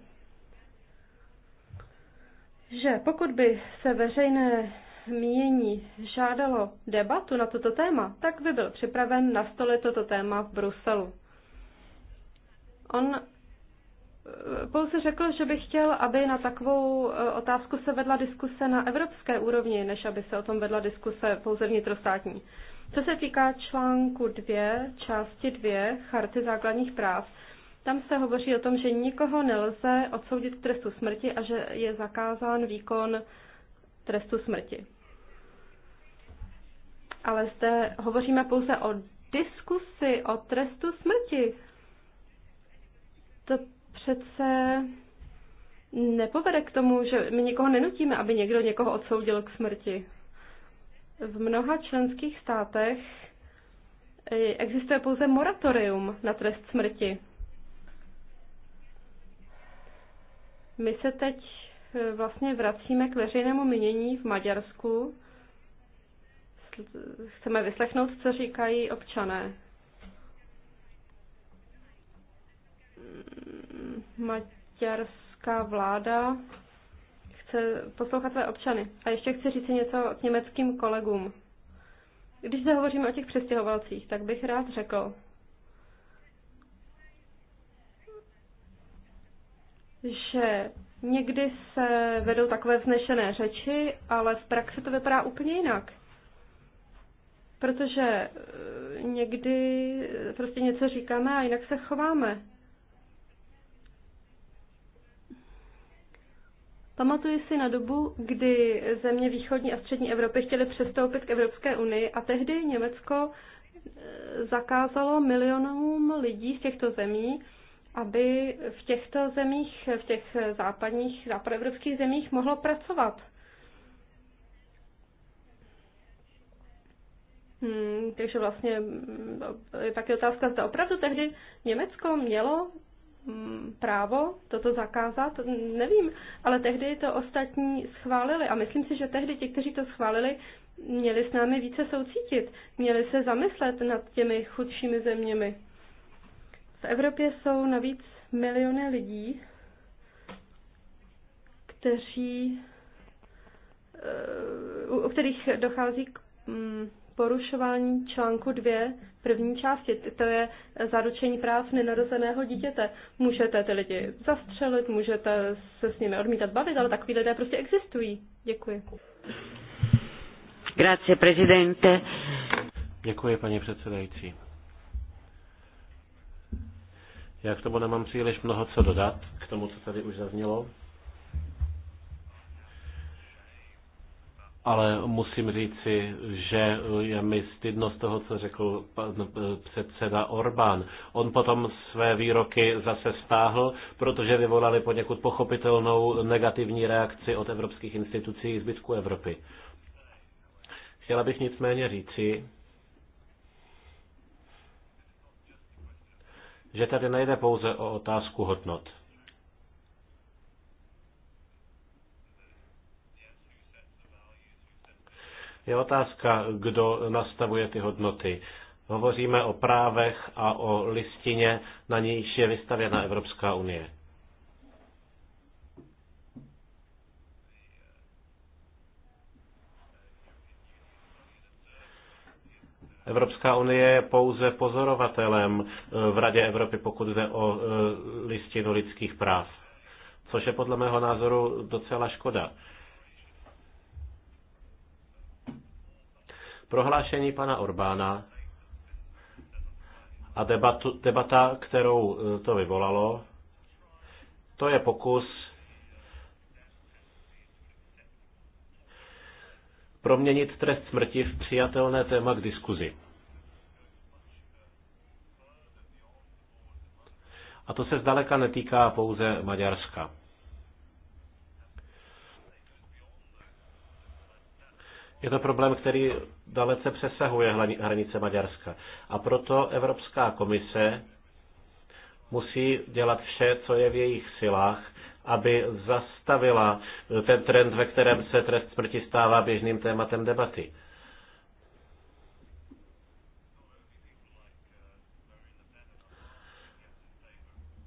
že pokud by se veřejné mínění žádalo debatu na toto téma, tak by byl připraven na stole toto téma v Bruselu. On eh, pouze řekl, že by chtěl, aby na takovou eh, otázku se vedla diskuse na evropské úrovni, než aby se o tom vedla diskuse pouze vnitrostátní. Co se týká článku 2, části 2 Charty základních práv, tam se hovoří o tom, že nikoho nelze odsoudit k trestu smrti a že je zakázán výkon trestu smrti. Ale zde hovoříme pouze o diskusi o trestu smrti. To přece nepovede k tomu, že my nikoho nenutíme, aby někdo někoho odsoudil k smrti. V mnoha členských státech eh, existuje pouze moratorium na trest smrti. My se teď eh, vlastně vracíme k veřejnému mínění v Maďarsku. Chceme vyslechnout, co říkají občané. Mm, maďarská vláda chce poslouchat své občany. A ještě chci říct něco k německým kolegům. Když se hovoříme o těch přestěhovalcích, tak bych rád řekl, že někdy se vedou takové vznešené řeči, ale v praxi to vypadá úplně jinak. Protože eh, někdy prostě něco říkáme a jinak se chováme. Pamatuji si na dobu, kdy země východní a střední Evropy chtěly přestoupit k Evropské unii a tehdy Německo eh, zakázalo milionům lidí z těchto zemí aby v těchto zemích, v těch západních, západoevropských zemích mohlo pracovat. Hmm, takže vlastně hmm, je taky otázka, zda opravdu tehdy Německo mělo hmm, právo toto zakázat, nevím, ale tehdy to ostatní schválili a myslím si, že tehdy ti, kteří to schválili, měli s námi více soucítit, měli se zamyslet nad těmi chudšími zeměmi. V Evropě jsou navíc miliony lidí, kteří, eh, u kterých dochází k mm, porušování článku 2 první části, to je zaručení práv nenarozeného dítěte. Můžete ty lidi zastřelit, můžete se s nimi odmítat bavit, ale takový lidé prostě existují. Děkuji. Grazie, prezidente. Děkuji, paní předsedající. Já k tomu nemám příliš mnoho co dodat, k tomu, co tady už zaznělo. Ale musím říci, že je mi stydno z toho, co řekl pan eh, předseda Orbán. On potom své výroky zase stáhl, protože vyvolali poněkud pochopitelnou negativní reakci od evropských institucí zbytku Evropy. Chtěla bych nicméně říci, že tady nejde pouze o otázku hodnot. Je otázka, kdo nastavuje ty hodnoty. Hovoříme o právech a o listině, na níž je vystavěna Evropská unie. Evropská unie je pouze pozorovatelem eh, v Radě Evropy, pokud jde o eh, listinu lidských práv, což je podle mého názoru docela škoda. Prohlášení pana Orbána a debatu, debata, kterou eh, to vyvolalo, to je pokus proměnit trest smrti v přijatelné téma k diskuzi. A to se zdaleka netýká pouze Maďarska. Je to problém, který dalece přesahuje hranice Maďarska. A proto Evropská komise musí dělat vše, co je v jejich silách, aby zastavila ten trend, ve kterém se trest smrti stává běžným tématem debaty.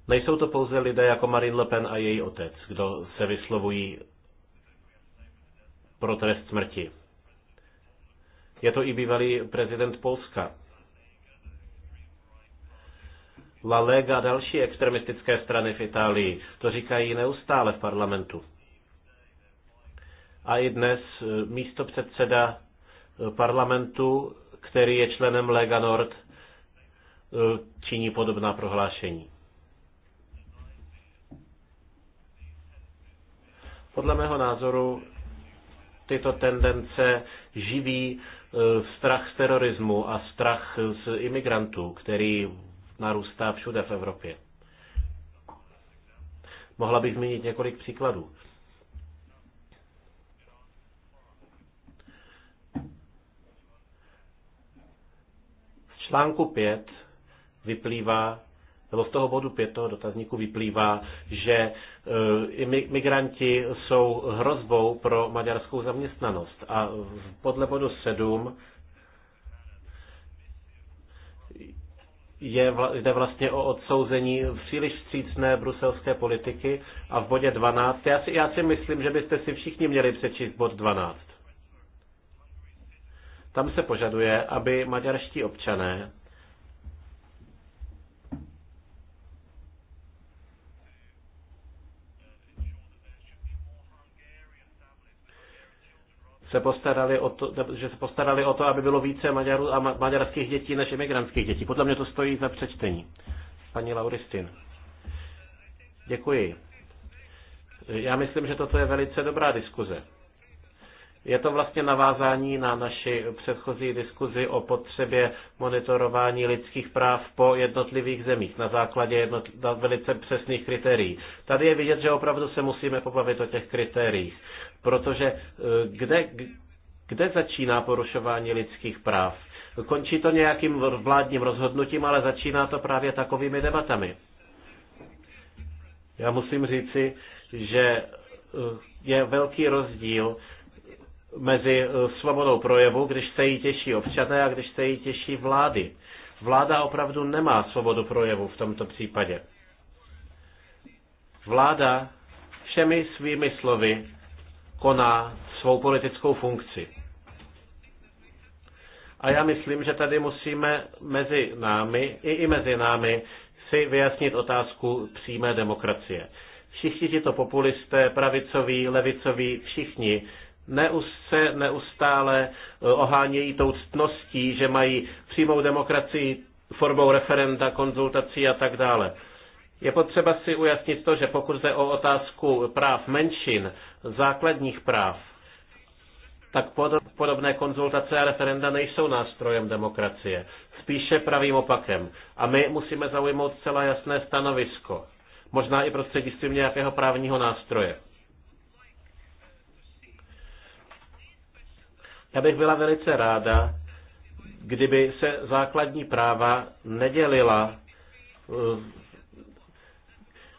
Nejsou to pouze lidé jako Marine Le Pen a její otec, kdo se vyslovují pro trest smrti. Je to i bývalý prezident Polska, La Lega a další extremistické strany v Itálii. To říkají neustále v parlamentu. A i dnes eh, místo předseda eh, parlamentu, který je členem Lega Nord, eh, činí podobná prohlášení. Podle mého názoru tyto tendence živí strach z terorismu a strach z imigrantů, který narůstá všude v Evropě. Mohla bych zmínit několik příkladů. Z článku 5 vyplývá, nebo z toho bodu 5 toho dotazníku vyplývá, že e, migranti jsou hrozbou pro maďarskou zaměstnanost. A podle bodu 7 je, jde vlastně o odsouzení příliš vstřícné bruselské politiky a v bodě 12, já si, já si myslím, že byste si všichni měli přečíst bod 12. Tam se požaduje, aby maďarští občané se postarali o to, že se postarali o to, aby bylo více Maďarů a maďarských dětí než imigrantských dětí. Podle mě to stojí za přečtení. Paní Lauristin. Děkuji. Já myslím, že toto je velice dobrá diskuze. Je to vlastně navázání na naši předchozí diskuzi o potřebě monitorování lidských práv po jednotlivých zemích na základě jednotl- na velice přesných kritérií. Tady je vidět, že opravdu se musíme pobavit o těch kritériích. Protože eh, kde, kde začíná porušování lidských práv? Končí to nějakým vládním rozhodnutím, ale začíná to právě takovými debatami. Já musím říci, že eh, je velký rozdíl mezi eh, svobodou projevu, když se jí těší občané a když se jí těší vlády. Vláda opravdu nemá svobodu projevu v tomto případě. Vláda všemi svými slovy koná svou politickou funkci. A já myslím, že tady musíme mezi námi i, i mezi námi si vyjasnit otázku přímé demokracie. Všichni tito populisté, pravicoví, levicoví, všichni neustále, neustále eh, ohánějí tou ctností, že mají přímou demokracii formou referenda, konzultací a tak dále. Je potřeba si ujasnit to, že pokud jde o otázku práv menšin, základních práv, tak podobné konzultace a referenda nejsou nástrojem demokracie. Spíše pravým opakem. A my musíme zaujmout celá jasné stanovisko. Možná i prostřednictvím nějakého právního nástroje. Já bych byla velice ráda, kdyby se základní práva nedělila eh,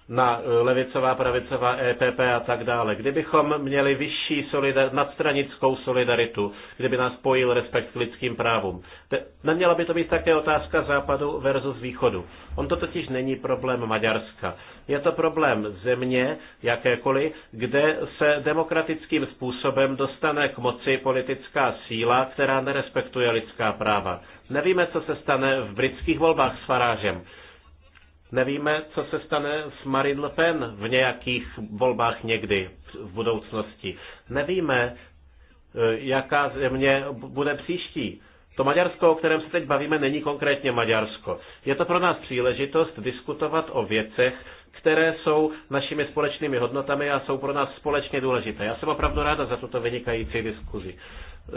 na eh, levicová, pravicová, EPP a tak dále. Kdybychom měli vyšší solidar- nadstranickou solidaritu, kdyby nás spojil respekt k lidským právům. Te- neměla by to být také otázka západu versus východu. On to totiž není problém Maďarska. Je to problém země, jakékoliv, kde se demokratickým způsobem dostane k moci politická síla, která nerespektuje lidská práva. Nevíme, co se stane v britských volbách s Farážem. Nevíme, co se stane s Marine Le Pen v nějakých volbách někdy v budoucnosti. Nevíme, eh, jaká země bude příští. To Maďarsko, o kterém se teď bavíme, není konkrétně Maďarsko. Je to pro nás příležitost diskutovat o věcech, které jsou našimi společnými hodnotami a jsou pro nás společně důležité. Já jsem opravdu ráda za tuto vynikající diskuzi. Eh,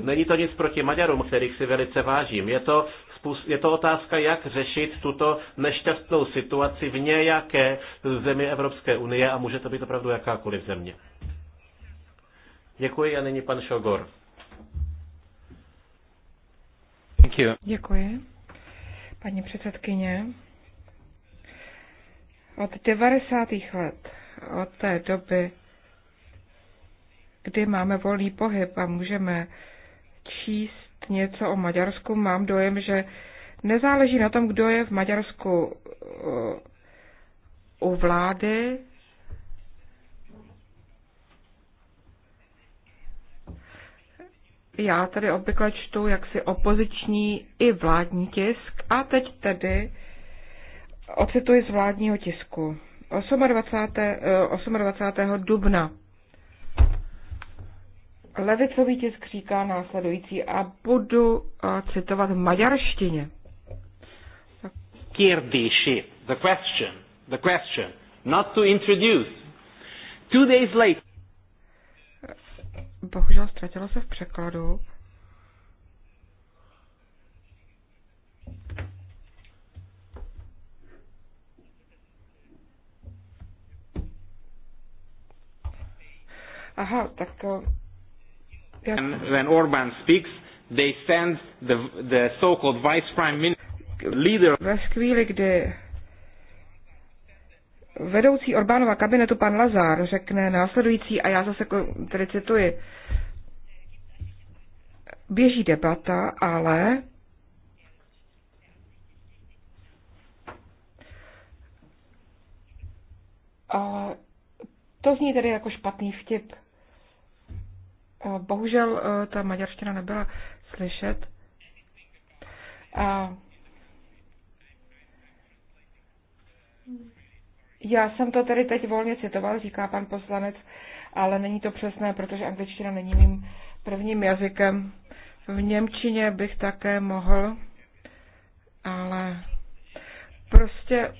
není to nic proti Maďarům, kterých si velice vážím. Je to je to otázka, jak řešit tuto nešťastnou situaci v nějaké zemi Evropské unie a může to být opravdu jakákoliv země. Děkuji a nyní pan Šogor. Děkuji. Paní předsedkyně, od 90. let, od té doby, kdy máme volný pohyb a můžeme číst něco o Maďarsku, mám dojem, že nezáleží na tom, kdo je v Maďarsku eh, u vlády, já tady obvykle čtu jaksi opoziční i vládní tisk a teď tedy ocituji z vládního tisku. 28. 28. Eh, dubna Levicový tisk říká následující a budu eh, citovat v maďarštině. Kérdési, the question, the question, not to introduce. Two days late. Eh, bohužel ztratilo se v překladu. Aha, tak eh, When Orbán speaks, they send the, the so-called vice prime minister, leader. Ve chvíli, kdy vedoucí Orbánova kabinetu pan Lazar řekne následující, a já zase tedy cituji, běží debata, ale a to zní tedy jako špatný vtip. Bohužel e, ta maďarština nebyla slyšet. A já jsem to tedy teď volně citoval, říká pan poslanec, ale není to přesné, protože angličtina není mým prvním jazykem. V Němčině bych také mohl, ale prostě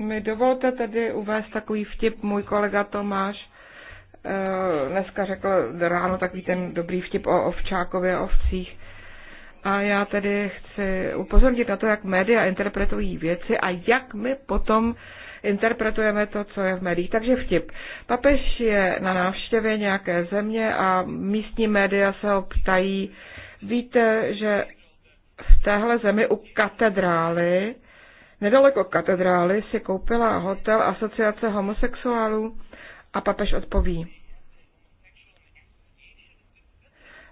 mi dovolte tedy uvést takový vtip. Můj kolega Tomáš Eh, dneska řekl ráno takový ten dobrý vtip o ovčákově a ovcích. A já tedy chci upozornit na to, jak média interpretují věci a jak my potom interpretujeme to, co je v médiích. Takže vtip. Papež je na návštěvě nějaké země a místní média se ho ptají, víte, že v téhle zemi u katedrály, nedaleko katedrály, si koupila hotel Asociace homosexuálů. A papež odpoví.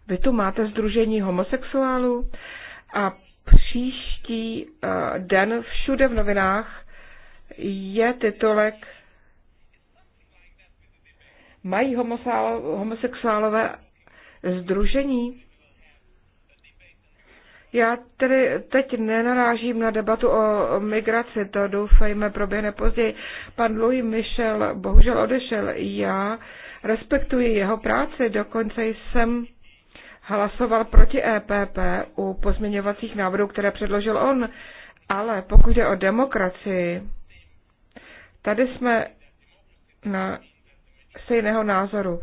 Vy tu máte združení homosexuálů a příští eh, den všude v novinách je titulek Mají homosexuálové združení? Já tedy teď nenarážím na debatu o migraci, to doufejme proběhne později. Pan Louis Michel bohužel odešel. Já respektuji jeho práci, dokonce jsem hlasoval proti EPP u pozměňovacích návrhů, které předložil on. Ale pokud je o demokracii, tady jsme na stejného názoru.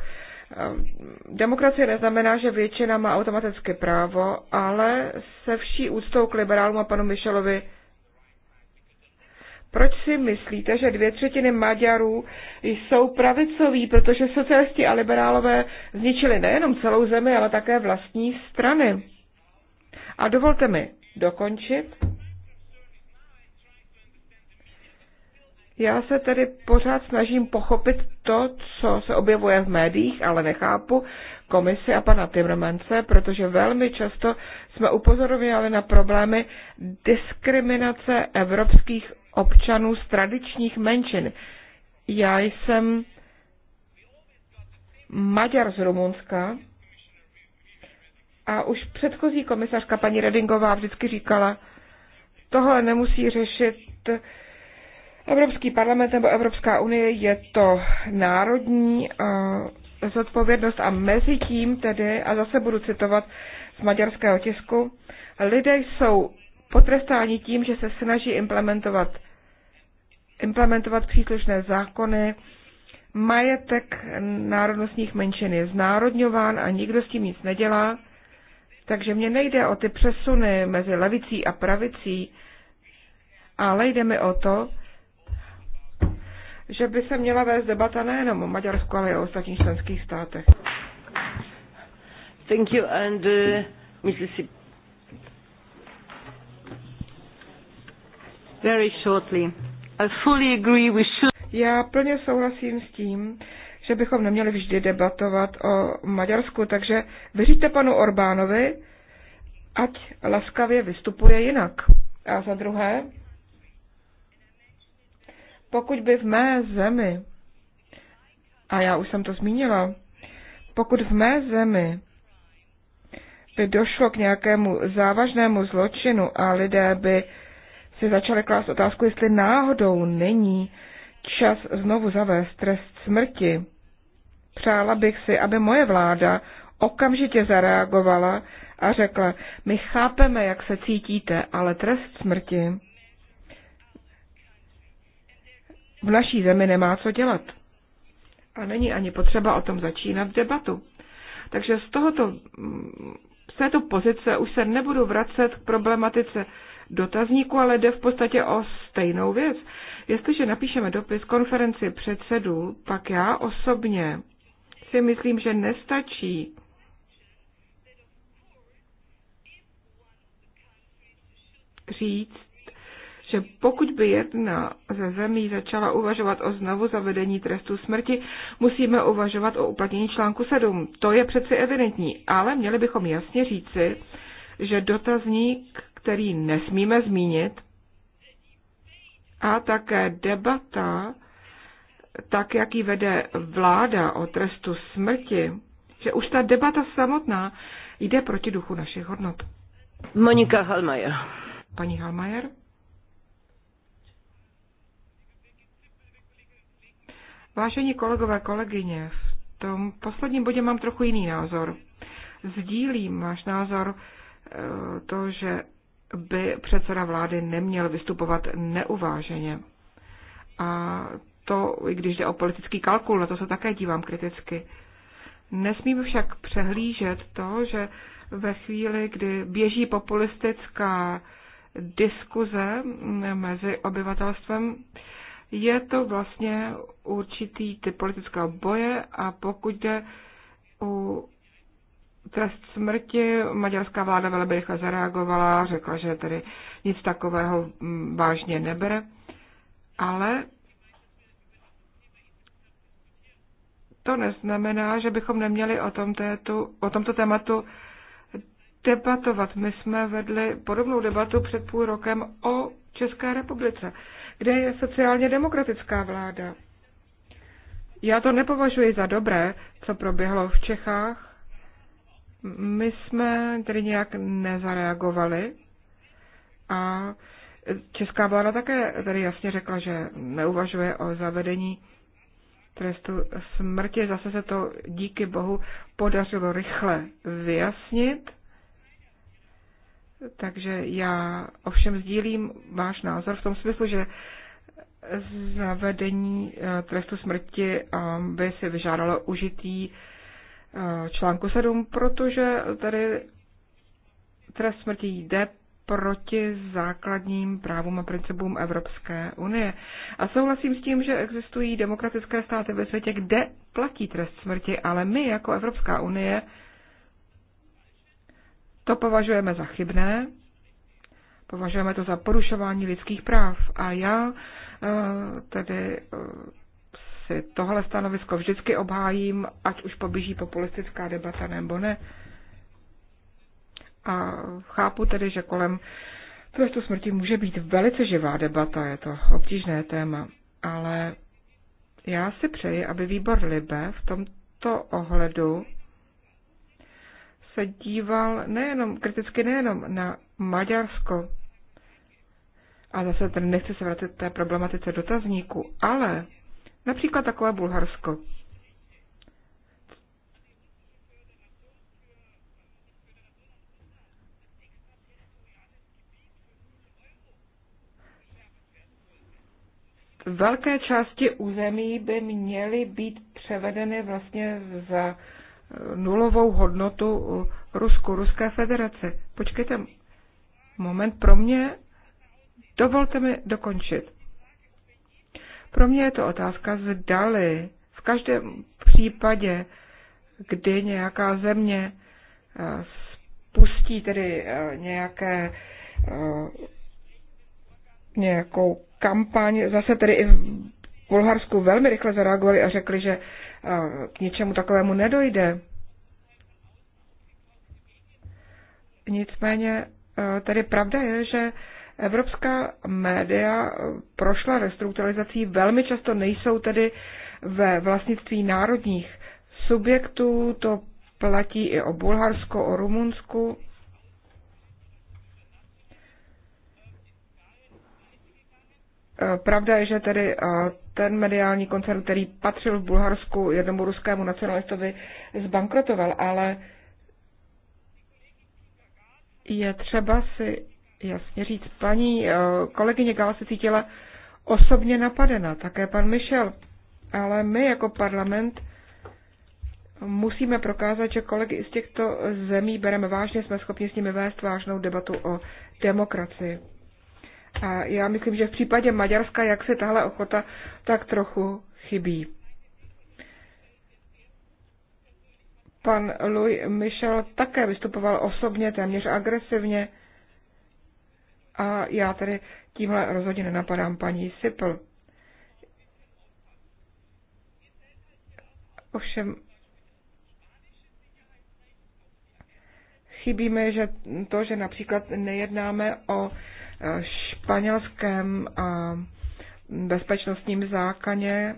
Ehm, demokracie neznamená, že většina má automaticky právo, ale se vší úctou k liberálům a panu Michelovi proč si myslíte, že dvě třetiny Maďarů jsou pravicoví, protože socialisti a liberálové zničili nejenom celou zemi, ale také vlastní strany? A dovolte mi dokončit. Já se tedy pořád snažím pochopit to, co se objevuje v médiích, ale nechápu komisi a pana Timmermance, protože velmi často jsme upozorovali na problémy diskriminace evropských občanů z tradičních menšin. Já jsem Maďar z Rumunska a už předchozí komisařka paní Redingová vždycky říkala, tohle nemusí řešit Evropský parlament nebo Evropská unie je to národní uh, zodpovědnost a mezi tím tedy, a zase budu citovat z maďarského tisku, lidé jsou potrestáni tím, že se snaží implementovat, implementovat příslušné zákony, majetek národnostních menšin je znárodňován a nikdo s tím nic nedělá, takže mně nejde o ty přesuny mezi levicí a pravicí, ale jde mi o to, že by se měla vést debata nejenom o Maďarsku, ale i o ostatních členských státech. Thank you and uh, Mississippi. Very shortly. I fully agree we should... Já plně souhlasím s tím, že bychom neměli vždy debatovat o Maďarsku, takže věříte panu Orbánovi, ať laskavě vystupuje jinak. A za druhé, pokud by v mé zemi, a já už jsem to zmínila, pokud v mé zemi by došlo k nějakému závažnému zločinu a lidé by si začali klást otázku, jestli náhodou není čas znovu zavést trest smrti. Přála bych si, aby moje vláda okamžitě zareagovala a řekla, my chápeme, jak se cítíte, ale trest smrti v naší zemi nemá co dělat. A není ani potřeba o tom začínat debatu. Takže z, tohoto, z této pozice už se nebudu vracet k problematice dotazníku, ale jde v podstatě o stejnou věc. Jestliže napíšeme dopis konferenci předsedů, pak já osobně si myslím, že nestačí říct, že pokud by jedna ze zemí začala uvažovat o znovu zavedení trestu smrti, musíme uvažovat o uplatnění článku 7. To je přeci evidentní, ale měli bychom jasně říci, že dotazník, který nesmíme zmínit, a také debata, tak jak ji vede vláda o trestu smrti, že už ta debata samotná jde proti duchu našich hodnot. Monika Halmajer. Paní Halmajer. Vážení kolegové, kolegyně, v tom posledním bodě mám trochu jiný názor. Sdílím váš názor eh, to, že by předseda vlády neměl vystupovat neuváženě. A to, i když jde o politický kalkul, na to se také dívám kriticky. Nesmím však přehlížet to, že ve chvíli, kdy běží populistická diskuze mezi obyvatelstvem, je to vlastně určitý typ politického boje a pokud jde u trest smrti, maďarská vláda velmi rychle zareagovala, řekla, že tedy nic takového mm, vážně nebere, ale to neznamená, že bychom neměli o, tom tétu, o tomto tématu debatovat. My jsme vedli podobnou debatu před půl rokem o České republice kde je sociálně demokratická vláda. Já to nepovažuji za dobré, co proběhlo v Čechách. My jsme tedy nějak nezareagovali a česká vláda také tady jasně řekla, že neuvažuje o zavedení trestu smrti. Zase se to díky bohu podařilo rychle vyjasnit. Takže já ovšem sdílím váš názor v tom smyslu, že zavedení eh, trestu smrti eh, by si vyžádalo užitý eh, článku 7, protože tady trest smrti jde proti základním právům a principům Evropské unie. A souhlasím s tím, že existují demokratické státy ve světě, kde platí trest smrti, ale my jako Evropská unie to považujeme za chybné, považujeme to za porušování lidských práv. A já eh, tedy eh, si tohle stanovisko vždycky obhájím, ať už poběží populistická debata nebo ne. A chápu tedy, že kolem trestu smrti může být velice živá debata, je to obtížné téma, ale já si přeji, aby výbor Libe v tomto ohledu se díval nejenom, kriticky nejenom na Maďarsko, a zase ten nechci se vrátit té problematice dotazníku, ale například takové Bulharsko. velké části území by měly být převedeny vlastně za nulovou hodnotu Rusku, Ruské federace. Počkejte moment, pro mě dovolte mi dokončit. Pro mě je to otázka, zdali v každém případě, kdy nějaká země eh, spustí tedy eh, nějaké, eh, nějakou kampaň, zase tedy i v Bulharsku velmi rychle zareagovali a řekli, že k něčemu takovému nedojde. Nicméně eh, tady pravda je, že evropská média prošla restrukturalizací, velmi často nejsou tedy ve vlastnictví národních subjektů, to platí i o Bulharsko, o Rumunsku. Eh, pravda je, že tedy eh, ten mediální koncern, který patřil v Bulharsku jednomu ruskému nacionalistovi, zbankrotoval, ale je třeba si jasně říct, paní eh, kolegyně Gala se cítila osobně napadena, také pan Michel, ale my jako parlament musíme prokázat, že kolegy z těchto zemí bereme vážně, jsme schopni s nimi vést vážnou debatu o demokracii. A já myslím, že v případě Maďarska, jak se tahle ochota tak trochu chybí. Pan Louis Michel také vystupoval osobně, téměř agresivně. A já tady tímhle rozhodně nenapadám paní Sipl. Ovšem, chybíme, že to, že například nejednáme o španělském bezpečnostním zákoně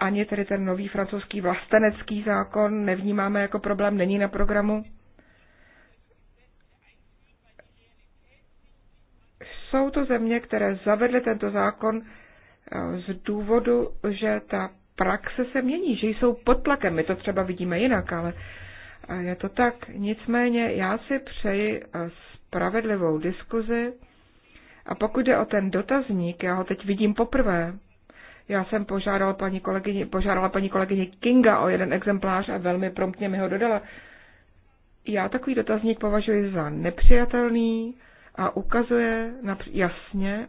ani tedy ten nový francouzský vlastenecký zákon nevnímáme jako problém, není na programu. Jsou to země, které zavedly tento zákon e, z důvodu, že ta praxe se mění, že jsou pod tlakem. My to třeba vidíme jinak, ale e, je to tak. Nicméně já si přeji e, spravedlivou diskuzi a pokud jde o ten dotazník, já ho teď vidím poprvé. Já jsem požádal paní kolegyni, požádala paní kolegyni Kinga o jeden exemplář a velmi promptně mi ho dodala. Já takový dotazník považuji za nepřijatelný a ukazuje jasně,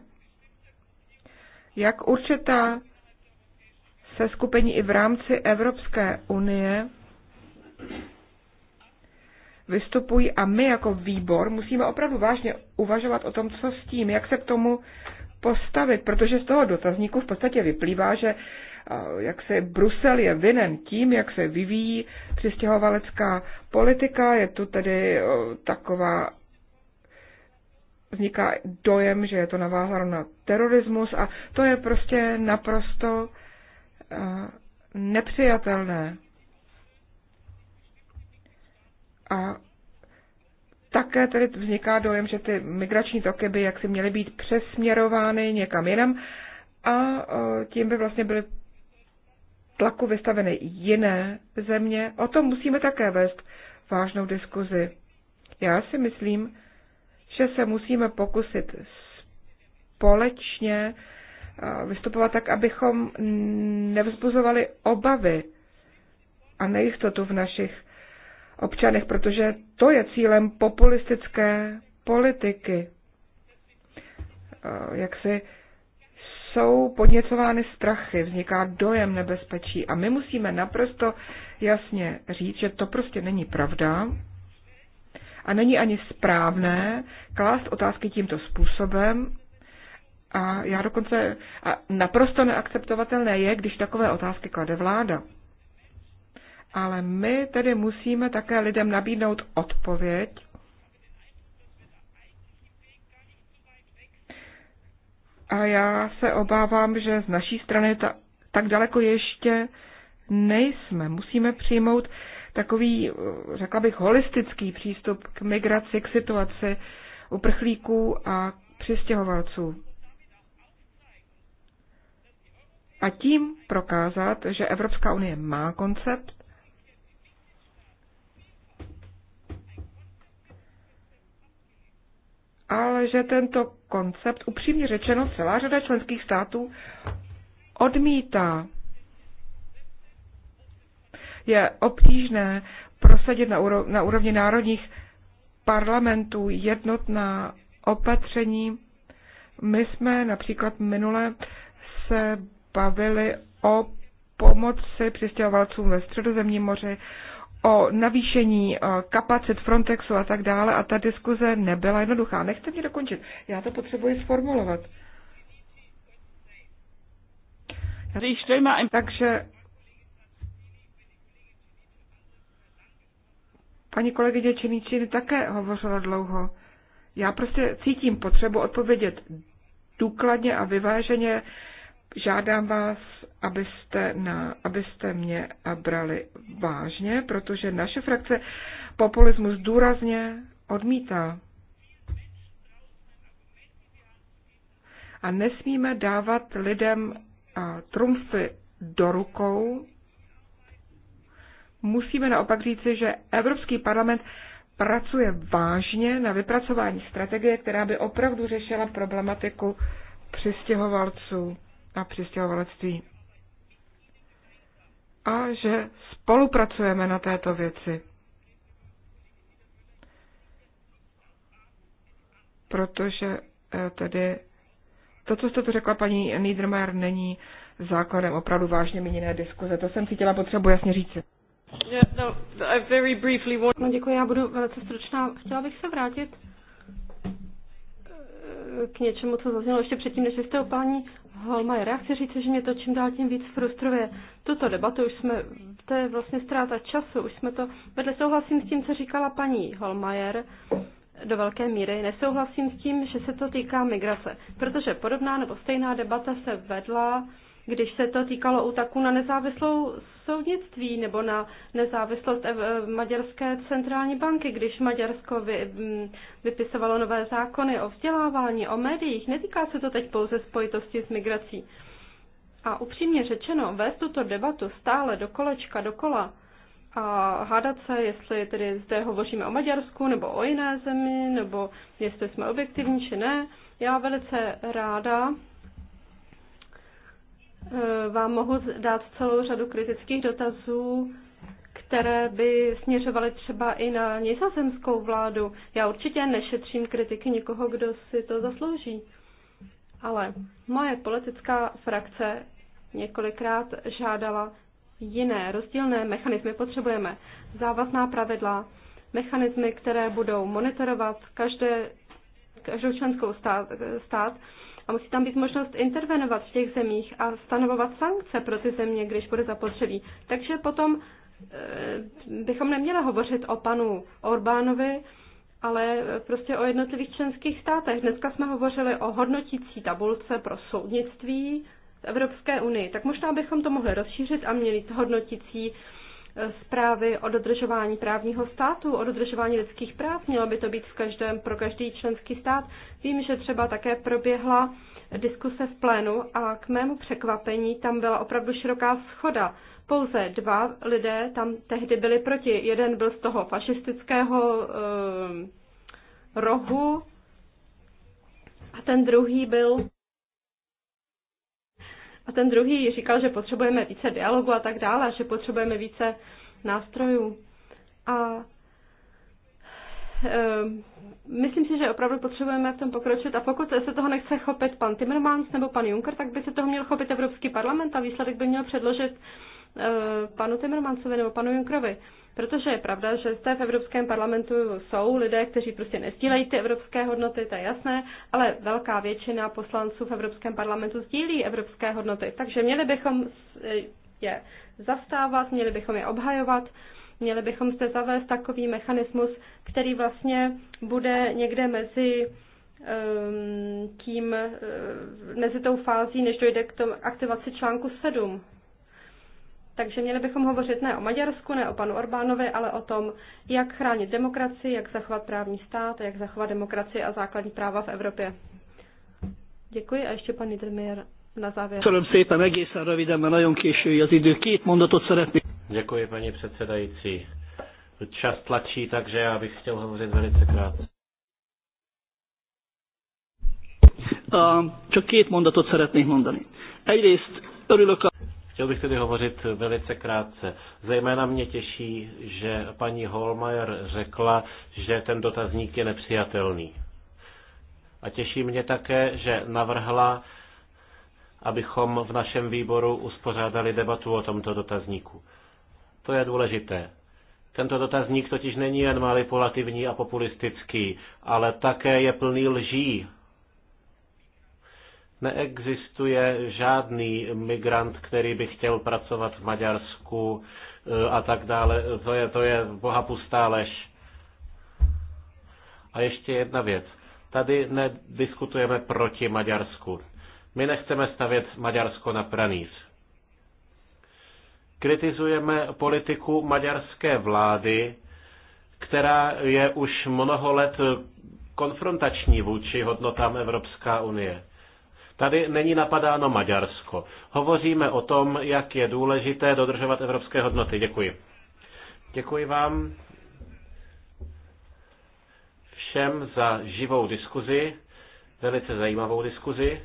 jak určitá se skupení i v rámci Evropské unie vystupují a my jako výbor musíme opravdu vážně uvažovat o tom, co s tím, jak se k tomu postavit, protože z toho dotazníku v podstatě vyplývá, že eh, jak se Brusel je vinen tím, jak se vyvíjí přistěhovalecká politika, je tu tedy eh, taková vzniká dojem, že je to navázáno na terorismus a to je prostě naprosto eh, nepřijatelné. A také tedy vzniká dojem, že ty migrační toky by jaksi měly být přesměrovány někam jinam a e, tím by vlastně byly tlaku vystaveny jiné země. O tom musíme také vést vážnou diskuzi. Já si myslím, že se musíme pokusit společně e, vystupovat tak, abychom nevzbuzovali obavy a nejistotu v našich občanech, protože to je cílem populistické politiky. Eh, jak si jsou podněcovány strachy, vzniká dojem nebezpečí a my musíme naprosto jasně říct, že to prostě není pravda a není ani správné klást otázky tímto způsobem a já dokonce a naprosto neakceptovatelné je, když takové otázky klade vláda. Ale my tedy musíme také lidem nabídnout odpověď, A já se obávám, že z naší strany ta, tak daleko ještě nejsme. Musíme přijmout takový, řekla bych, holistický přístup k migraci, k situaci uprchlíků a přistěhovalců. A tím prokázat, že Evropská unie má koncept ale že tento koncept, upřímně řečeno, celá řada členských států odmítá. Je obtížné prosadit na, úrov, na úrovni národních parlamentů jednotná opatření. My jsme například minule se bavili o pomoci přistěhovalcům ve Středozemním moři, o navýšení eh, kapacit Frontexu a tak dále a ta diskuze nebyla jednoduchá. Nechte mě dokončit, já to potřebuji sformulovat. Takže paní kolegyně Čeníčiny také hovořila dlouho. Já prostě cítím potřebu odpovědět důkladně a vyváženě Žádám vás, abyste, na, abyste mě brali vážně, protože naše frakce populismus důrazně odmítá. A nesmíme dávat lidem trumfy do rukou. Musíme naopak říci, že Evropský parlament pracuje vážně na vypracování strategie, která by opravdu řešila problematiku přistěhovalců a přistěhovalectví. A že spolupracujeme na této věci. Protože eh, tedy to, co jste tu řekla, paní Niedermayer, není základem opravdu vážně míněné diskuze. To jsem cítila potřebu jasně říct. No, no, děkuji, já budu velice stručná. Chtěla bych se vrátit eh, k něčemu, co zaznělo ještě předtím, než jste o paní Holmajer, já chci říct, že mě to čím dál tím víc frustruje. Tuto debatu už jsme, to je vlastně ztráta času, už jsme to vedle souhlasím s tím, co říkala paní Holmajer, do velké míry nesouhlasím s tím, že se to týká migrace, protože podobná nebo stejná debata se vedla když se to týkalo útaku na nezávislou soudnictví nebo na nezávislost eh, Maďarské centrální banky, když Maďarsko vy, mm, vypisovalo nové zákony o vzdělávání, o médiích. Netýká se to teď pouze spojitosti s migrací. A upřímně řečeno, vést tuto debatu stále do kolečka, dokola a hádat se, jestli tedy zde hovoříme o Maďarsku nebo o jiné zemi, nebo jestli jsme objektivní či ne. Já velice ráda Eh, vám mohu dát celou řadu kritických dotazů, které by směřovaly třeba i na nizozemskou vládu. Já určitě nešetřím kritiky nikoho, kdo si to zaslouží. Ale moje politická frakce několikrát žádala jiné rozdílné mechanismy. Potřebujeme závazná pravidla, mechanismy, které budou monitorovat každé, každou členskou stát, stát a musí tam být možnost intervenovat v těch zemích a stanovovat sankce pro ty země, když bude zapotřebí. Takže potom e, bychom neměli hovořit o panu Orbánovi, ale prostě o jednotlivých členských státech. Dneska jsme hovořili o hodnotící tabulce pro soudnictví v Evropské unii. Tak možná bychom to mohli rozšířit a měli hodnotící zprávy o dodržování právního státu, o dodržování lidských práv. Mělo by to být v každém, pro každý členský stát. Vím, že třeba také proběhla diskuse v plénu a k mému překvapení tam byla opravdu široká schoda. Pouze dva lidé tam tehdy byli proti. Jeden byl z toho fašistického eh, rohu a ten druhý byl a ten druhý říkal, že potřebujeme více dialogu a tak dále, že potřebujeme více nástrojů. A eh, myslím si, že opravdu potřebujeme v tom pokročit a pokud se toho nechce chopit pan Timmermans nebo pan Juncker, tak by se toho měl chopit Evropský parlament a výsledek by měl předložit eh, panu Timmermansovi nebo panu Junckerovi. Protože je pravda, že zde v Evropském parlamentu jsou lidé, kteří prostě nestílejí ty evropské hodnoty, to je jasné, ale velká většina poslanců v Evropském parlamentu sdílí evropské hodnoty. Takže měli bychom je zastávat, měli bychom je obhajovat, měli bychom se zavést takový mechanismus, který vlastně bude někde mezi ehm, tím, eh, mezi tou fází, než dojde k tomu aktivaci článku 7 takže měli bychom hovořit ne o Maďarsku, ne o panu Orbánovi, ale o tom, jak chránit demokracii, jak zachovat právní stát, jak zachovat demokracii a základní práva v Evropě. Děkuji a ještě pan Niedermayer na závěr. Köszönöm szépen, egészen röviden, mert nagyon késői az idő. Két mondatot szeretnék. Děkuji, paní předsedající. Čas tlačí, takže já bych chtěl hovořit velice krátce. Csak két mondatot szeretnék mondani. Egyrészt örülök a Chtěl bych tedy hovořit velice krátce. Zejména mě těší, že paní Holmajer řekla, že ten dotazník je nepřijatelný. A těší mě také, že navrhla, abychom v našem výboru uspořádali debatu o tomto dotazníku. To je důležité. Tento dotazník totiž není jen manipulativní a populistický, ale také je plný lží Neexistuje žádný migrant, který by chtěl pracovat v Maďarsku eh, a tak dále. To je, to je boha pustá lež. A ještě jedna věc. Tady nediskutujeme proti Maďarsku. My nechceme stavět Maďarsko na pranýř. Kritizujeme politiku maďarské vlády, která je už mnoho let konfrontační vůči hodnotám Evropská unie. Tady není napadáno Maďarsko. Hovoříme o tom, jak je důležité dodržovat evropské hodnoty. Děkuji. Děkuji vám všem za živou diskuzi, velice zajímavou diskuzi.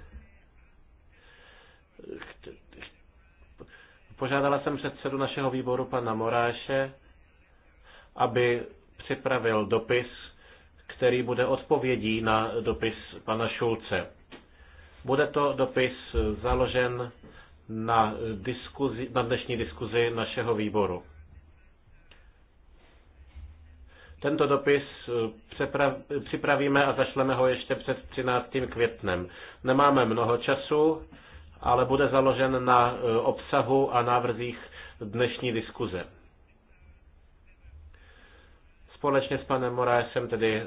Požádala jsem předsedu našeho výboru pana Moráše, aby připravil dopis, který bude odpovědí na dopis pana Šulce. Bude to dopis eh, založen na, diskuzi, na dnešní diskuzi našeho výboru. Tento dopis eh, připravíme a zašleme ho ještě před 13. květnem. Nemáme mnoho času, ale bude založen na eh, obsahu a návrzích dnešní diskuze. Společně s panem Moraesem tedy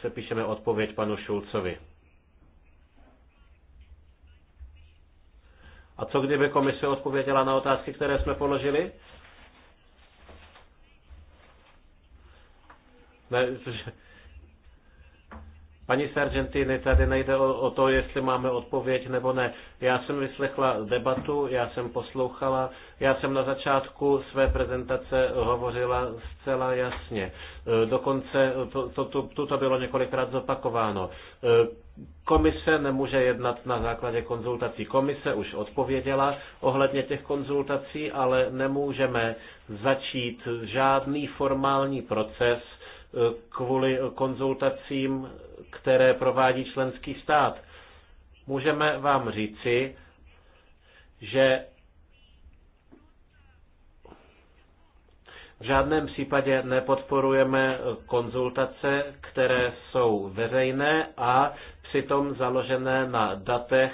se píšeme odpověď panu Šulcovi. A co kdyby komise odpověděla na otázky, které jsme položili? Ne, Paní Sargentini, tady nejde o, o to, jestli máme odpověď nebo ne. Já jsem vyslechla debatu, já jsem poslouchala, já jsem na začátku své prezentace hovořila zcela jasně. E, dokonce to, to, to, tuto bylo několikrát zopakováno. E, komise nemůže jednat na základě konzultací. Komise už odpověděla ohledně těch konzultací, ale nemůžeme začít žádný formální proces, kvůli konzultacím, které provádí členský stát. Můžeme vám říci, že V žádném případě nepodporujeme konzultace, které jsou veřejné a přitom založené na datech,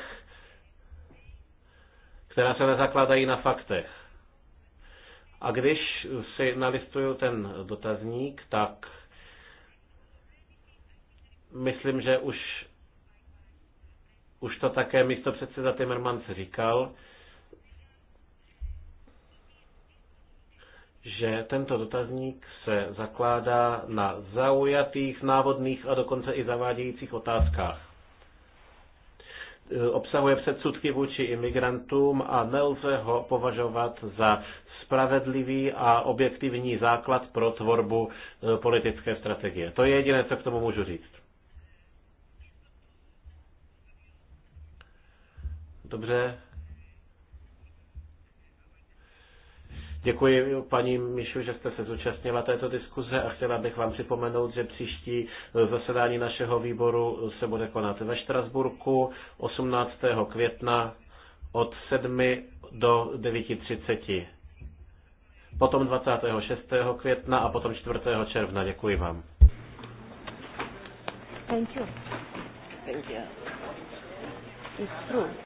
která se nezakládají na faktech. A když si nalistuju ten dotazník, tak Myslím, že už, už to také místo předseda Timmermans říkal, že tento dotazník se zakládá na zaujatých, návodných a dokonce i zavádějících otázkách. Obsahuje předsudky vůči imigrantům a nelze ho považovat za spravedlivý a objektivní základ pro tvorbu eh, politické strategie. To je jediné, co k tomu můžu říct. Dobře. Děkuji paní Mišu, že jste se zúčastnila této diskuze a chtěla bych vám připomenout, že příští zasedání našeho výboru se bude konat ve Štrasburku 18. května od 7 do 9.30. Potom 26. května a potom 4. června. Děkuji vám. Thank you. Thank you. It's true.